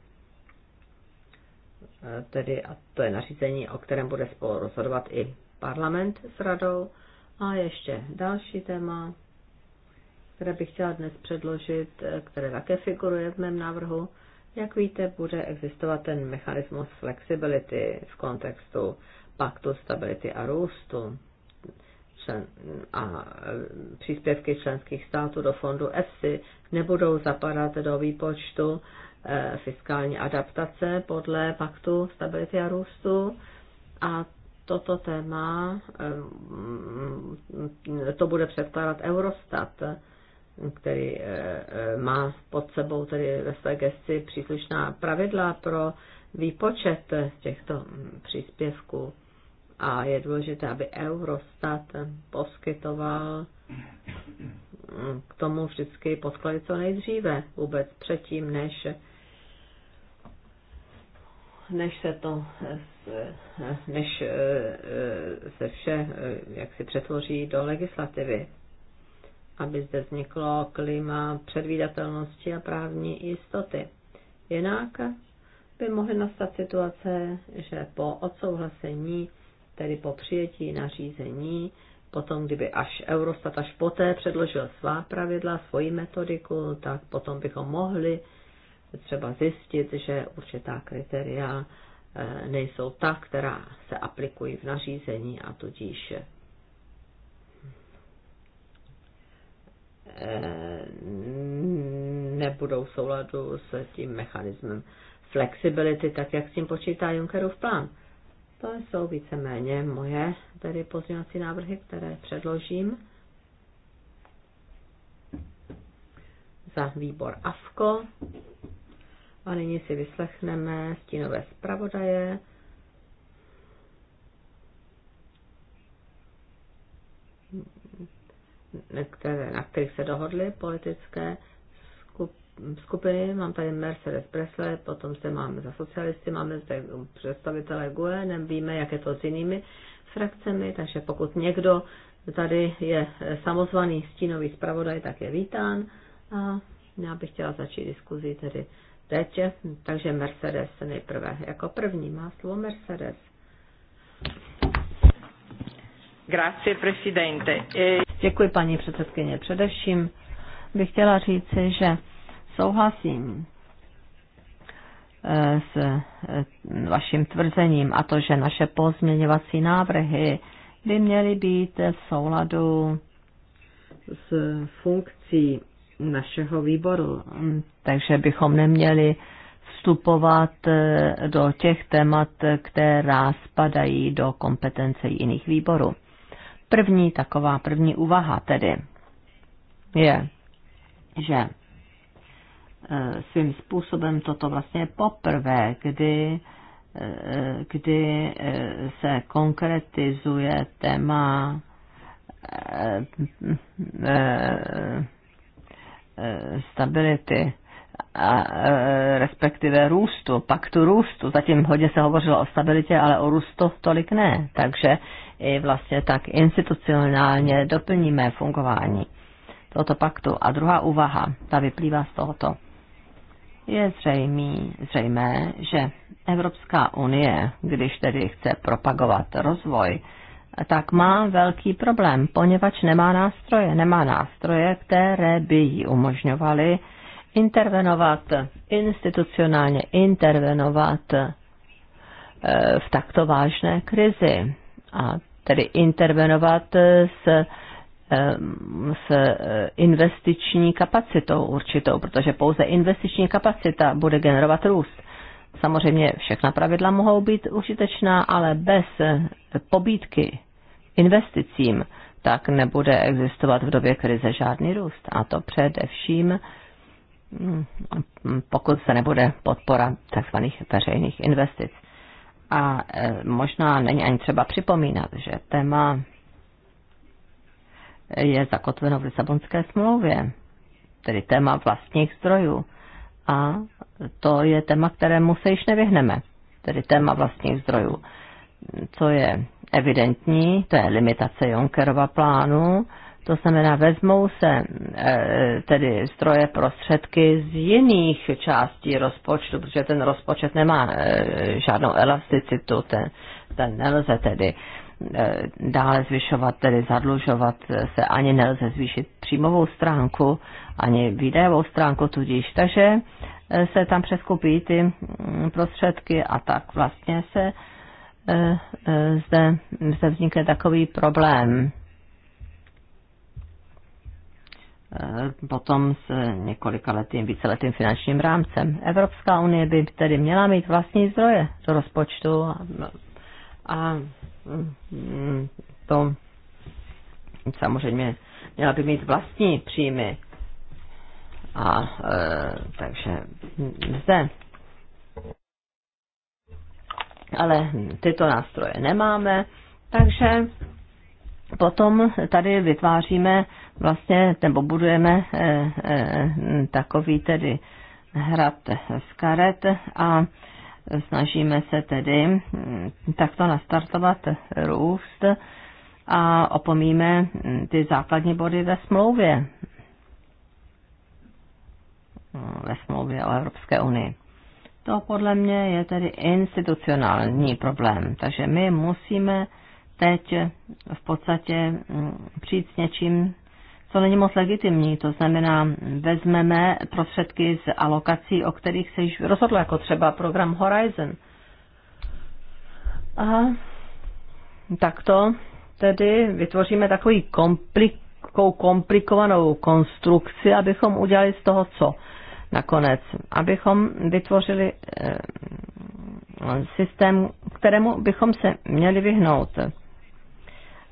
Eh, tedy, a to je nařízení, o kterém bude spolu rozhodovat i parlament s radou. A ještě další téma, které bych chtěla dnes předložit, eh, které také figuruje v mém návrhu, jak víte, bude existovat ten mechanismus flexibility v kontextu paktu stability a růstu člen, a e, příspěvky členských států do fondu EFSI nebudou zapadat do výpočtu e, fiskální adaptace podle paktu stability a růstu a toto téma e, to bude předkládat Eurostat který eh, eh, má pod sebou tedy ve své gesci příslušná pravidla pro výpočet těchto mm, příspěvků. A je důležité, aby Eurostat poskytoval mm, k tomu vždycky podklady co nejdříve, vůbec předtím, než než se to, eh, než se vše jak si přetvoří do legislativy aby zde vzniklo klima předvídatelnosti a právní jistoty. Jinak by mohly nastat situace, že po odsouhlasení, tedy po přijetí nařízení, potom, kdyby až Eurostat až poté předložil svá pravidla, svoji metodiku, tak potom bychom mohli třeba zjistit, že určitá kritéria eh, nejsou ta, která se aplikují v nařízení a tudíž Eh, nebudou v souladu s tím mechanismem flexibility, tak jak s tím počítá Junckerův plán. To jsou víceméně moje tedy pozměňovací návrhy, které předložím za výbor AFKO. A nyní si vyslechneme stínové zpravodaje které, na kterých se dohodly politické skupiny. Mám tady Mercedes Presley, potom se máme za socialisty, máme zde představitele GUE, nevíme, jak je to s jinými frakcemi, takže pokud někdo tady je samozvaný stínový zpravodaj, tak je vítán. A já bych chtěla začít diskuzi tedy teď, takže Mercedes nejprve. Jako první má slovo Mercedes. E- Děkuji, paní předsedkyně. Především bych chtěla říci, že souhlasím e, s e, vaším tvrzením a to, že naše pozměňovací návrhy by měly být v souladu s funkcí našeho výboru. Takže bychom neměli vstupovat do těch témat, která spadají do kompetence jiných výborů. První taková, první úvaha tedy je, že e, svým způsobem toto vlastně poprvé, kdy, e, kdy e, se konkretizuje téma stability a respektive růstu, paktu růstu. Zatím hodně se hovořilo o stabilitě, ale o růstu tolik ne. Takže i vlastně tak institucionálně doplníme fungování tohoto paktu. A druhá úvaha, ta vyplývá z tohoto. Je zřejmý, zřejmé, že Evropská unie, když tedy chce propagovat rozvoj, tak má velký problém, poněvadž nemá nástroje. Nemá nástroje, které by jí umožňovaly intervenovat, institucionálně intervenovat eh, v takto vážné krizi. A tedy intervenovat s, s eh, investiční kapacitou určitou, protože pouze investiční kapacita bude generovat růst. Samozřejmě všechna pravidla mohou být užitečná, ale bez eh, pobídky investicím tak nebude existovat v době krize žádný růst. A to především, mm, pokud se nebude podpora tzv. veřejných investic. A e, možná není ani třeba připomínat, že téma je zakotveno v Lisabonské smlouvě, tedy téma vlastních zdrojů. A to je téma, kterému se již nevyhneme, tedy téma vlastních zdrojů. Co je evidentní, to je limitace Junckerova plánu, to znamená, vezmou se eh, tedy stroje prostředky z jiných částí rozpočtu, protože ten rozpočet nemá eh, žádnou elasticitu, ten, ten nelze tedy eh, dále zvyšovat, tedy zadlužovat se, ani nelze zvýšit příjmovou stránku, ani výdajovou stránku tudíž. Takže se tam přeskupí ty mm, prostředky a tak vlastně se zde, zde vznikne takový problém Eh, potom s několika letým, víceletým finančním rámcem. Evropská unie by tedy měla mít vlastní zdroje do rozpočtu a, a mm, to samozřejmě měla by mít vlastní příjmy. A e, takže zde. Ale tyto nástroje nemáme, takže potom tady vytváříme vlastně, nebo budujeme eh, eh, takový tedy hrad z karet a snažíme se tedy hm, takto nastartovat růst a opomíme hm, ty základní body ve smlouvě. Hm, ve smlouvě o Evropské unii. To podle mě je tedy institucionální problém. Takže my musíme teď v podstatě mm, přijít s něčím, co není moc legitimní. To znamená, vezmeme prostředky z alokací, o kterých se již rozhodlo, jako třeba program Horizon. A takto tedy vytvoříme takový komplikou, takovou komplikovanou konstrukci, abychom udělali z toho co nakonec. Abychom vytvořili eh, systém, kterému bychom se měli vyhnout.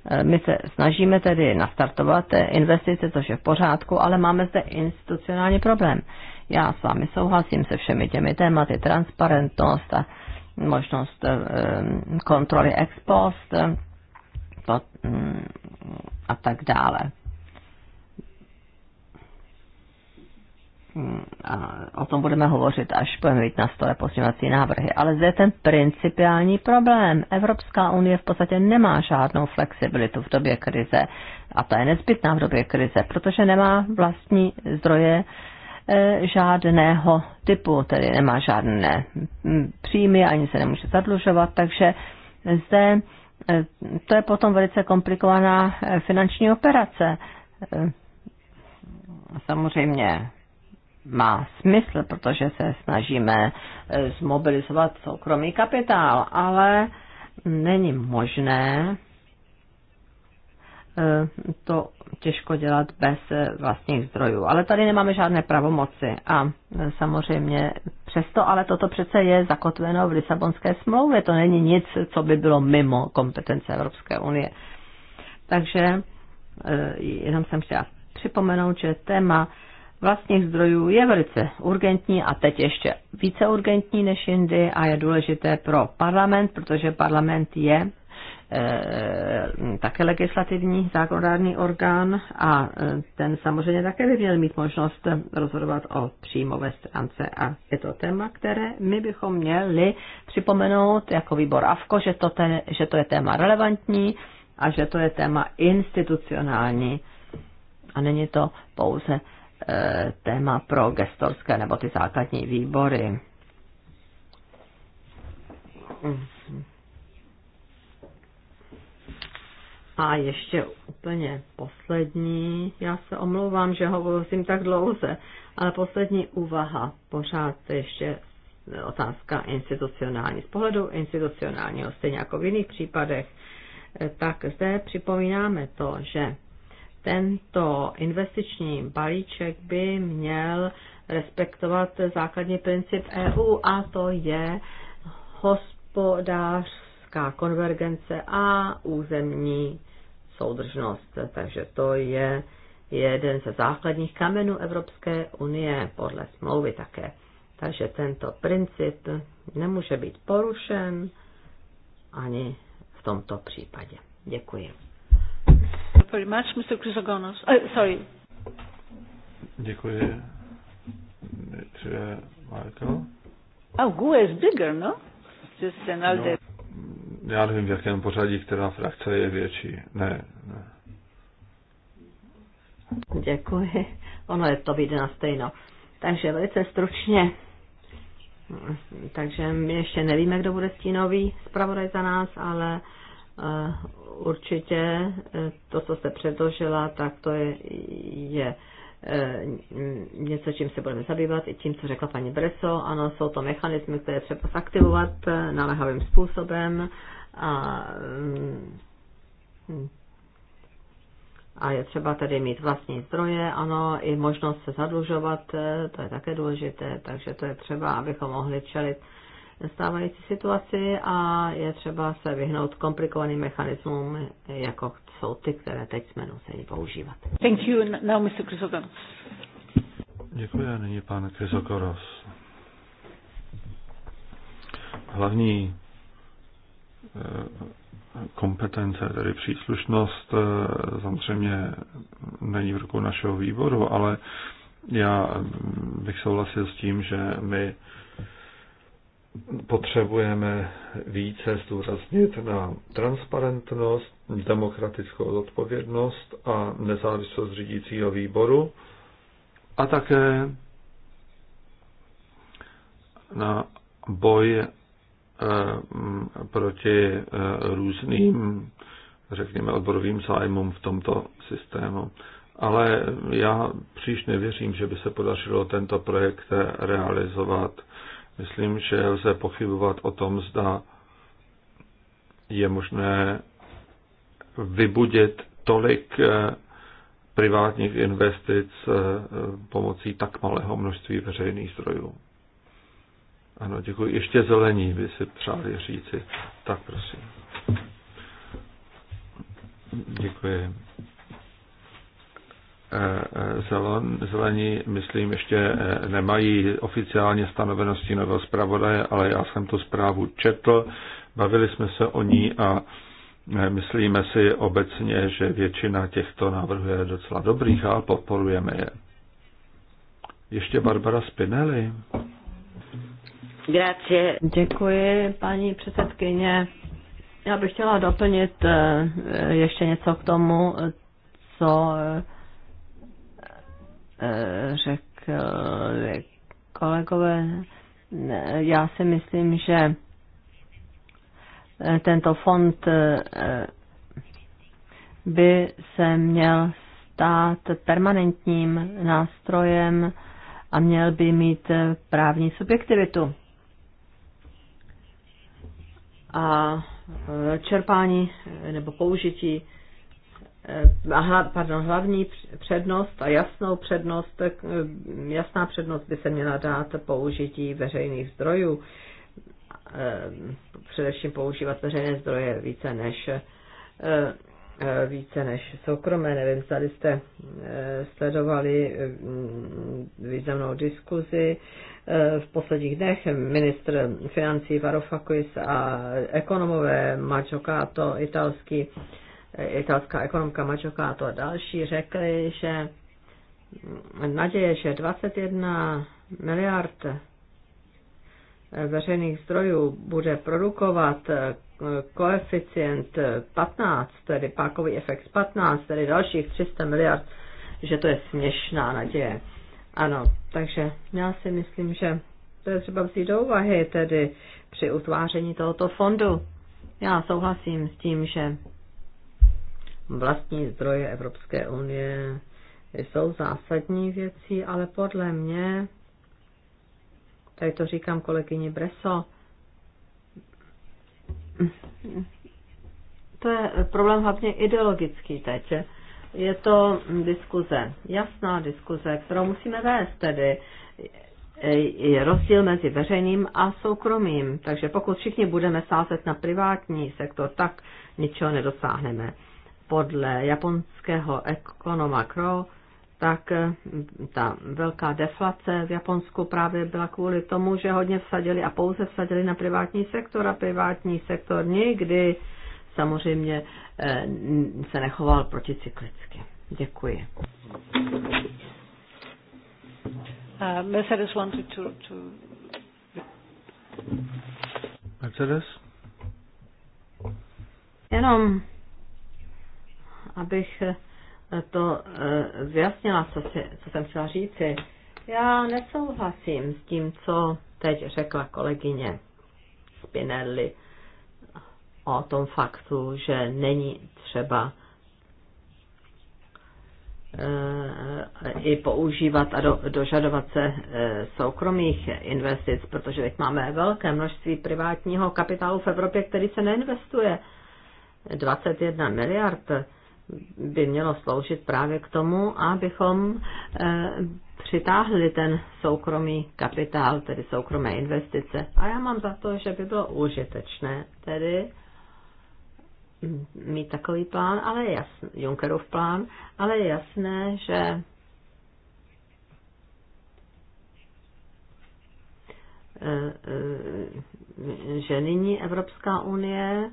Eh, my se snažíme tedy nastartovat eh, investice, což je v pořádku, ale máme zde institucionální problém. Já s vámi souhlasím se všemi těmi tématy, transparentnost a možnost eh, kontroly ex post mm, a tak dále. a o tom budeme hovořit, až budeme mít na stole pozměňovací návrhy. Ale zde je ten principiální problém. Evropská unie v podstatě nemá žádnou flexibilitu v době krize a to je nezbytná v době krize, protože nemá vlastní zdroje e, žádného typu, tedy nemá žádné příjmy, ani se nemůže zadlužovat, takže zde e, to je potom velice komplikovaná e, finanční operace. Samozřejmě má smysl, protože se snažíme eh, zmobilizovat soukromý kapitál, ale není možné eh, to těžko dělat bez eh, vlastních zdrojů. Ale tady nemáme žádné pravomoci a samozřejmě přesto, ale toto přece je zakotveno v Lisabonské smlouvě, to není nic, co by bylo mimo kompetence Evropské unie. Takže jenom jsem chtěla připomenout, že téma vlastních zdrojů je velice urgentní a teď ještě více urgentní než jindy a je důležité pro parlament, protože parlament je eh, také legislativní zákonodárný orgán a eh, ten samozřejmě také by měl mít možnost rozhodovat o příjmové stránce a je to téma, které my bychom měli připomenout jako výbor AFKO, že to, te, že to je téma relevantní a že to je téma institucionální a není to pouze Eh, téma pro gestorské nebo ty základní výbory. A ještě úplně poslední, já se omlouvám, že hovořím tak dlouze, ale poslední úvaha, pořád ještě otázka institucionální. Z pohledu institucionálního, stejně jako v jiných případech, eh, tak zde připomínáme to, že tento investiční balíček by měl respektovat základní princip EU a to je hospodářská konvergence a územní soudržnost. Takže to je jeden ze základních kamenů Evropské unie podle smlouvy také. Takže tento princip nemůže být porušen ani v tomto případě. Děkuji very much, Mr. Chrysogonos. Uh, eh, sorry. Děkuji. Nejdříve Michael. Oh, GUE is bigger, no? Just another... No, já nevím, v jakém pořadí, která frakce je větší. Ne, ne. Děkuji. Ono je to vyjde na stejno. Takže velice stručně. Takže my ještě nevíme, kdo bude stínový zpravodaj za nás, ale určitě eh, to, co jste předložila, tak to je, je eh, něco, čím se budeme zabývat, i tím, co řekla paní Breso. Ano, jsou to mechanismy, které třeba zaktivovat eh, naléhavým způsobem a, mm, a je třeba tedy mít vlastní zdroje, ano, i možnost se zadlužovat, to je také důležité, takže to je třeba, abychom mohli čelit stávající situaci a je třeba se vyhnout komplikovaným mechanismům, jako jsou ty, které teď jsme museli používat. Thank you. Now, Mr. Chrysogonos. Děkuji a nyní pan Chrysogonos. Hlavní eh, kompetence, tedy příslušnost, eh, samozřejmě není v rukou našeho výboru, ale já bych souhlasil s tím, že my potřebujeme více zdůraznit na transparentnost, demokratickou odpovědnost a nezávislost řídícího výboru a také na boj eh, proti eh, různým, řekněme, odborovým zájmům v tomto systému. Ale já příště nevěřím, že by se podařilo tento projekt realizovat Myslím, že lze pochybovat o tom, zda je možné vybudit tolik eh, privátních investic eh, pomocí tak malého množství veřejných zdrojů. Ano, děkuji. Ještě zelení by si přáli říci. Tak prosím. Děkuji zelení, myslím, ještě eh, nemají oficiálně stanovenosti nového zpravodaje, ale já jsem tu zprávu četl, bavili jsme se o ní a eh, myslíme si obecně, že většina těchto návrhů je docela dobrých a podporujeme je. Ještě Barbara Spinelli. Grazie. Děkuji, paní předsedkyně. Já bych chtěla doplnit eh, ještě něco k tomu, co řekli eh, kolegové, já si myslím, že eh, tento fond eh, by se měl stát permanentním nástrojem a měl by mít právní subjektivitu. A čerpání nebo použití pardon, hlavní přednost a jasnou přednost, jasná přednost by se měla dát použití veřejných zdrojů, e, především používat veřejné zdroje více než e, e, více než soukromé. Nevím, zda jste sledovali významnou diskuzi v posledních dnech. Ministr financí Varoufakis a ekonomové Mačokato, italský italská ekonomka Maggiocato a další řekli, že naděje, že 21 miliard veřejných zdrojů bude produkovat koeficient 15, tedy pákový efekt 15, tedy dalších 300 miliard, že to je směšná naděje. Ano, takže já si myslím, že to je třeba vzít do úvahy tedy při utváření tohoto fondu. Já souhlasím s tím, že vlastní zdroje Evropské unie jsou zásadní věcí, ale podle mě, tady to říkám kolegyni Breso, to je problém hlavně ideologický teď. Je to diskuze, jasná diskuze, kterou musíme vést tedy. Je rozdíl mezi veřejným a soukromým. Takže pokud všichni budeme sázet na privátní sektor, tak ničeho nedosáhneme podle japonského ekonoma Crow, tak eh, ta velká deflace v Japonsku právě byla kvůli tomu, že hodně vsadili a pouze vsadili na privátní sektor a privátní sektor nikdy samozřejmě eh, se nechoval proticyklicky. Děkuji. Uh, Mercedes wanted to, to... Mercedes? Jenom abych eh, to vyjasnila, eh, co, si, co jsem chtěla říci. Já nesouhlasím s tím, co teď řekla kolegyně Spinelli o tom faktu, že není třeba eh, i používat a do, dožadovat se soukromých investic, protože teď máme velké množství privátního kapitálu v Evropě, který se neinvestuje. 21 miliard by mělo sloužit právě k tomu, abychom eh, přitáhli ten soukromý kapitál, tedy soukromé investice. A já mám za to, že by bylo užitečné tedy mít takový plán, ale jasný, Junckerův plán, ale je jasné, že eh, eh, že nyní Evropská unie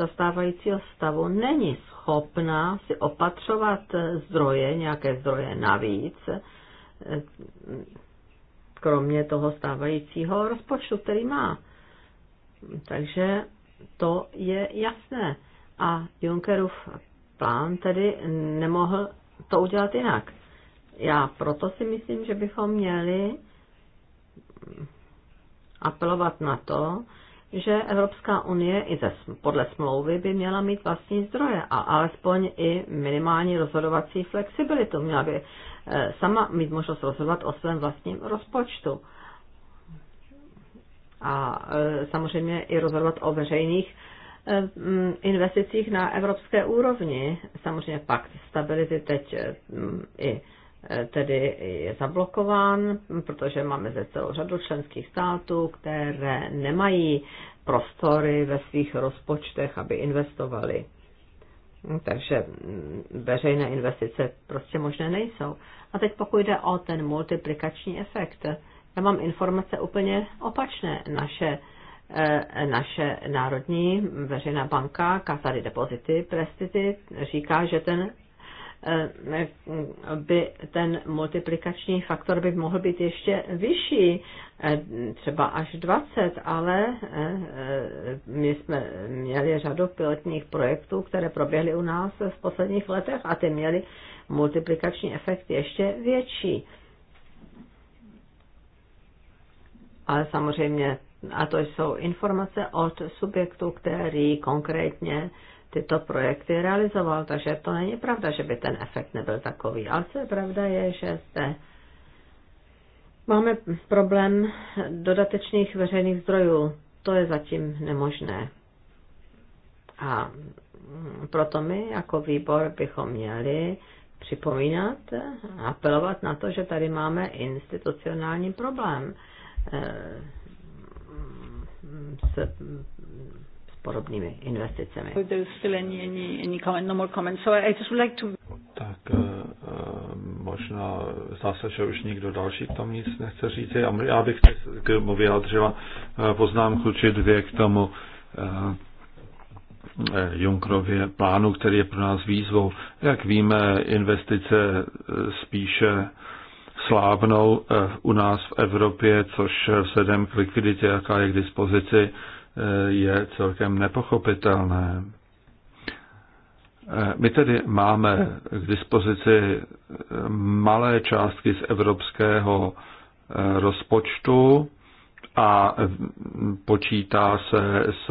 zastávajícího stavu není schopná si opatřovat zdroje, nějaké zdroje navíc, eh, kromě toho stávajícího rozpočtu, který má. Takže to je jasné. A Junckerův plán tedy nemohl to udělat jinak. Já proto si myslím, že bychom měli apelovat na to, že Evropská unie i ze, podle smlouvy by měla mít vlastní zdroje a alespoň i minimální rozhodovací flexibilitu. Měla by eh, sama mít možnost rozhodovat o svém vlastním rozpočtu. A eh, samozřejmě i rozhodovat o veřejných eh, investicích na evropské úrovni. Samozřejmě pak stability teď i tedy je zablokován, protože máme ze celou řadu členských států, které nemají prostory ve svých rozpočtech, aby investovali. Takže veřejné investice prostě možné nejsou. A teď pokud jde o ten multiplikační efekt, já mám informace úplně opačné. Naše, eh, naše národní veřejná banka Kasady depozity, Prestity říká, že ten Eh, by ten multiplikační faktor by mohl být ještě vyšší, eh, třeba až 20, ale eh, my jsme měli řadu pilotních projektů, které proběhly u nás v posledních letech a ty měly multiplikační efekt ještě větší. Ale samozřejmě, a to jsou informace od subjektu, který konkrétně tyto projekty realizoval, takže to není pravda, že by ten efekt nebyl takový. Ale co je pravda je, že zde máme problém dodatečných veřejných zdrojů. To je zatím nemožné. A proto my jako výbor bychom měli připomínat, apelovat na to, že tady máme institucionální problém eh, s podobnými investicemi. No tak eh, eh, možná zase, se, že už nikdo další k tomu nic nechce říct. Já bych k tomu vyjádřila eh, poznámku či dvě k tomu Junkrově plánu, který je pro nás výzvou. Jak víme, investice spíše slábnou u nás v Evropě, což vzhledem k likviditě, jaká je k dispozici, je celkem nepochopitelné. Eh, my tedy máme k dispozici malé částky z evropského eh, rozpočtu a mm, počítá se eh, s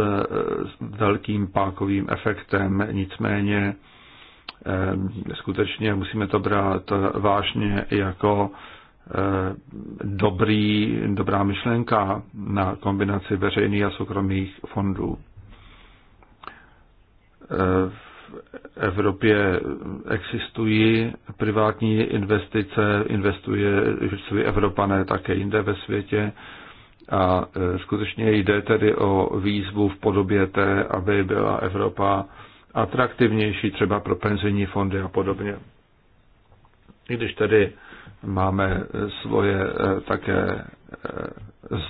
velkým pákovým efektem. Nicméně skutečně musíme to brát vážně jako Eh, dobrý, dobrá myšlenka na kombinaci veřejných a soukromých fondů. Eh, v Evropě existují privátní investice, investuje, investují Evropané také jinde ve světě a eh, skutečně jde tedy o výzvu v podobě té, aby byla Evropa atraktivnější třeba pro penzijní fondy a podobně. I když tedy máme svoje eh, také eh,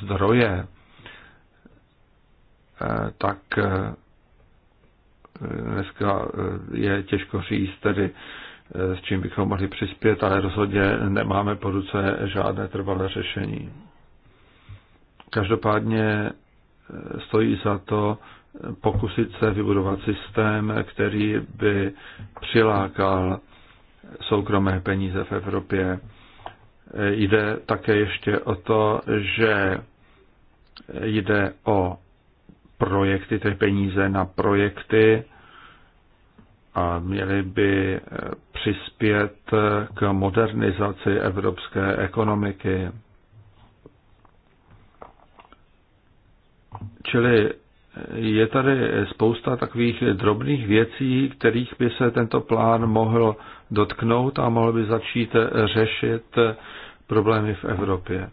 zdroje, eh, tak dneska je těžko říct tedy, s čím bychom mohli přispět, ale rozhodně nemáme po ruce žádné trvalé řešení. Každopádně stojí za to pokusit se vybudovat systém, který by přilákal soukromé peníze v Evropě Jde také ještě o to, že jde o projekty, tedy peníze na projekty a měly by přispět k modernizaci evropské ekonomiky. Čili je tady spousta takových drobných věcí, kterých by se tento plán mohl dotknout a mohl by začít řešit problémy v Evropě.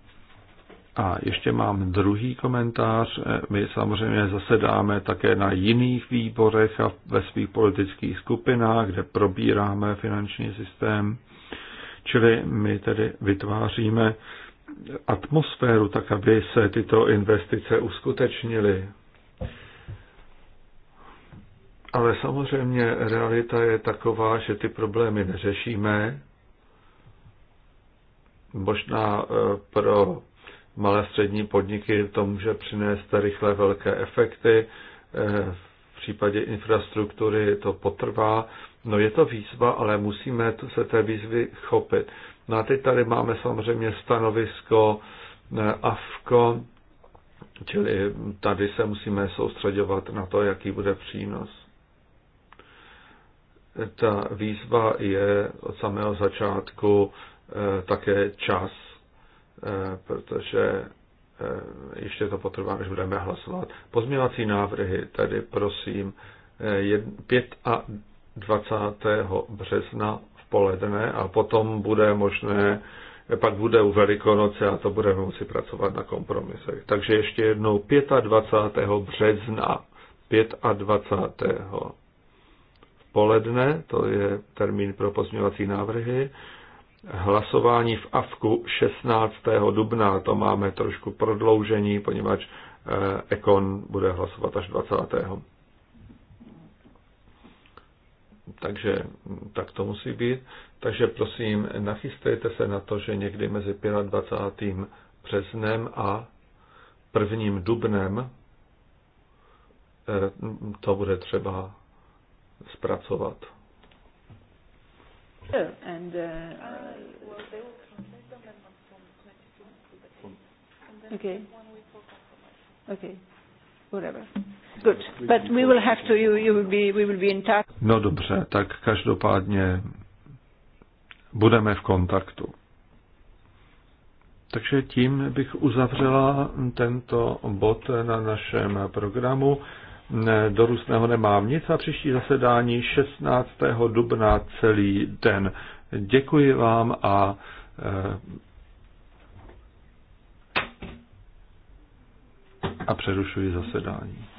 A ještě mám druhý komentář. Eh, my samozřejmě zasedáme také na jiných výborech a ve svých politických skupinách, kde probíráme finanční systém. Čili my tedy vytváříme atmosféru tak, aby se tyto investice uskutečnily. Ale samozřejmě realita je taková, že ty problémy neřešíme, Možná eh, pro malé střední podniky to může přinést rychle velké efekty. Eh, v případě infrastruktury to potrvá. No je to výzva, ale musíme se té výzvy chopit. No a teď tady máme samozřejmě stanovisko eh, AFKO, čili tady se musíme soustředovat na to, jaký bude přínos. Ta výzva je od samého začátku Eh, také čas, eh, protože eh, ještě to potrvá, než budeme hlasovat. Pozměňovací návrhy tady prosím 25. března v poledne a potom bude možné, pak bude u Velikonoce a to budeme muset pracovat na kompromisech. Takže ještě jednou 25. března 25. v poledne, to je termín pro pozměňovací návrhy hlasování v AFKu 16. dubna. To máme trošku prodloužení, poněvadž Ekon eh, bude hlasovat až 20. Takže hm, tak to musí být. Takže prosím, nachystejte se na to, že někdy mezi 25. březnem a 1. dubnem eh, hm, to bude třeba zpracovat. And, uh, okay. Okay. Whatever. Good. But we will have to, you, you will be, we will be in touch. No dobře, tak každopádně budeme v kontaktu. Takže tím bych uzavřela tento bod na našem programu do Rusného nemám nic a příští zasedání 16. dubna celý den. Děkuji vám a eh, a přerušuji zasedání.